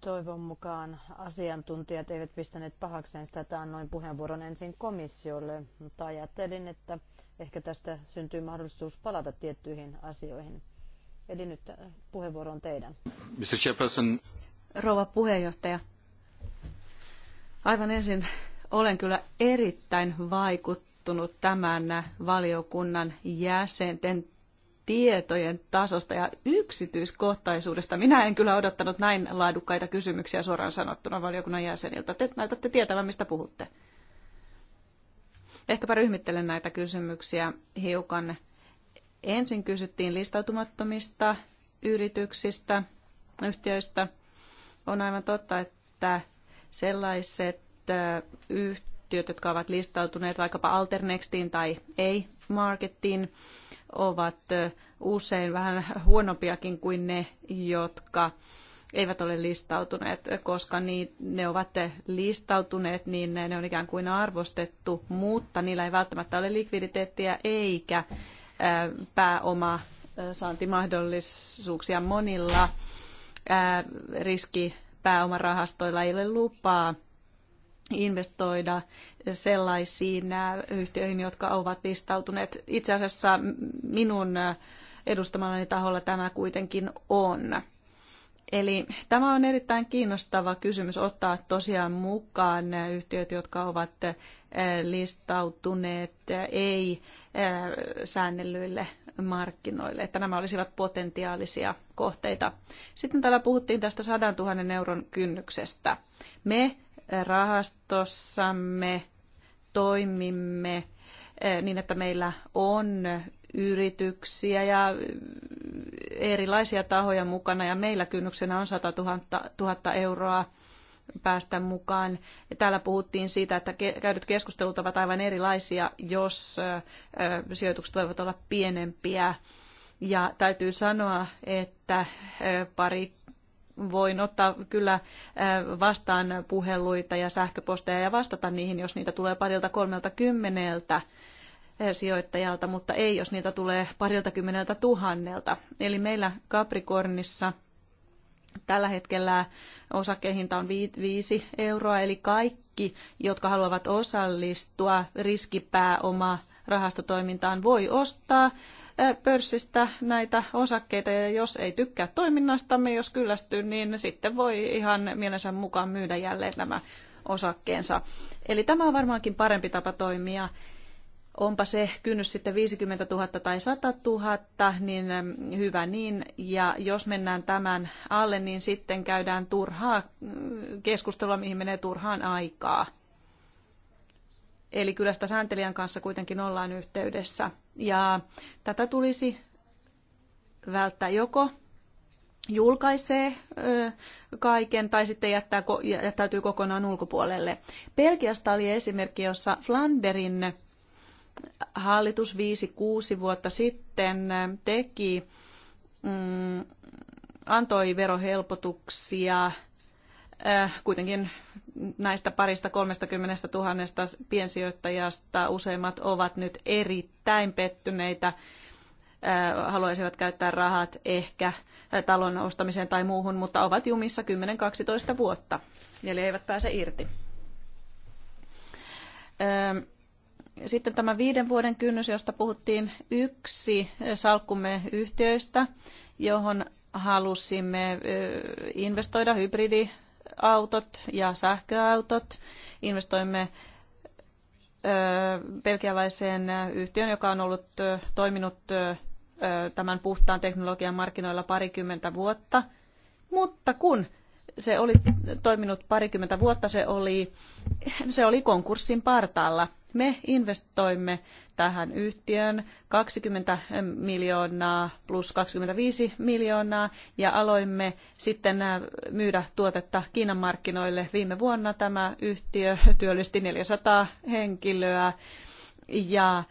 B: Toivon mukaan asiantuntijat eivät pistäneet pahakseen sitä, että annoin puheenvuoron ensin komissiolle, mutta ajattelin, että ehkä tästä syntyy mahdollisuus palata tiettyihin asioihin. Eli nyt äh, puheenvuoro on teidän.
A: Mr. Chairperson.
D: Rouva puheenjohtaja. Aivan ensin olen kyllä erittäin vaikuttunut tämän valiokunnan jäsenten tietojen tasosta ja yksityiskohtaisuudesta. Minä en kyllä odottanut näin laadukkaita kysymyksiä suoraan sanottuna valiokunnan jäseniltä. Te näytätte tietävän, mistä puhutte. Ehkäpä ryhmittelen näitä kysymyksiä hiukan Ensin kysyttiin listautumattomista yrityksistä, yhtiöistä. On aivan totta, että sellaiset yhtiöt, jotka ovat listautuneet vaikkapa Alternextiin tai ei-markettiin, ovat usein vähän huonompiakin kuin ne, jotka eivät ole listautuneet, koska ne ovat listautuneet, niin ne on ikään kuin arvostettu, mutta niillä ei välttämättä ole likviditeettiä eikä pääoma saantimahdollisuuksia monilla riskipääomarahastoilla ei ole lupaa investoida sellaisiin yhtiöihin, jotka ovat listautuneet. Itse asiassa minun edustamallani taholla tämä kuitenkin on. Eli tämä on erittäin kiinnostava kysymys ottaa tosiaan mukaan yhtiöt, jotka ovat eh, listautuneet eh, ei-säännellyille eh, markkinoille, että nämä olisivat potentiaalisia kohteita. Sitten täällä puhuttiin tästä 100 000 euron kynnyksestä. Me rahastossamme toimimme niin, että meillä on yrityksiä ja erilaisia tahoja mukana ja meillä kynnyksenä on 100 000, 000 euroa päästä mukaan. Täällä puhuttiin siitä, että käydyt keskustelut ovat aivan erilaisia, jos sijoitukset voivat olla pienempiä. Ja täytyy sanoa, että pari voin ottaa kyllä vastaan puheluita ja sähköposteja ja vastata niihin, jos niitä tulee parilta kolmelta kymmeneltä sijoittajalta, mutta ei, jos niitä tulee parilta kymmeneltä tuhannelta. Eli meillä Capricornissa tällä hetkellä osakehinta on 5 euroa, eli kaikki, jotka haluavat osallistua riskipääoma rahastotoimintaan, voi ostaa pörssistä näitä osakkeita ja jos ei tykkää toiminnastamme, jos kyllästyy, niin sitten voi ihan mielensä mukaan myydä jälleen nämä osakkeensa. Eli tämä on varmaankin parempi tapa toimia onpa se kynnys sitten 50 000 tai 100 000, niin hyvä niin. Ja jos mennään tämän alle, niin sitten käydään turhaa äh, keskustelua, mihin menee turhaan aikaa. Eli kyllä sitä sääntelijän kanssa kuitenkin ollaan yhteydessä. Ja tätä tulisi välttää joko julkaisee kaiken tai sitten jättää, jättäytyy kokonaan ulkopuolelle. Pelkiasta oli esimerkki, jossa Flanderin hallitus 5-6 vuotta sitten teki, mm, antoi verohelpotuksia äh, kuitenkin näistä parista 30 000 piensijoittajasta useimmat ovat nyt erittäin pettyneitä, äh, haluaisivat käyttää rahat ehkä äh, talon ostamiseen tai muuhun, mutta ovat jumissa 10-12 vuotta, eli eivät pääse irti. Sitten tämä viiden vuoden kynnys, josta puhuttiin yksi salkkumme yhtiöistä, johon halusimme investoida hybridiautot ja sähköautot. Investoimme belgialaiseen yhtiön, joka on ollut toiminut tämän puhtaan teknologian markkinoilla parikymmentä vuotta. Mutta kun se oli toiminut parikymmentä vuotta, se oli, se oli konkurssin partaalla – me investoimme tähän yhtiöön 20 miljoonaa plus 25 miljoonaa ja aloimme sitten äh, myydä tuotetta Kiinan markkinoille. Viime vuonna tämä yhtiö työllisti 400 henkilöä ja äh,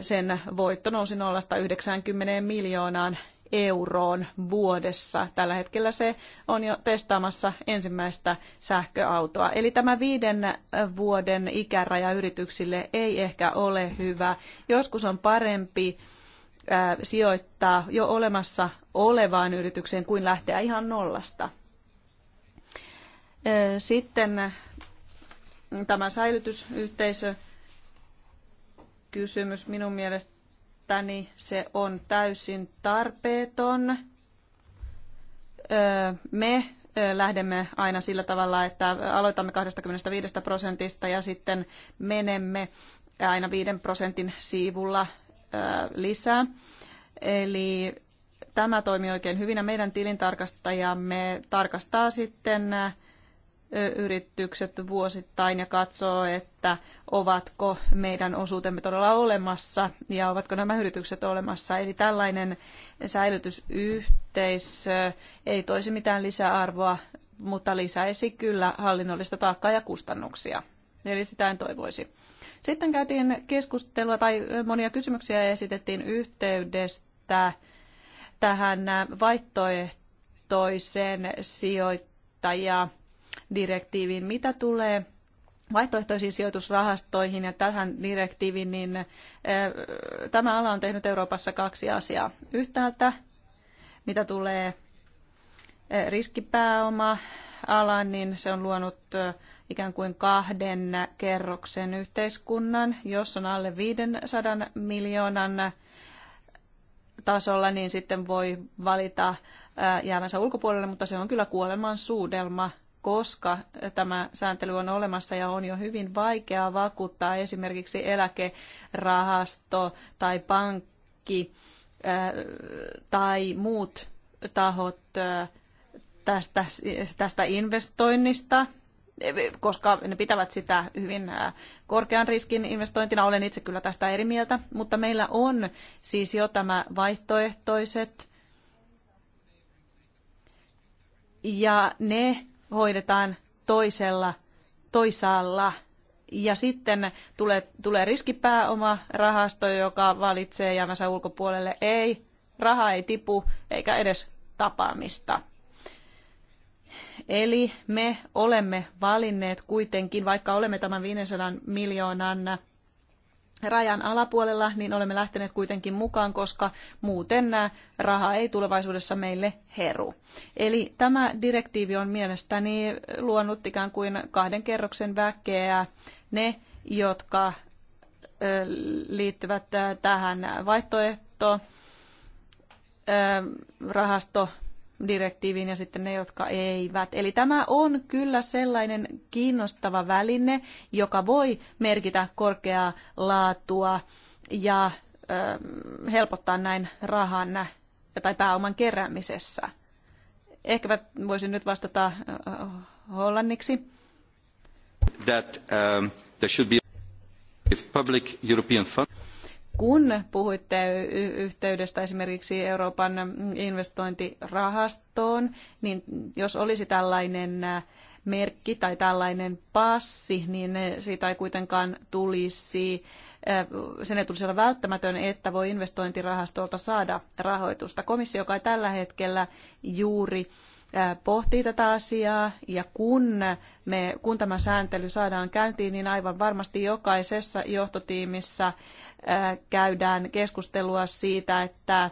D: sen voitto nousi 0-90 miljoonaan euroon vuodessa. Tällä hetkellä se on jo testaamassa ensimmäistä sähköautoa. Eli tämä viiden vuoden ikäraja yrityksille ei ehkä ole hyvä. Joskus on parempi sijoittaa jo olemassa olevaan yritykseen kuin lähteä ihan nollasta. Sitten tämä säilytysyhteisö kysymys minun mielestä mielestäni se on täysin tarpeeton. Me lähdemme aina sillä tavalla, että aloitamme 25 prosentista ja sitten menemme aina 5 prosentin siivulla lisää. Eli tämä toimii oikein hyvin ja meidän tilintarkastajamme tarkastaa sitten yritykset vuosittain ja katsoo, että ovatko meidän osuutemme todella olemassa ja ovatko nämä yritykset olemassa. Eli tällainen säilytysyhteis ei toisi mitään lisäarvoa, mutta lisäisi kyllä hallinnollista taakkaa ja kustannuksia. Eli sitä en toivoisi. Sitten käytiin keskustelua tai monia kysymyksiä esitettiin yhteydestä tähän vaihtoehtoiseen sijoittajaan direktiiviin. Mitä tulee vaihtoehtoisiin sijoitusrahastoihin ja tähän direktiiviin, niin tämä ala on tehnyt Euroopassa kaksi asiaa. Yhtäältä, mitä tulee riskipääoma alan, niin se on luonut ikään kuin kahden kerroksen yhteiskunnan. Jos on alle 500 miljoonan tasolla, niin sitten voi valita jäävänsä ulkopuolelle, mutta se on kyllä kuoleman suudelma koska tämä sääntely on olemassa ja on jo hyvin vaikeaa vakuuttaa esimerkiksi eläkerahasto tai pankki äh, tai muut tahot äh, tästä, tästä investoinnista, koska ne pitävät sitä hyvin äh, korkean riskin investointina. Olen itse kyllä tästä eri mieltä, mutta meillä on siis jo tämä vaihtoehtoiset ja ne hoidetaan toisella, toisaalla. Ja sitten tulee, tulee riskipääoma rahasto, joka valitsee jäämänsä ulkopuolelle. Ei, raha ei tipu eikä edes tapaamista. Eli me olemme valinneet kuitenkin, vaikka olemme tämän 500 miljoonan rajan alapuolella, niin olemme lähteneet kuitenkin mukaan, koska muuten nämä äh, raha ei tulevaisuudessa meille heru. Eli tämä direktiivi on mielestäni äh, luonut ikään kuin kahden kerroksen väkeä ne, jotka äh, liittyvät tähän vaihtoehtoon rahasto direktiiviin ja sitten ne, jotka eivät. Eli tämä on kyllä sellainen kiinnostava väline, joka voi merkitä korkeaa laatua ja helpottaa näin rahan tai pääoman keräämisessä. Ehkä voisin nyt vastata hollanniksi.
A: That, um, there should be public European fund.
D: Kun puhuitte yhteydestä esimerkiksi Euroopan investointirahastoon, niin jos olisi tällainen äh, merkki tai tällainen passi, niin äh, siitä ei kuitenkaan tulisi, äh, sen ei tulisi olla välttämätön, että voi investointirahastolta saada rahoitusta. Komissio kai tällä hetkellä juuri pohtii tätä asiaa ja kun, me, kun tämä sääntely saadaan käyntiin, niin aivan varmasti jokaisessa johtotiimissä käydään keskustelua siitä, että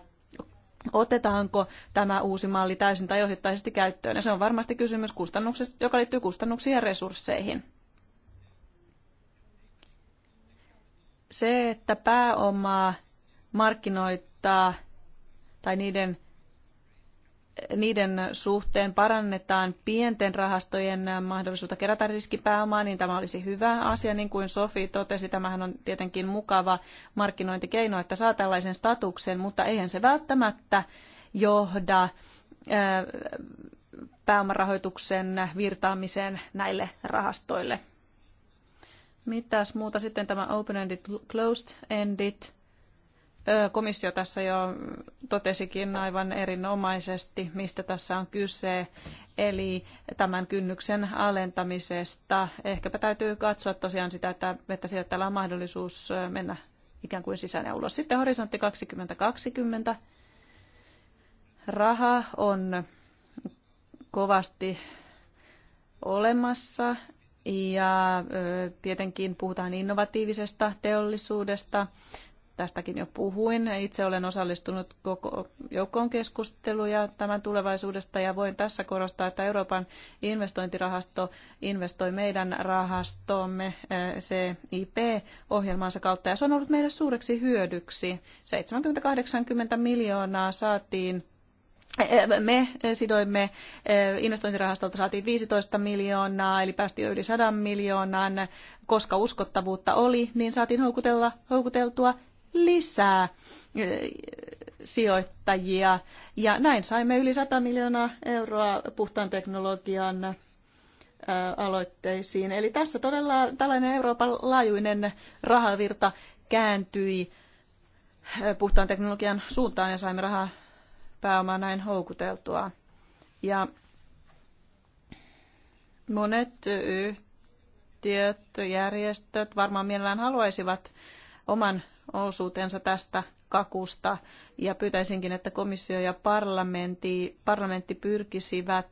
D: otetaanko tämä uusi malli täysin tai ohjattaisesti käyttöön. Ja se on varmasti kysymys, kustannuksista, joka liittyy kustannuksiin ja resursseihin. Se, että pääomaa markkinoittaa tai niiden – niiden suhteen parannetaan pienten rahastojen mahdollisuutta kerätä riskipääomaa, niin tämä olisi hyvä asia. Niin kuin Sofi totesi, tämähän on tietenkin mukava markkinointikeino, että saa tällaisen statuksen, mutta eihän se välttämättä johda pääomarahoituksen virtaamiseen näille rahastoille. Mitäs muuta sitten tämä open-ended, closed-ended? komissio tässä jo totesikin aivan erinomaisesti, mistä tässä on kyse, eli tämän kynnyksen alentamisesta. Ehkäpä täytyy katsoa tosiaan sitä, että, että siellä täällä on mahdollisuus mennä ikään kuin sisään ja ulos. Sitten horisontti 2020. Raha on kovasti olemassa ja tietenkin puhutaan innovatiivisesta teollisuudesta tästäkin jo puhuin. Itse olen osallistunut koko joukkoon keskusteluja tämän tulevaisuudesta ja voin tässä korostaa, että Euroopan investointirahasto investoi meidän rahastomme eh, CIP-ohjelmansa kautta ja se on ollut meille suureksi hyödyksi. 70-80 miljoonaa saatiin eh, me sidoimme eh, investointirahastolta saatiin 15 miljoonaa, eli päästiin yli 100 miljoonaan. Koska uskottavuutta oli, niin saatiin houkutella, houkuteltua lisää sijoittajia. Ja näin saimme yli 100 miljoonaa euroa puhtaan teknologian aloitteisiin. Eli tässä todella tällainen Euroopan laajuinen rahavirta kääntyi puhtaan teknologian suuntaan ja saimme rahaa pääomaa näin houkuteltua. Ja monet yhtiöt, järjestöt varmaan mielellään haluaisivat oman osuutensa tästä kakusta ja pyytäisinkin, että komissio ja parlamentti, parlamentti pyrkisivät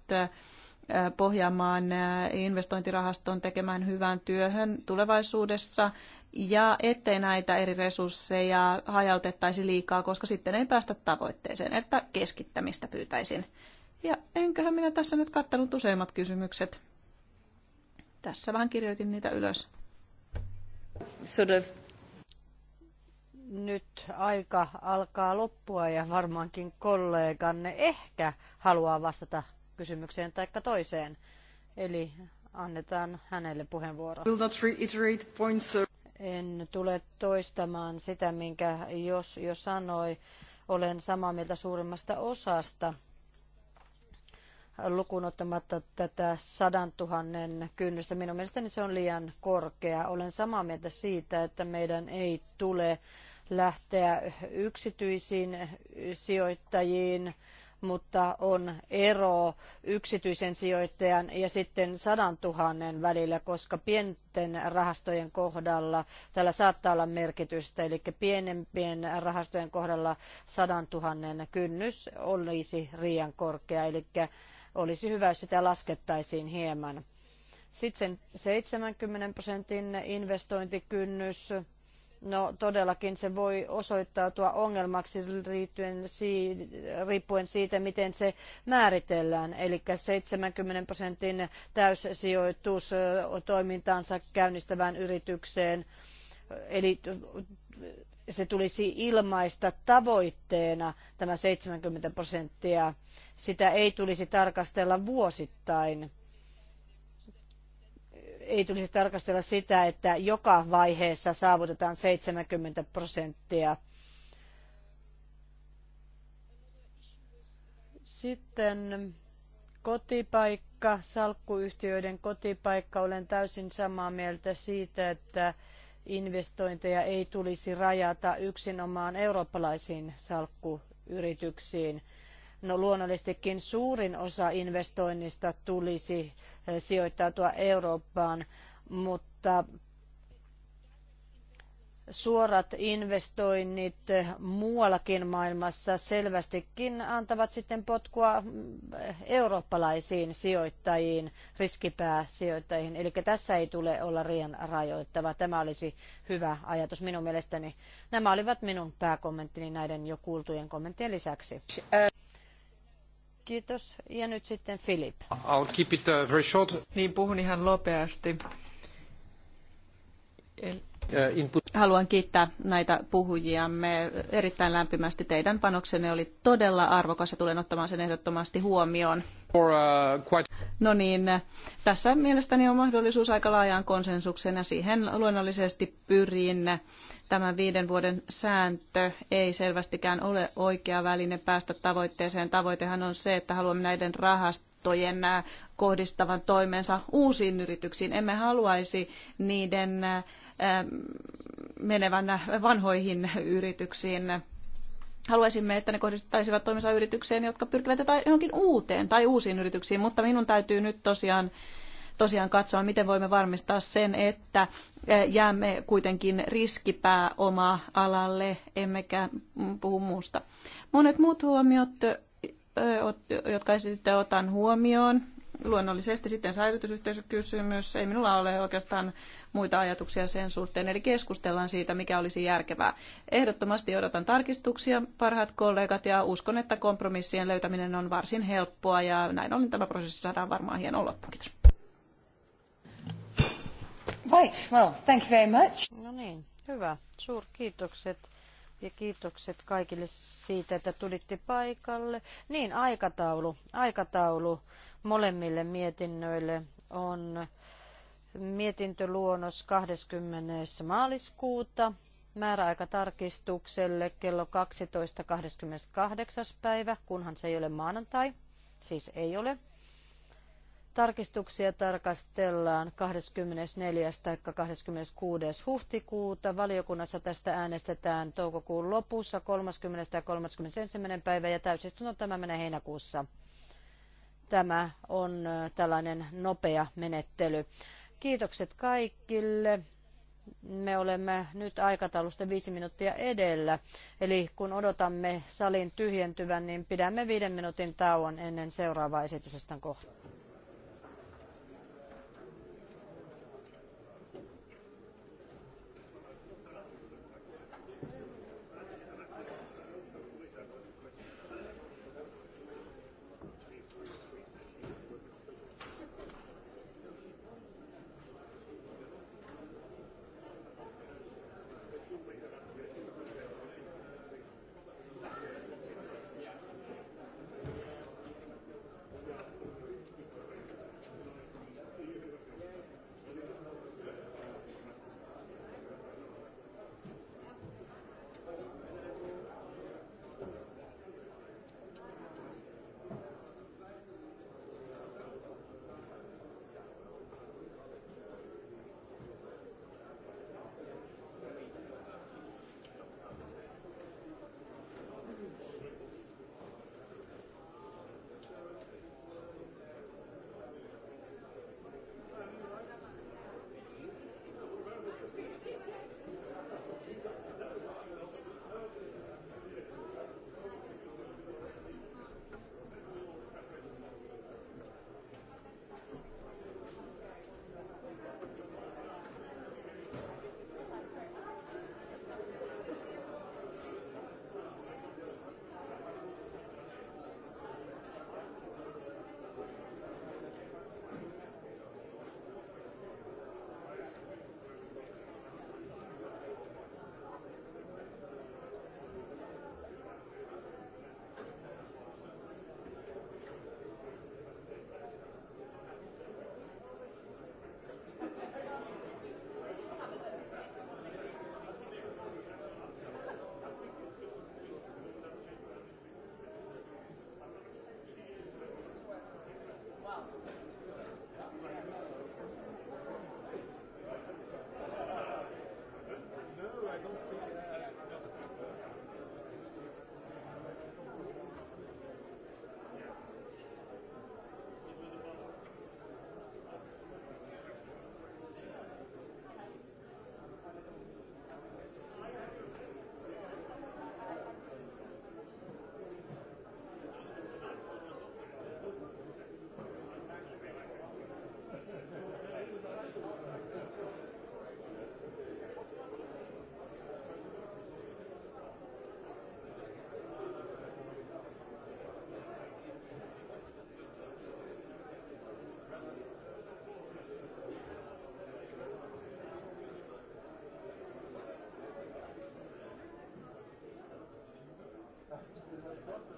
D: pohjaamaan investointirahaston tekemään hyvään työhön tulevaisuudessa ja ettei näitä eri resursseja hajautettaisi liikaa, koska sitten ei päästä tavoitteeseen, että keskittämistä pyytäisin. Ja enköhän minä tässä nyt kattanut useimmat kysymykset. Tässä vähän kirjoitin niitä ylös.
A: Sort of
B: nyt aika alkaa loppua ja varmaankin kolleganne ehkä haluaa vastata kysymykseen tai toiseen. Eli annetaan hänelle puheenvuoro. En tule toistamaan sitä, minkä jos, jos sanoi. Olen samaa mieltä suurimmasta osasta lukunottamatta tätä sadantuhannen kynnystä. Minun mielestäni se on liian korkea. Olen samaa mieltä siitä, että meidän ei tule lähteä yksityisiin sijoittajiin, mutta on ero yksityisen sijoittajan ja sitten sadan tuhannen välillä, koska pienten rahastojen kohdalla tällä saattaa olla merkitystä, eli pienempien rahastojen kohdalla sadan tuhannen kynnys olisi riian korkea, eli olisi hyvä, jos sitä laskettaisiin hieman. Sitten 70 prosentin investointikynnys No todellakin se voi osoittautua ongelmaksi riippuen, riippuen siitä, miten se määritellään. Eli 70 prosentin täyssijoitus toimintaansa käynnistävään yritykseen. Eli se tulisi ilmaista tavoitteena tämä 70 prosenttia. Sitä ei tulisi tarkastella vuosittain ei tulisi tarkastella sitä, että joka vaiheessa saavutetaan 70 prosenttia. Sitten kotipaikka, salkkuyhtiöiden kotipaikka. Olen täysin samaa mieltä siitä, että investointeja ei tulisi rajata yksinomaan eurooppalaisiin salkkuyrityksiin. No luonnollisestikin suurin osa investoinnista tulisi sijoittautua Eurooppaan, mutta suorat investoinnit muuallakin maailmassa selvästikin antavat sitten potkua eurooppalaisiin sijoittajiin, riskipääsijoittajiin. Eli tässä ei tule olla riian rajoittava. Tämä olisi hyvä ajatus minun mielestäni. Nämä olivat minun pääkommenttini näiden jo kuultujen kommenttien lisäksi. Kiitos. Ja nyt sitten Philip.
A: I'll keep it uh, very short. Niin puhun
D: ihan nopeasti. Eh, Haluan kiittää näitä puhujiamme erittäin lämpimästi. Teidän panoksenne oli todella arvokas ja tulen ottamaan sen ehdottomasti huomioon.
A: Eh,
D: no niin, tässä mielestäni on mahdollisuus aika laajaan konsensukseen ja siihen luonnollisesti pyrin. Tämän viiden vuoden sääntö ei selvästikään ole oikea väline päästä tavoitteeseen. Tavoitehan on se, että haluamme näiden rahastojen voittojen äh, kohdistavan toimensa uusiin yrityksiin. Emme haluaisi niiden äh, menevän vanhoihin yrityksiin. Haluaisimme, että ne kohdistaisivat toimensa yritykseen, jotka pyrkivät johonkin uuteen tai uusiin yrityksiin, mutta minun täytyy nyt tosiaan tosiaan katsoa, miten voimme varmistaa sen, että äh, jäämme kuitenkin riskipääoma-alalle, emmekä puhu muusta. Monet muut huomiot jotka sitten otan huomioon. Luonnollisesti sitten säilytysyhteisökysymys. Ei minulla ole oikeastaan muita ajatuksia sen suhteen, eli keskustellaan siitä, mikä olisi järkevää. Ehdottomasti odotan tarkistuksia, parhaat kollegat, ja uskon, että kompromissien löytäminen on varsin helppoa, ja näin ollen tämä prosessi saadaan varmaan
A: hieno loppuun. Kiitos. Right, well, thank you very much.
B: No niin, hyvä. Suurkiitokset ja kiitokset kaikille siitä, että tulitte paikalle. Niin, aikataulu. Aikataulu molemmille mietinnöille on mietintöluonnos 20. maaliskuuta määräaikatarkistukselle kello 12.28. päivä, kunhan se ei ole maanantai, siis ei ole. Tarkistuksia tarkastellaan 24. tai 26. huhtikuuta. Valiokunnassa tästä äänestetään toukokuun lopussa 30. ja 31. päivä ja täysistunto tämä menee heinäkuussa. Tämä on äh, tällainen nopea menettely. Kiitokset kaikille. Me olemme nyt aikataulusta viisi minuuttia edellä, eli kun odotamme salin tyhjentyvän, niin pidämme viiden minuutin tauon ennen seuraavaa esitysestän kohtaa.
A: Thank you.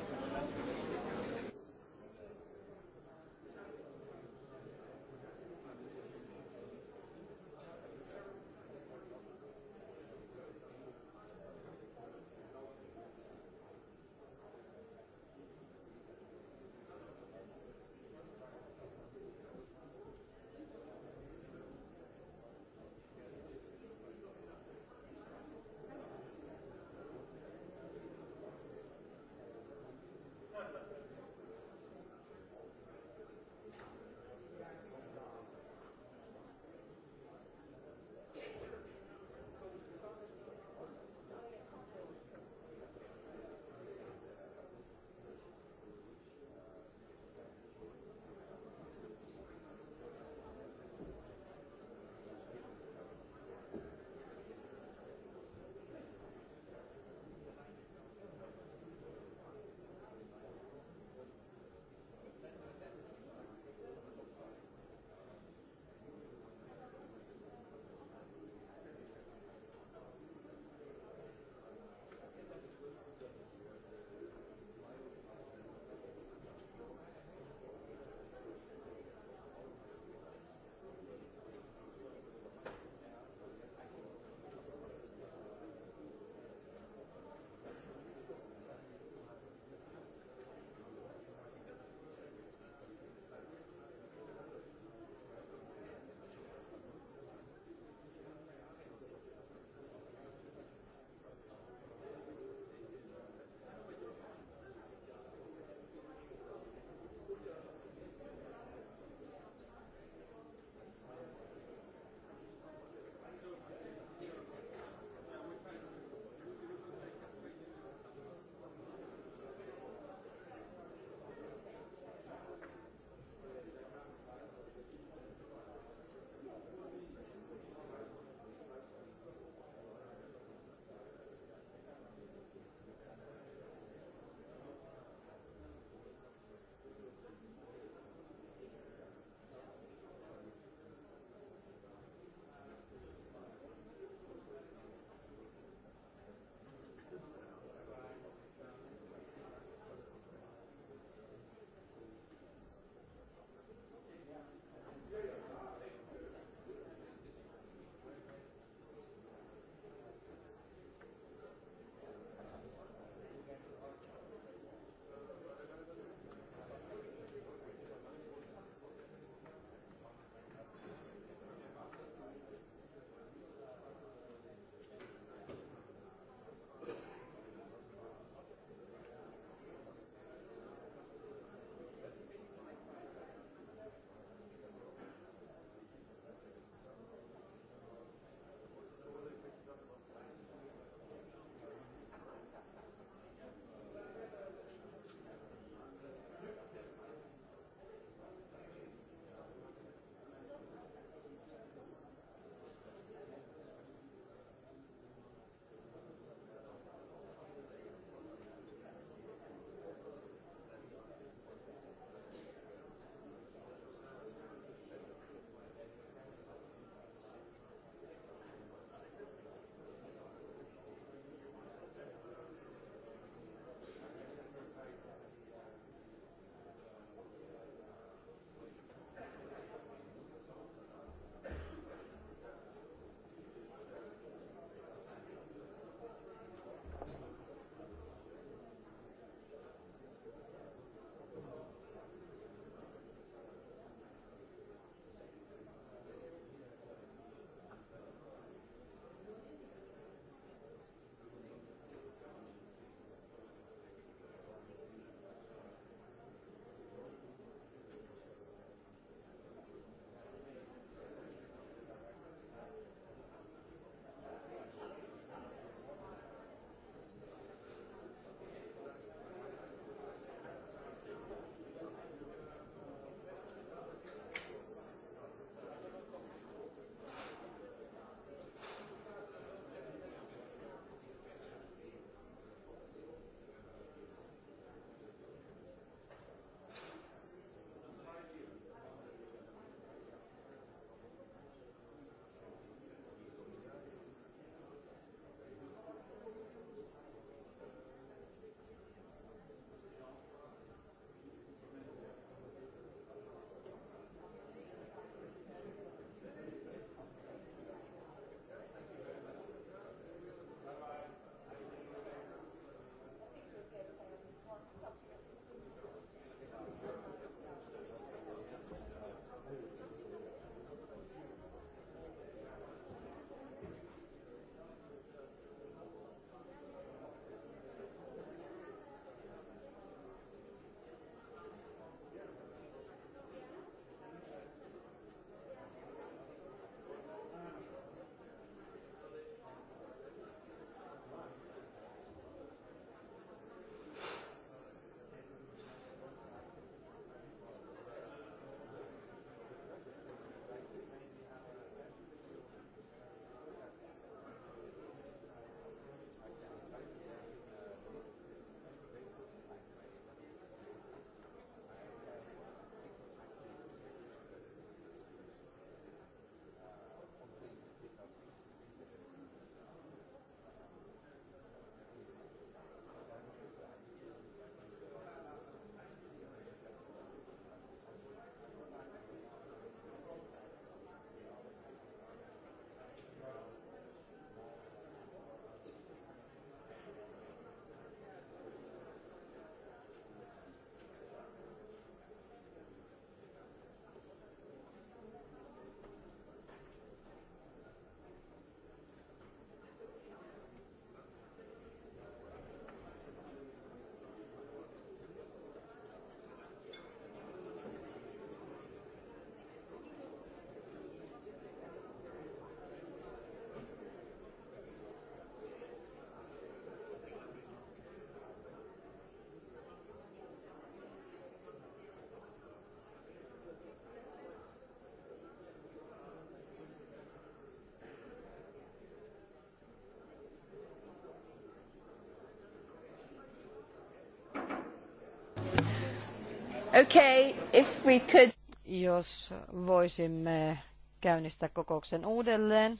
B: Okay, if we could... Jos voisimme käynnistää kokouksen uudelleen.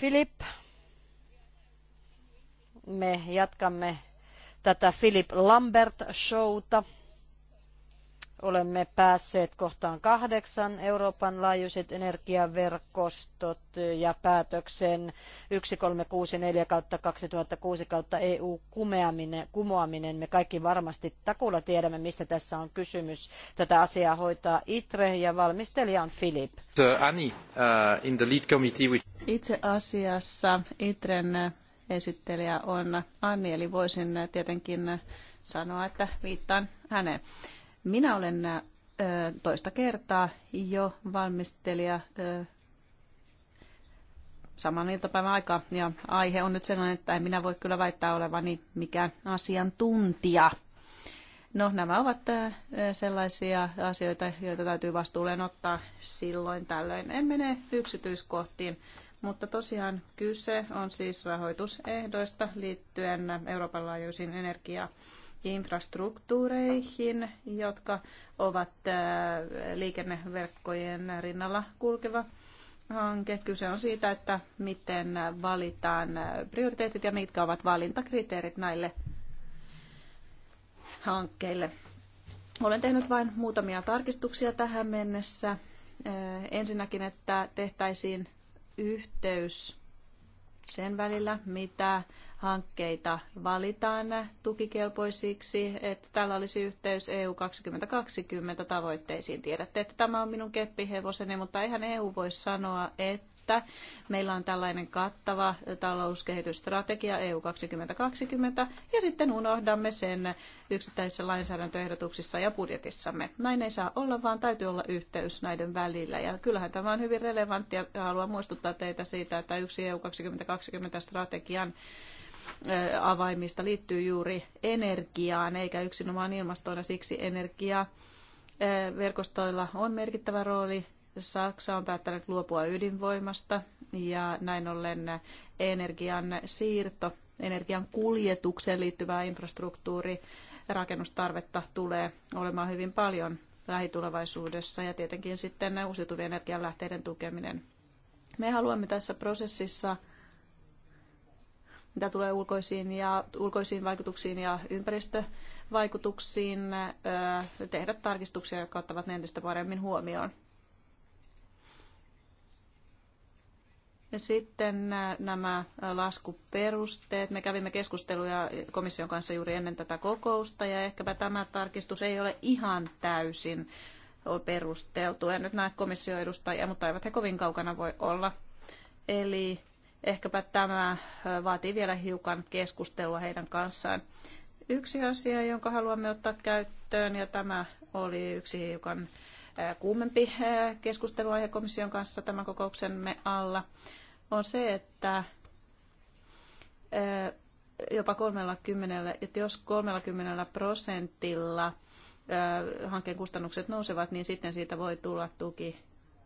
B: Philip, me jatkamme tätä Philip Lambert-showta. Olemme päässeet kohtaan kahdeksan Euroopan laajuiset energiaverkostot ja päätöksen 1364 kautta 2006 kautta EU kumoaminen. Me kaikki varmasti takuulla tiedämme, mistä tässä on kysymys. Tätä asiaa hoitaa ITRE ja valmistelija on Philip.
A: Uh,
D: Itse asiassa ITREn esittelijä on Anni, eli voisin tietenkin sanoa, että viittaan häneen. Minä olen toista kertaa jo valmistelija saman iltapäivän aika. Ja aihe on nyt sellainen, että en minä voi kyllä väittää olevani mikään asiantuntija. No nämä ovat sellaisia asioita, joita täytyy vastuulleen ottaa silloin tällöin. En mene yksityiskohtiin, mutta tosiaan kyse on siis rahoitusehdoista liittyen Euroopan laajuisiin energia- infrastruktuureihin, jotka ovat äh, liikenneverkkojen rinnalla kulkeva hanke. Kyse on siitä, että miten valitaan äh, prioriteetit ja mitkä ovat valintakriteerit näille hankkeille. Olen tehnyt vain muutamia tarkistuksia tähän mennessä. Äh, ensinnäkin, että tehtäisiin yhteys sen välillä, mitä hankkeita valitaan tukikelpoisiksi, että tällä olisi yhteys EU 2020 tavoitteisiin. Tiedätte, että tämä on minun keppihevoseni, mutta eihän EU voi sanoa, että meillä on tällainen kattava talouskehitysstrategia EU 2020 ja sitten unohdamme sen yksittäisissä lainsäädäntöehdotuksissa ja budjetissamme. Näin ei saa olla, vaan täytyy olla yhteys näiden välillä. Ja kyllähän tämä on hyvin relevanttia. Haluan muistuttaa teitä siitä, että yksi EU 2020 strategian avaimista liittyy juuri energiaan eikä yksinomaan ilmastoon ja siksi energia verkostoilla on merkittävä rooli. Saksa on päättänyt luopua ydinvoimasta ja näin ollen energian siirto, energian kuljetukseen liittyvää infrastruktuuri, rakennustarvetta tulee olemaan hyvin paljon lähitulevaisuudessa ja tietenkin sitten uusiutuvien energianlähteiden tukeminen. Me haluamme tässä prosessissa mitä tulee ulkoisiin, ja, ulkoisiin vaikutuksiin ja ympäristövaikutuksiin, tehdä tarkistuksia, jotka ottavat ne entistä paremmin huomioon. Ja sitten nämä laskuperusteet. Me kävimme keskusteluja komission kanssa juuri ennen tätä kokousta ja ehkäpä tämä tarkistus ei ole ihan täysin perusteltu. En nyt näe komission edustajia, mutta eivät he kovin kaukana voi olla. Eli ehkäpä tämä vaatii vielä hiukan keskustelua heidän kanssaan. Yksi asia, jonka haluamme ottaa käyttöön, ja tämä oli yksi hiukan kuumempi keskusteluaihe komission kanssa tämän kokouksemme alla, on se, että jopa 30, että jos 30 prosentilla hankkeen kustannukset nousevat, niin sitten siitä voi tulla tuki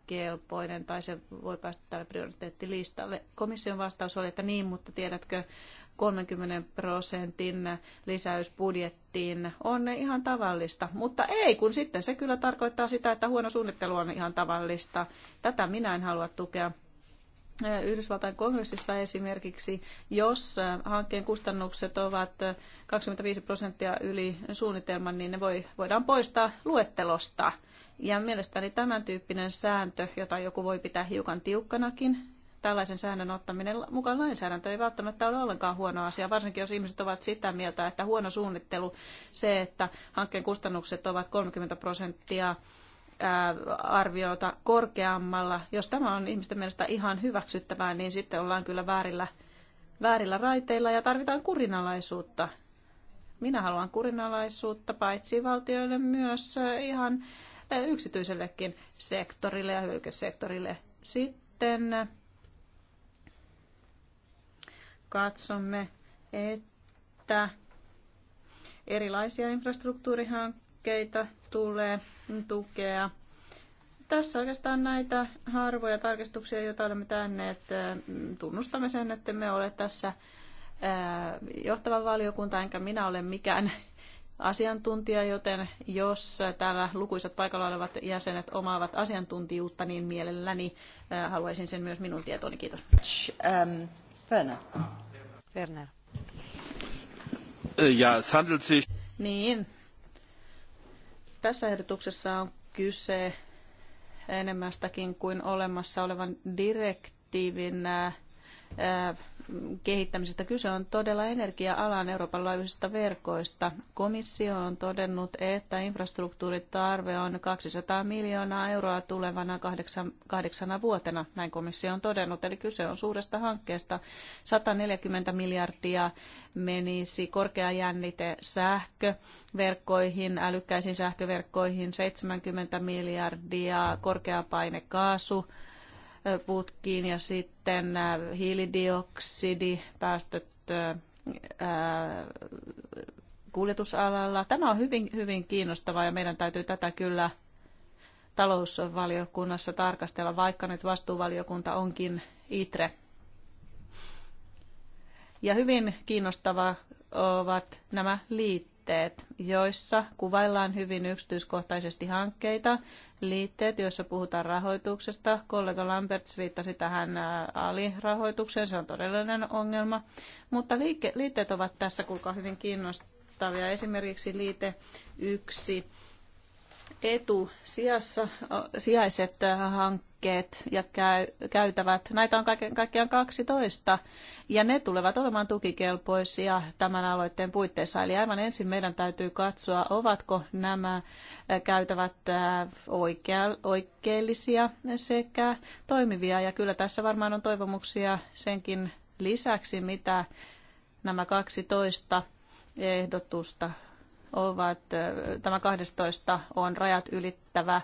D: kelpoinen tai se voi päästä tälle prioriteettilistalle. Komission vastaus oli, että niin, mutta tiedätkö, 30 prosentin lisäys budjettiin on ihan tavallista. Mutta ei, kun sitten se kyllä tarkoittaa sitä, että huono suunnittelu on ihan tavallista. Tätä minä en halua tukea. Yhdysvaltain kongressissa esimerkiksi, jos hankkeen kustannukset ovat 25 prosenttia yli suunnitelman, niin ne voi, voidaan poistaa luettelosta. Ja mielestäni tämän tyyppinen sääntö, jota joku voi pitää hiukan tiukkanakin, tällaisen säännön ottaminen mukaan lainsäädäntö ei välttämättä ole ollenkaan huono asia, varsinkin jos ihmiset ovat sitä mieltä, että huono suunnittelu, se, että hankkeen kustannukset ovat 30 prosenttia arviota korkeammalla. Jos tämä on ihmisten mielestä ihan hyväksyttävää, niin sitten ollaan kyllä väärillä, väärillä raiteilla ja tarvitaan kurinalaisuutta. Minä haluan kurinalaisuutta paitsi valtioille myös ihan Eh, yksityisellekin sektorille ja hylkesektorille. Sitten eh, katsomme, että erilaisia infrastruktuurihankkeita tulee tukea. Tässä oikeastaan näitä harvoja tarkistuksia, joita olemme tänneet. Eh, tunnustamme sen, että me ole tässä johtava valiokunta, enkä minä ole mikään asiantuntija, joten jos täällä lukuisat paikalla olevat jäsenet omaavat asiantuntijuutta, niin mielelläni haluaisin sen myös minun tietooni. Kiitos. Ähm, Werner. Werner. Äh, ja, Niin. Tässä ehdotuksessa on kyse enemmästäkin kuin olemassa olevan direktiivin kehittämisestä. Kyse on todella energia-alan Euroopan laajuisista verkoista. Komissio on todennut, että infrastruktuuritarve on 200 miljoonaa euroa tulevana kahdeksan, kahdeksana vuotena. Näin komissio on todennut. Eli kyse on suuresta hankkeesta. 140 miljardia menisi korkeajännite sähköverkkoihin, älykkäisiin sähköverkkoihin, 70 miljardia korkeapainekaasu kaasu putkiin ja sitten hiilidioksidipäästöt kuljetusalalla. Tämä on hyvin, hyvin kiinnostavaa ja meidän täytyy tätä kyllä talousvaliokunnassa tarkastella, vaikka nyt vastuuvaliokunta onkin ITRE. Ja hyvin kiinnostava ovat nämä liitteet liitteet, joissa kuvaillaan hyvin yksityiskohtaisesti hankkeita. Liitteet, joissa puhutaan rahoituksesta. Kollega Lamberts viittasi tähän alirahoitukseen, se on todellinen ongelma. Mutta liike, liitteet ovat tässä, kuulkaa, hyvin kiinnostavia. Esimerkiksi liite 1 etu sijaiset hankkeet ja käy, käytävät. Näitä on kaiken, kaikkiaan 12 ja ne tulevat olemaan tukikelpoisia tämän aloitteen puitteissa. Eli aivan ensin meidän täytyy katsoa, ovatko nämä käytävät oikea, oikeellisia sekä toimivia. Ja kyllä tässä varmaan on toivomuksia senkin lisäksi, mitä nämä 12 ehdotusta ovat, tämä 12 on rajat ylittävä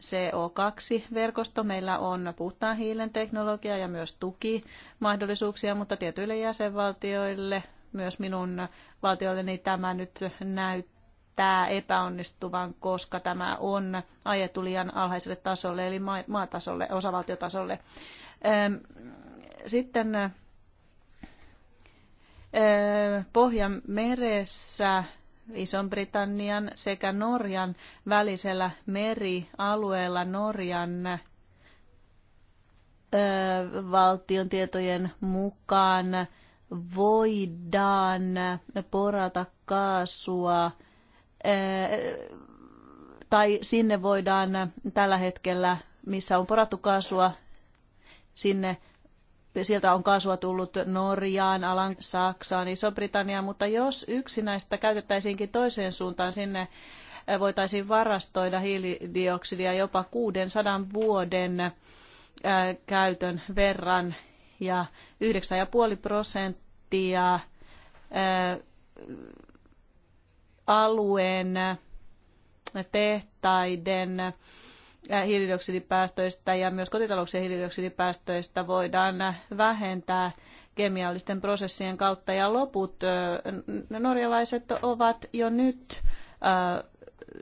D: CO2-verkosto. Meillä on puhtaan hiilen teknologia ja myös tukimahdollisuuksia, mutta tietyille jäsenvaltioille, myös minun valtiolleni tämä nyt näyttää epäonnistuvan, koska tämä on ajettu liian alhaiselle tasolle, eli maatasolle, osavaltiotasolle. Sitten Pohjanmeressä Ison-Britannian sekä Norjan välisellä merialueella Norjan valtion tietojen mukaan voidaan porata kaasua tai sinne voidaan tällä hetkellä, missä on porattu kaasua, sinne sieltä on kaasua tullut Norjaan, Alan, Saksaan, Iso-Britanniaan, mutta jos yksi näistä käytettäisiinkin toiseen suuntaan sinne, eh, voitaisiin varastoida hiilidioksidia jopa 600 vuoden eh, käytön verran ja 9,5 prosenttia eh, alueen tehtaiden hiilidioksidipäästöistä ja myös kotitalouksien hiilidioksidipäästöistä voidaan vähentää kemiallisten prosessien kautta. Ja loput norjalaiset ovat jo nyt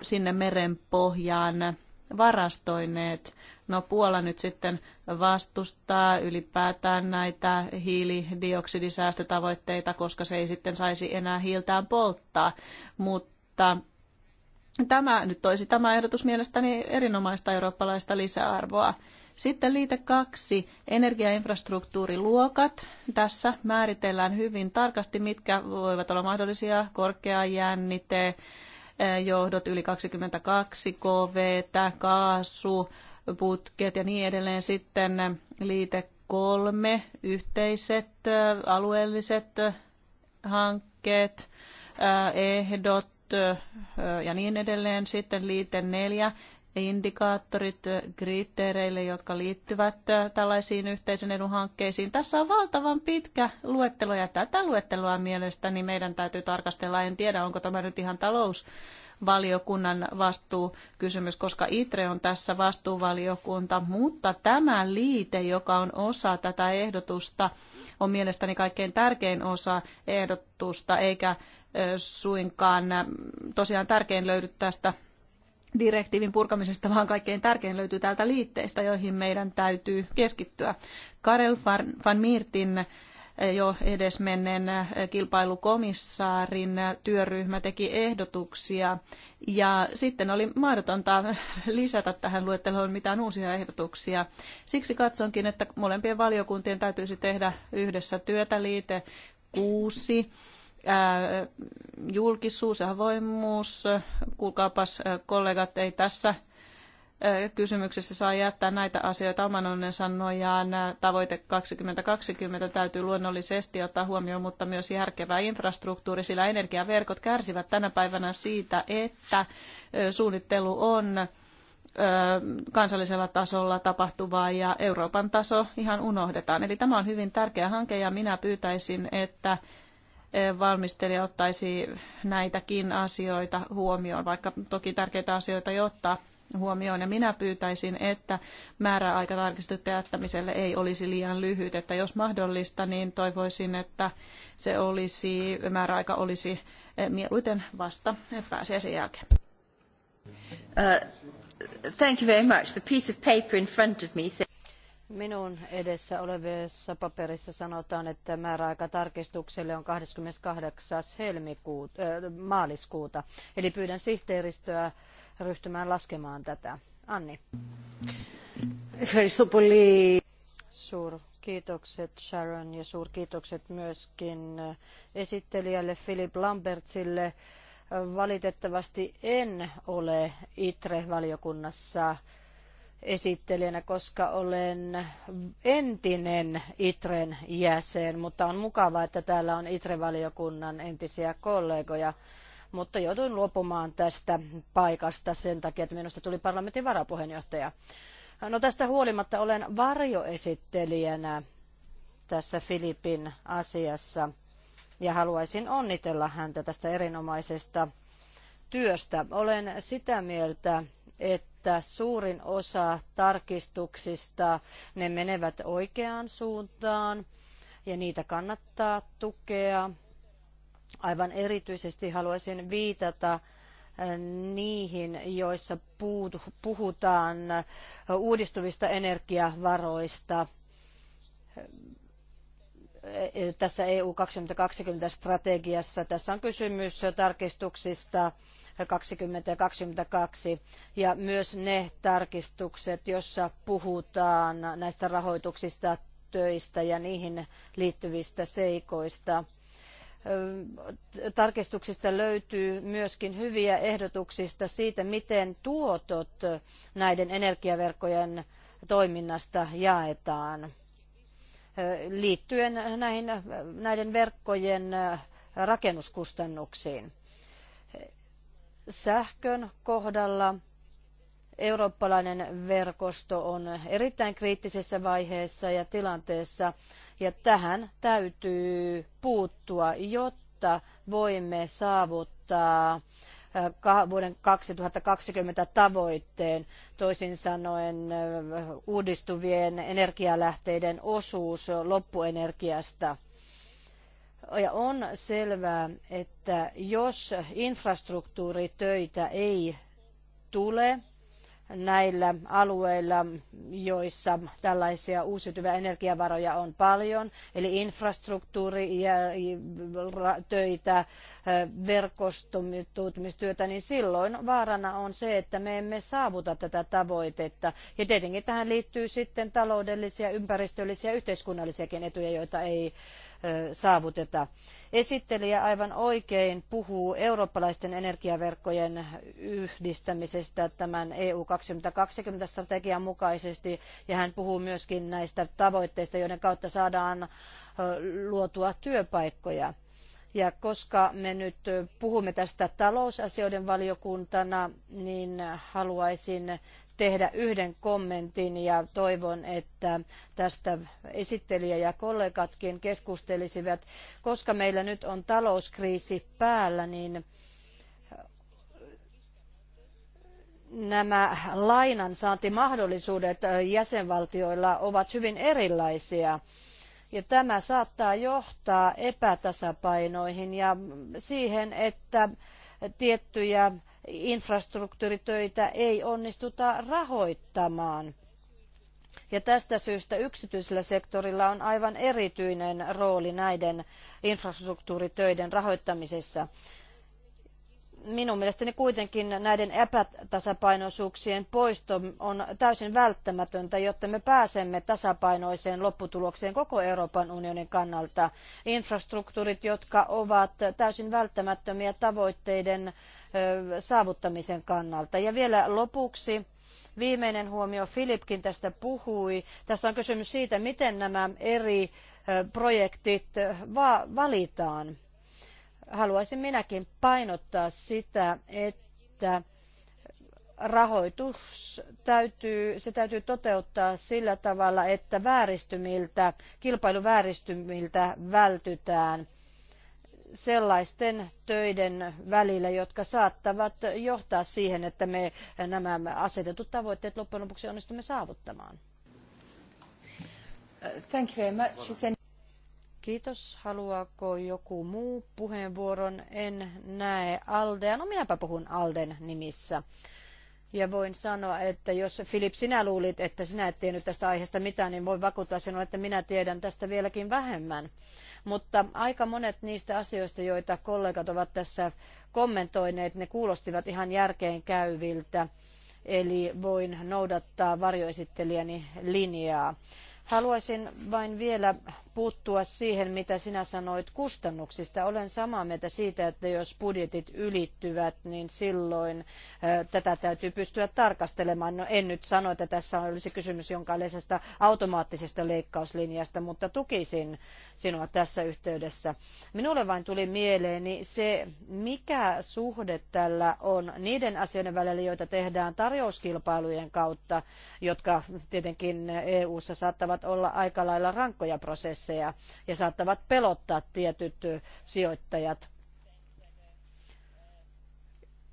D: sinne meren pohjaan varastoineet. No Puola nyt sitten vastustaa ylipäätään näitä hiilidioksidisäästötavoitteita, koska se ei sitten saisi enää hiiltään polttaa. Mutta Tämä nyt toisi tämä ehdotus mielestäni erinomaista eurooppalaista lisäarvoa. Sitten liite kaksi, energiainfrastruktuuriluokat. Tässä määritellään hyvin tarkasti, mitkä voivat olla mahdollisia korkea jännite, eh, johdot yli 22 kV, kaasu, putket ja niin edelleen. Sitten liite kolme, yhteiset eh, alueelliset eh, hankkeet, ehdot, ja niin edelleen. Sitten liite neljä indikaattorit kriteereille, jotka liittyvät tällaisiin yhteisen edun hankkeisiin. Tässä on valtavan pitkä luettelo ja tätä luetteloa mielestäni meidän täytyy tarkastella. En tiedä, onko tämä nyt ihan talousvaliokunnan vastuukysymys, koska ITRE on tässä vastuuvaliokunta, mutta tämä liite, joka on osa tätä ehdotusta, on mielestäni kaikkein tärkein osa ehdotusta, eikä suinkaan tosiaan tärkein löydy tästä direktiivin purkamisesta, vaan kaikkein tärkein löytyy täältä liitteistä, joihin meidän täytyy keskittyä. Karel van Miertin eh, jo edesmenneen eh, kilpailukomissaarin eh, työryhmä teki ehdotuksia. Ja sitten oli mahdotonta lisätä tähän luetteloon mitään uusia ehdotuksia. Siksi katsonkin, että molempien valiokuntien täytyisi tehdä yhdessä työtä liite kuusi julkisuus, avoimuus, kuulkaapas kollegat, ei tässä kysymyksessä saa jättää näitä asioita oman onnensa nojaan. Tavoite 2020 täytyy luonnollisesti ottaa huomioon, mutta myös järkevä infrastruktuuri, sillä energiaverkot kärsivät tänä päivänä siitä, että suunnittelu on kansallisella tasolla tapahtuvaa ja Euroopan taso ihan unohdetaan. Eli tämä on hyvin tärkeä hanke ja minä pyytäisin, että valmistelija ottaisi näitäkin asioita huomioon, vaikka toki tärkeitä asioita ei ottaa huomioon. Ja minä pyytäisin, että määräaika tarkistusten jättämiselle ei olisi liian lyhyt. Että jos mahdollista, niin toivoisin, että se olisi, määräaika olisi eh, mieluiten vasta pääsiäisen jälkeen. Uh,
A: thank you very much. The piece of paper
B: in front of me says... Minun edessä olevassa paperissa sanotaan, että määräaika tarkistukselle on 28. Helmikuuta, äh, maaliskuuta. Eli pyydän sihteeristöä ryhtymään laskemaan tätä. Anni. Suur kiitokset Sharon ja suurkiitokset myöskin esittelijälle Philip Lambertsille. Valitettavasti en ole ITRE-valiokunnassa esittelijänä, koska olen entinen ITREn jäsen, mutta on mukavaa, että täällä on ITRE-valiokunnan entisiä kollegoja. Mutta joudun luopumaan tästä paikasta sen takia, että minusta tuli parlamentin varapuheenjohtaja. No tästä huolimatta olen varjoesittelijänä tässä Filipin asiassa ja haluaisin onnitella häntä tästä erinomaisesta työstä. Olen sitä mieltä, että suurin osa tarkistuksista ne menevät oikeaan suuntaan ja niitä kannattaa tukea. Aivan erityisesti haluaisin viitata äh, niihin, joissa puhutaan uudistuvista energiavaroista. Äh, e, tässä EU 2020 strategiassa tässä on kysymys tarkistuksista 2022 ja ja myös ne tarkistukset, jossa puhutaan näistä rahoituksista, töistä ja niihin liittyvistä seikoista tarkistuksista löytyy myöskin hyviä ehdotuksista siitä, miten tuotot näiden energiaverkkojen toiminnasta jaetaan liittyen näihin, näiden verkkojen rakennuskustannuksiin. Sähkön kohdalla eurooppalainen verkosto on erittäin kriittisessä vaiheessa ja tilanteessa, ja tähän täytyy puuttua, jotta voimme saavuttaa äh, vuoden 2020 tavoitteen, toisin sanoen äh, uudistuvien energialähteiden osuus loppuenergiasta – ja on selvää, että jos infrastruktuuritöitä ei tule näillä alueilla, joissa tällaisia uusiutuvia energiavaroja on paljon, eli infrastruktuuritöitä, verkostumistuutumistyötä, niin silloin vaarana on se, että me emme saavuta tätä tavoitetta. Ja tietenkin tähän liittyy sitten taloudellisia, ympäristöllisiä ja yhteiskunnallisiakin etuja, joita ei saavuteta. Esittelijä aivan oikein puhuu eurooppalaisten energiaverkkojen yhdistämisestä tämän EU 2020-strategian mukaisesti, ja hän puhuu myöskin näistä tavoitteista, joiden kautta saadaan luotua työpaikkoja. Ja koska me nyt puhumme tästä talousasioiden valiokuntana, niin haluaisin tehdä yhden kommentin ja toivon, että tästä esittelijä ja kollegatkin keskustelisivat. Koska meillä nyt on talouskriisi päällä, niin nämä lainansaantimahdollisuudet jäsenvaltioilla ovat hyvin erilaisia. Ja tämä saattaa johtaa epätasapainoihin ja siihen, että tiettyjä infrastruktuuritöitä ei onnistuta rahoittamaan. Ja tästä syystä yksityisellä sektorilla on aivan erityinen rooli näiden infrastruktuuritöiden rahoittamisessa. Minun mielestäni kuitenkin näiden epätasapainoisuuksien poisto on täysin välttämätöntä, jotta me pääsemme tasapainoiseen lopputulokseen koko Euroopan unionin kannalta. Infrastruktuurit, jotka ovat täysin välttämättömiä tavoitteiden saavuttamisen kannalta. Ja vielä lopuksi viimeinen huomio, Filipkin tästä puhui. Tässä on kysymys siitä, miten nämä eri projektit va- valitaan. Haluaisin minäkin painottaa sitä, että rahoitus täytyy, se täytyy toteuttaa sillä tavalla, että vääristymiltä, kilpailuvääristymiltä vältytään – sellaisten töiden välillä, jotka saattavat johtaa siihen, että me nämä asetetut tavoitteet loppujen lopuksi onnistumme saavuttamaan. Uh, thank you very much. Kiitos. Haluaako joku muu puheenvuoron? En näe Aldea. No minäpä puhun Alden nimissä. Ja voin sanoa, että jos Filip, sinä luulit, että sinä et tiennyt tästä aiheesta mitään, niin voin vakuuttaa sinua, että minä tiedän tästä vieläkin vähemmän. Mutta aika monet niistä asioista, joita kollegat ovat tässä kommentoineet, ne kuulostivat ihan järkeen käyviltä. Eli voin noudattaa varjoesittelijäni linjaa. Haluaisin vain vielä puuttua siihen, mitä sinä sanoit kustannuksista. Olen samaa mieltä siitä, että jos budjetit ylittyvät, niin silloin tätä täytyy pystyä tarkastelemaan. No en nyt sano, että tässä olisi kysymys jonkinlaisesta automaattisesta leikkauslinjasta, mutta tukisin sinua tässä yhteydessä. Minulle vain tuli mieleeni se, mikä suhde tällä on niiden asioiden välillä, joita tehdään tarjouskilpailujen kautta, jotka tietenkin EU-ssa saattavat olla aika lailla rankkoja prosesseja kriisejä ja saattavat pelottaa tietyt sijoittajat.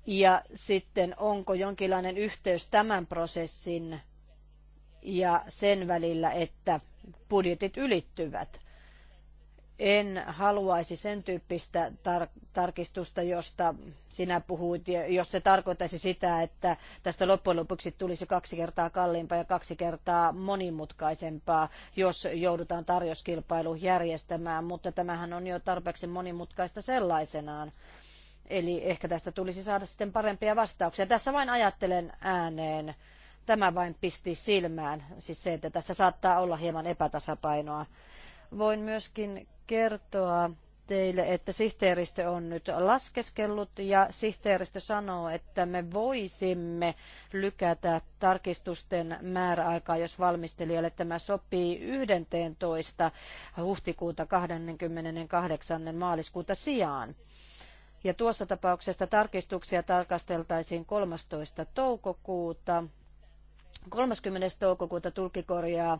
B: Ja sitten onko jonkinlainen yhteys tämän prosessin ja sen välillä, että budjetit ylittyvät en haluaisi sen tyyppistä tar- tarkistusta, josta sinä puhuit, jos se tarkoittaisi sitä, että tästä loppujen lopuksi tulisi kaksi kertaa kalliimpaa ja kaksi kertaa monimutkaisempaa, jos joudutaan tarjouskilpailu järjestämään, mutta tämähän on jo tarpeeksi monimutkaista sellaisenaan. Eli ehkä tästä tulisi saada sitten parempia vastauksia. Tässä vain ajattelen ääneen. Tämä vain pisti silmään, siis se, että tässä saattaa olla hieman epätasapainoa. Voin myöskin kertoa teille, että sihteeristö on nyt laskeskellut ja sihteeristö sanoo, että me voisimme lykätä tarkistusten määräaikaa, jos valmistelijalle tämä sopii 11. huhtikuuta 28. maaliskuuta sijaan. Ja tuossa tapauksessa tarkistuksia tarkasteltaisiin 13. toukokuuta. 30. toukokuuta tulkikorjaa korjaa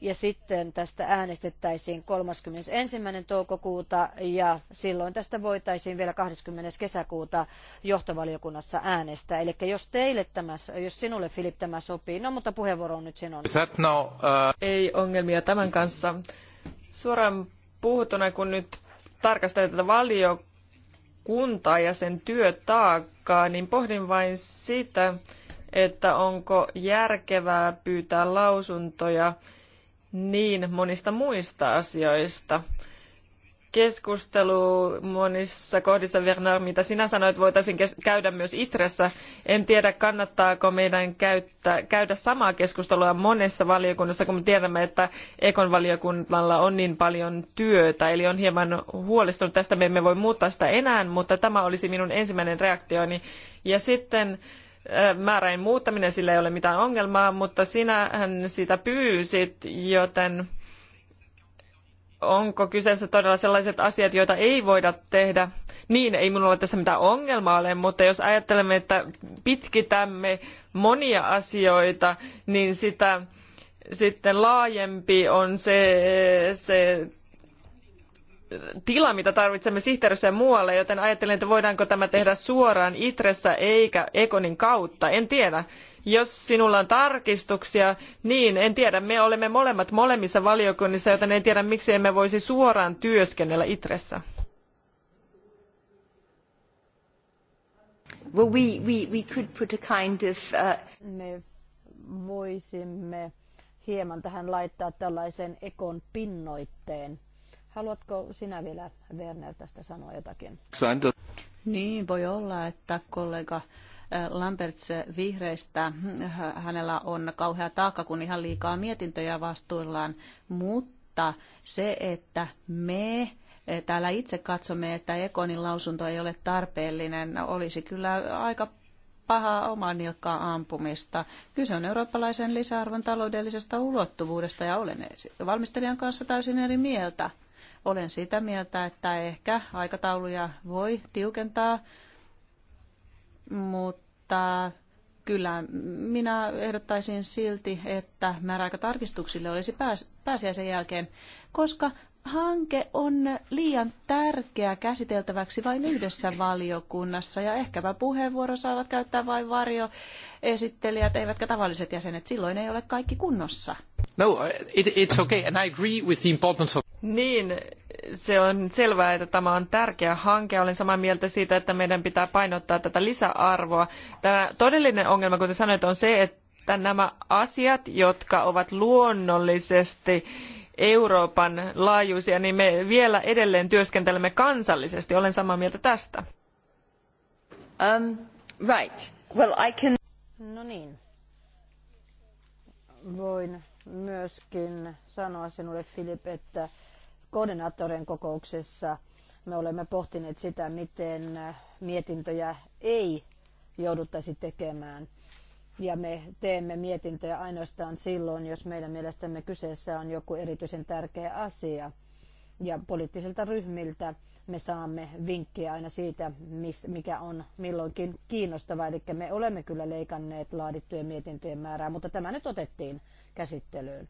B: ja sitten tästä äänestettäisiin 31. toukokuuta ja silloin tästä voitaisiin vielä 20. kesäkuuta johtovaliokunnassa äänestää. Eli jos teille tämä, jos sinulle Filip tämä sopii, no mutta puheenvuoro on nyt sinun.
C: No, uh... Ei ongelmia tämän kanssa. Suoraan puhutuna, kun nyt tarkastelee tätä valiokuntaa ja sen työtaakkaa, niin pohdin vain sitä, että onko järkevää pyytää lausuntoja niin monista muista asioista. Keskustelu monissa kohdissa, Werner, mitä sinä sanoit, voitaisiin käydä myös Itressä. En tiedä, kannattaako meidän käyttää, käydä samaa keskustelua monessa valiokunnassa, kun me tiedämme, että Ekon valiokunnalla on niin paljon työtä, eli on hieman huolestunut tästä. Me emme voi muuttaa sitä enää, mutta tämä olisi minun ensimmäinen reaktioni. Ja sitten määräin muuttaminen, sillä ei ole mitään ongelmaa, mutta sinähän sitä pyysit, joten onko kyseessä todella sellaiset asiat, joita ei voida tehdä? Niin, ei minulla ole tässä mitään ongelmaa ole, mutta jos ajattelemme, että pitkitämme monia asioita, niin sitä sitten laajempi on se, se tila, mitä tarvitsemme sihteerissä ja muualle, joten ajattelin, että voidaanko tämä tehdä suoraan Itressä eikä Ekonin kautta. En tiedä. Jos sinulla on tarkistuksia, niin en tiedä. Me olemme molemmat molemmissa valiokunnissa, joten en tiedä, miksi emme voisi suoraan työskennellä Itressä.
B: Well, we, we, we could put a kind of, uh... Me voisimme hieman tähän laittaa tällaisen ekon pinnoitteen Haluatko sinä vielä, Werner, tästä sanoa jotakin? Niin, voi olla, että kollega äh, Lamberts
D: vihreistä, äh, hänellä on kauhea taakka, kun ihan liikaa mietintöjä vastuillaan, mutta se, että me äh, täällä itse katsomme, että Ekonin lausunto ei ole tarpeellinen, olisi kyllä aika paha omaa nilkkaa ampumista. Kyse on eurooppalaisen lisäarvon taloudellisesta ulottuvuudesta ja olen valmistelijan kanssa täysin eri mieltä. Olen sitä mieltä, että ehkä aikatauluja voi tiukentaa, mutta kyllä minä ehdottaisin silti, että määräaikatarkistuksille olisi pääsiäisen jälkeen, koska hanke on liian tärkeä käsiteltäväksi vain yhdessä valiokunnassa ja ehkäpä puheenvuoro saavat käyttää vain varjoesittelijät eivätkä tavalliset jäsenet. Silloin ei ole kaikki kunnossa.
A: No, it,
D: it's
C: okay and I agree with the importance of... Niin, se on selvää, että tämä on tärkeä hanke. Olen samaa mieltä siitä, että meidän pitää painottaa tätä lisäarvoa. Tämä todellinen ongelma, kuten sanoit, on se, että nämä asiat, jotka ovat luonnollisesti Euroopan laajuisia, niin me vielä edelleen työskentelemme kansallisesti. Olen samaa mieltä tästä.
B: Um, right. Well, I can... No niin. Voin myöskin sanoa sinulle, Filip, että koordinaattorien kokouksessa me olemme pohtineet sitä, miten mietintöjä ei jouduttaisi tekemään. Ja me teemme mietintöjä ainoastaan silloin, jos meidän mielestämme kyseessä on joku erityisen tärkeä asia. Ja poliittisilta ryhmiltä me saamme vinkkiä aina siitä, mikä on milloinkin kiinnostava. Eli me olemme kyllä leikanneet laadittujen mietintöjen määrää, mutta tämä nyt otettiin käsittelyyn.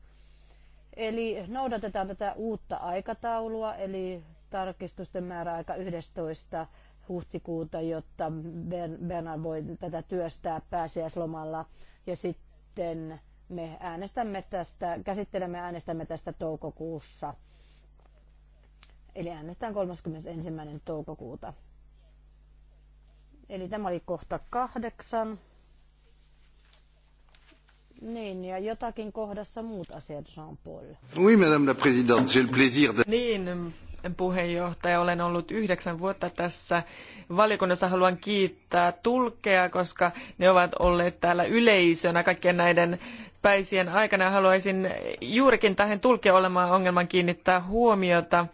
B: Eli noudatetaan tätä uutta aikataulua, eli tarkistusten aika 11 huhtikuuta, jotta Bernard voi tätä työstää pääsiäislomalla. Ja sitten me äänestämme tästä, käsittelemme äänestämme tästä toukokuussa. Eli äänestään 31. toukokuuta. Eli tämä oli kohta kahdeksan. Niin, ja jotakin kohdassa muut asiat, Jean-Paul. Oui, madame la présidente, j'ai le plaisir de... Niin,
C: puheenjohtaja. Olen ollut yhdeksän vuotta tässä valiokunnassa. Haluan kiittää tulkkeja, koska ne ovat olleet täällä yleisönä kaikkien näiden päisien aikana. Haluaisin juurikin tähän tulkkeen olemaan ongelman kiinnittää huomiota.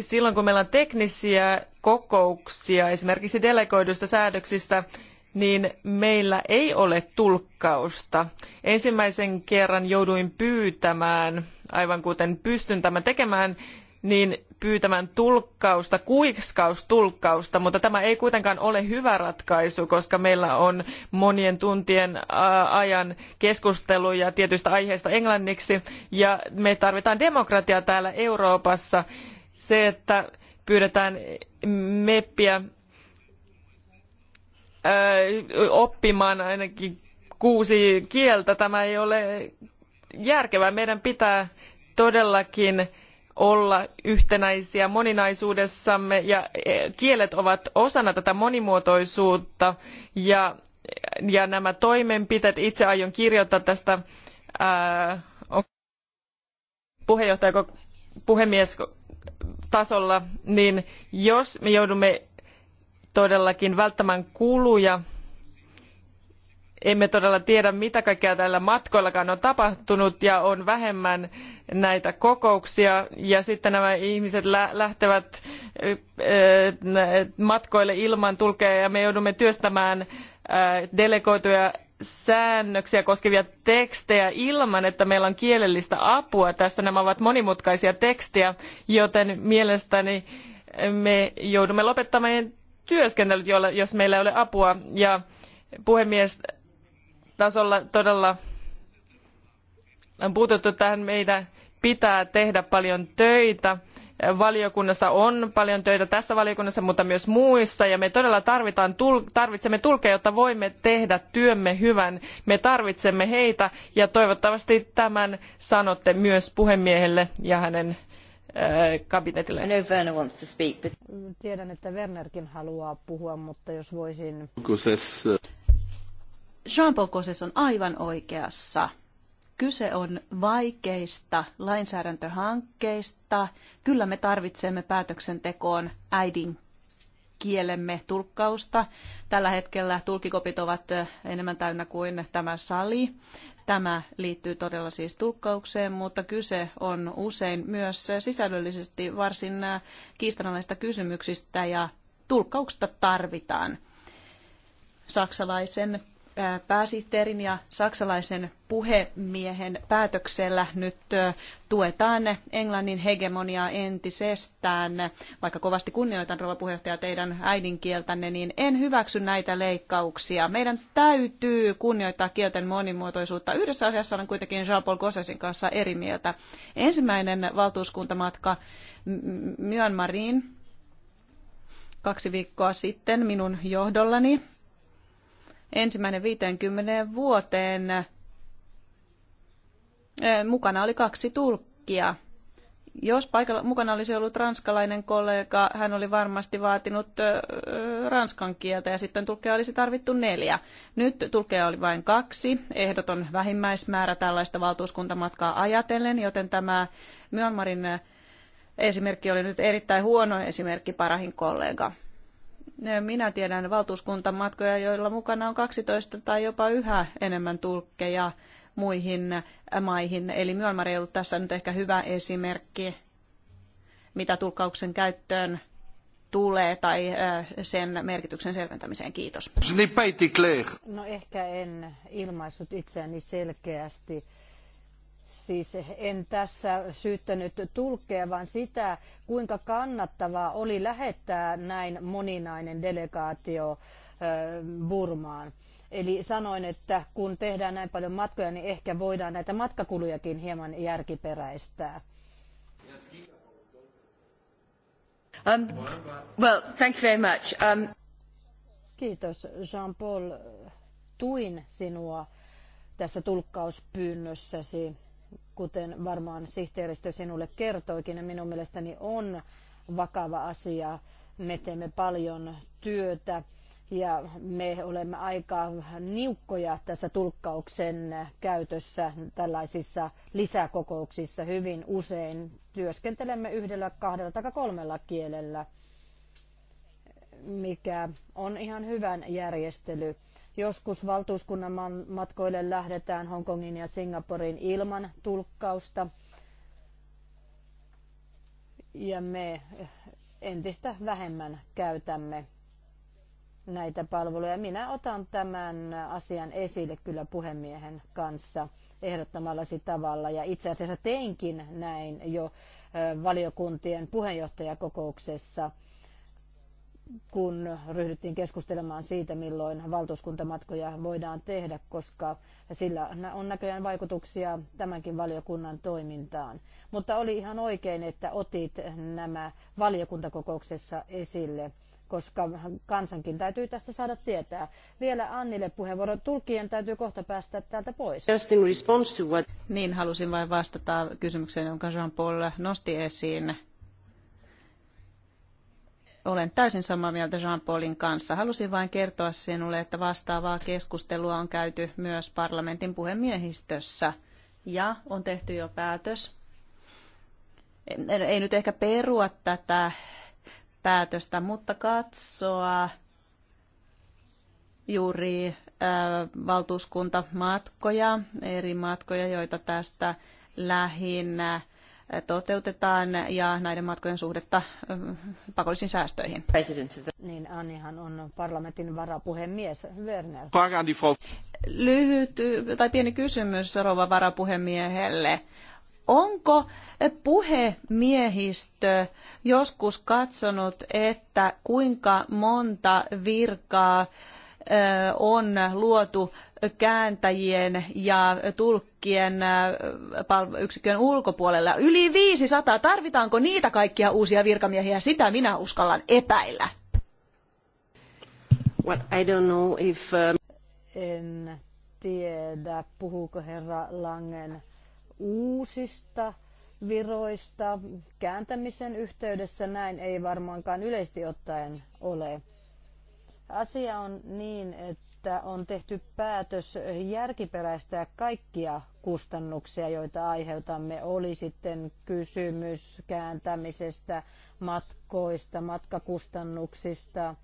C: Silloin kun meillä on teknisiä kokouksia, esimerkiksi delegoidusta säädöksistä, niin meillä ei ole tulkkausta. Ensimmäisen kerran jouduin pyytämään, aivan kuten pystyn tämän tekemään, niin pyytämään tulkkausta, kuiskaustulkkausta, mutta tämä ei kuitenkaan ole hyvä ratkaisu, koska meillä on monien tuntien ajan keskusteluja tietyistä aiheista englanniksi, ja me tarvitaan demokratiaa täällä Euroopassa. Se, että pyydetään meppiä oppimaan ainakin kuusi kieltä. Tämä ei ole järkevää. Meidän pitää todellakin olla yhtenäisiä moninaisuudessamme ja e, kielet ovat osana tätä monimuotoisuutta ja, ja nämä toimenpiteet, itse aion kirjoittaa tästä puheenjohtajako puhemies tasolla, niin jos me joudumme todellakin välttämään kuluja. Emme todella tiedä, mitä kaikkea tällä matkoillakaan on tapahtunut ja on vähemmän näitä kokouksia. Ja sitten nämä ihmiset lähtevät matkoille ilman tulkea ja me joudumme työstämään delegoituja säännöksiä koskevia tekstejä ilman, että meillä on kielellistä apua. Tässä nämä ovat monimutkaisia tekstejä, joten mielestäni me joudumme lopettamaan työskennellyt, jos meillä ei ole apua. Ja puhemies tasolla todella on puututtu tähän. Meidän pitää tehdä paljon töitä. Valiokunnassa on paljon töitä tässä valiokunnassa, mutta myös muissa. Ja me todella tarvitaan, tarvitsemme tulkeja, jotta voimme tehdä työmme hyvän. Me tarvitsemme heitä ja toivottavasti tämän sanotte myös puhemiehelle ja hänen Äh, kabinetille.
B: Tiedän, että Wernerkin haluaa puhua, mutta jos voisin...
A: Äh-
B: Jean-Paul Cosses on aivan oikeassa. Kyse on
D: vaikeista lainsäädäntöhankkeista. Kyllä me tarvitsemme päätöksentekoon äidin kielemme tulkkausta. Tällä hetkellä tulkikopit ovat äh, enemmän täynnä kuin tämä sali. Tämä liittyy todella siis tulkkaukseen, mutta kyse on usein myös sisällöllisesti varsin kiistanalaisista kysymyksistä ja tulkkauksesta tarvitaan. Saksalaisen pääsihteerin ja saksalaisen puhemiehen päätöksellä nyt tuetaan Englannin hegemoniaa entisestään. Vaikka kovasti kunnioitan, rouva puheenjohtaja, teidän äidinkieltänne, niin en hyväksy näitä leikkauksia. Meidän täytyy kunnioittaa kielten monimuotoisuutta. Yhdessä asiassa olen kuitenkin Jean-Paul Gossesin kanssa eri mieltä. Ensimmäinen valtuuskuntamatka Myanmariin kaksi viikkoa sitten minun johdollani ensimmäinen 50 vuoteen eh, mukana oli kaksi tulkkia. Jos paikalla, mukana olisi ollut ranskalainen kollega, hän oli varmasti vaatinut ö, eh, ranskan kieltä ja sitten tulkkeja olisi tarvittu neljä. Nyt tulkkeja oli vain kaksi, ehdoton vähimmäismäärä tällaista valtuuskuntamatkaa ajatellen, joten tämä Myanmarin eh, esimerkki oli nyt erittäin huono esimerkki parahin kollega minä tiedän valtuuskuntamatkoja, joilla mukana on 12 tai jopa yhä enemmän tulkkeja muihin maihin. Eli Myanmar ei ollut tässä nyt ehkä hyvä esimerkki, mitä tulkkauksen käyttöön tulee tai sen merkityksen selventämiseen. Kiitos.
B: No ehkä en ilmaissut itseäni selkeästi Siis en tässä syyttänyt tulkkeja, vaan sitä, kuinka kannattavaa oli lähettää näin moninainen delegaatio Burmaan. Eli sanoin, että kun tehdään näin paljon matkoja, niin ehkä voidaan näitä matkakulujakin hieman järkiperäistää. Um, well, thank you very much. Um... Kiitos Jean-Paul. Tuin sinua tässä tulkkauspyynnössäsi kuten varmaan sihteeristö sinulle kertoikin, ja minun mielestäni on vakava asia. Me teemme paljon työtä ja me olemme aika niukkoja tässä tulkkauksen käytössä tällaisissa lisäkokouksissa hyvin usein. Työskentelemme yhdellä, kahdella tai kolmella kielellä, mikä on ihan hyvän järjestely Joskus valtuuskunnan matkoille lähdetään Hongkongin ja Singaporein ilman tulkkausta. Ja me entistä vähemmän käytämme näitä palveluja. Minä otan tämän asian esille kyllä puhemiehen kanssa ehdottamallasi tavalla. Ja itse asiassa teinkin näin jo valiokuntien puheenjohtajakokouksessa kun ryhdyttiin keskustelemaan siitä, milloin valtuuskuntamatkoja voidaan tehdä, koska sillä on näköjään vaikutuksia tämänkin valiokunnan toimintaan. Mutta oli ihan oikein, että otit nämä valiokuntakokouksessa esille koska kansankin täytyy tästä saada tietää. Vielä Annille puheenvuoro. Tulkien täytyy kohta päästä täältä pois.
D: Just in response to what... Niin, halusin vain vastata kysymykseen, jonka Jean-Paul nosti esiin olen täysin samaa mieltä Jean-Paulin kanssa. Halusin vain kertoa sinulle, että vastaavaa keskustelua on käyty myös parlamentin puhemiehistössä ja on tehty jo päätös. Ei nyt ehkä perua tätä päätöstä, mutta katsoa juuri valtuuskuntamatkoja, eri matkoja, joita tästä lähinnä toteutetaan ja näiden matkojen suhdetta
B: pakollisiin säästöihin. Niin Annihan on parlamentin varapuhemies Werner. Lyhyt tai pieni kysymys rouva varapuhemiehelle.
D: Onko puhemiehistö joskus katsonut, että kuinka monta virkaa on luotu kääntäjien ja tulkkien yksikön ulkopuolella. Yli 500. Tarvitaanko niitä kaikkia uusia virkamiehiä? Sitä
B: minä uskallan epäillä.
A: I don't know if, um...
B: En tiedä, puhuuko herra Langen uusista viroista. Kääntämisen yhteydessä näin ei varmaankaan yleisesti ottaen ole. Asia on niin, että on tehty päätös järkiperäistää kaikkia kustannuksia, joita aiheutamme. Oli sitten kysymys kääntämisestä, matkoista, matkakustannuksista.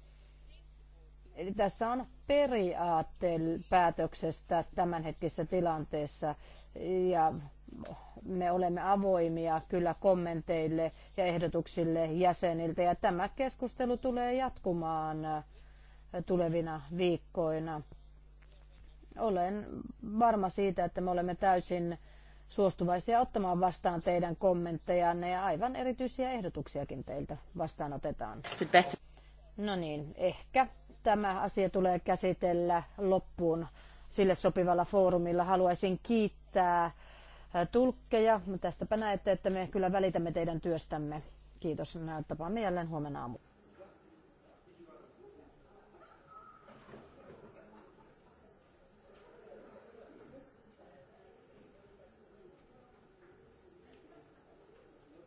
B: Eli tässä on periaatteen päätöksestä tämänhetkisessä tilanteessa ja me olemme avoimia kyllä kommenteille ja ehdotuksille jäseniltä ja tämä keskustelu tulee jatkumaan tulevina viikkoina. Olen varma siitä, että me olemme täysin suostuvaisia ottamaan vastaan teidän kommenttejanne ja aivan erityisiä ehdotuksiakin teiltä vastaanotetaan. No niin, ehkä tämä asia tulee käsitellä loppuun sille sopivalla foorumilla. Haluaisin kiittää äh, tulkkeja. Tästäpä näette, että me kyllä välitämme teidän työstämme. Kiitos. Tapaamme jälleen huomenna aamulla.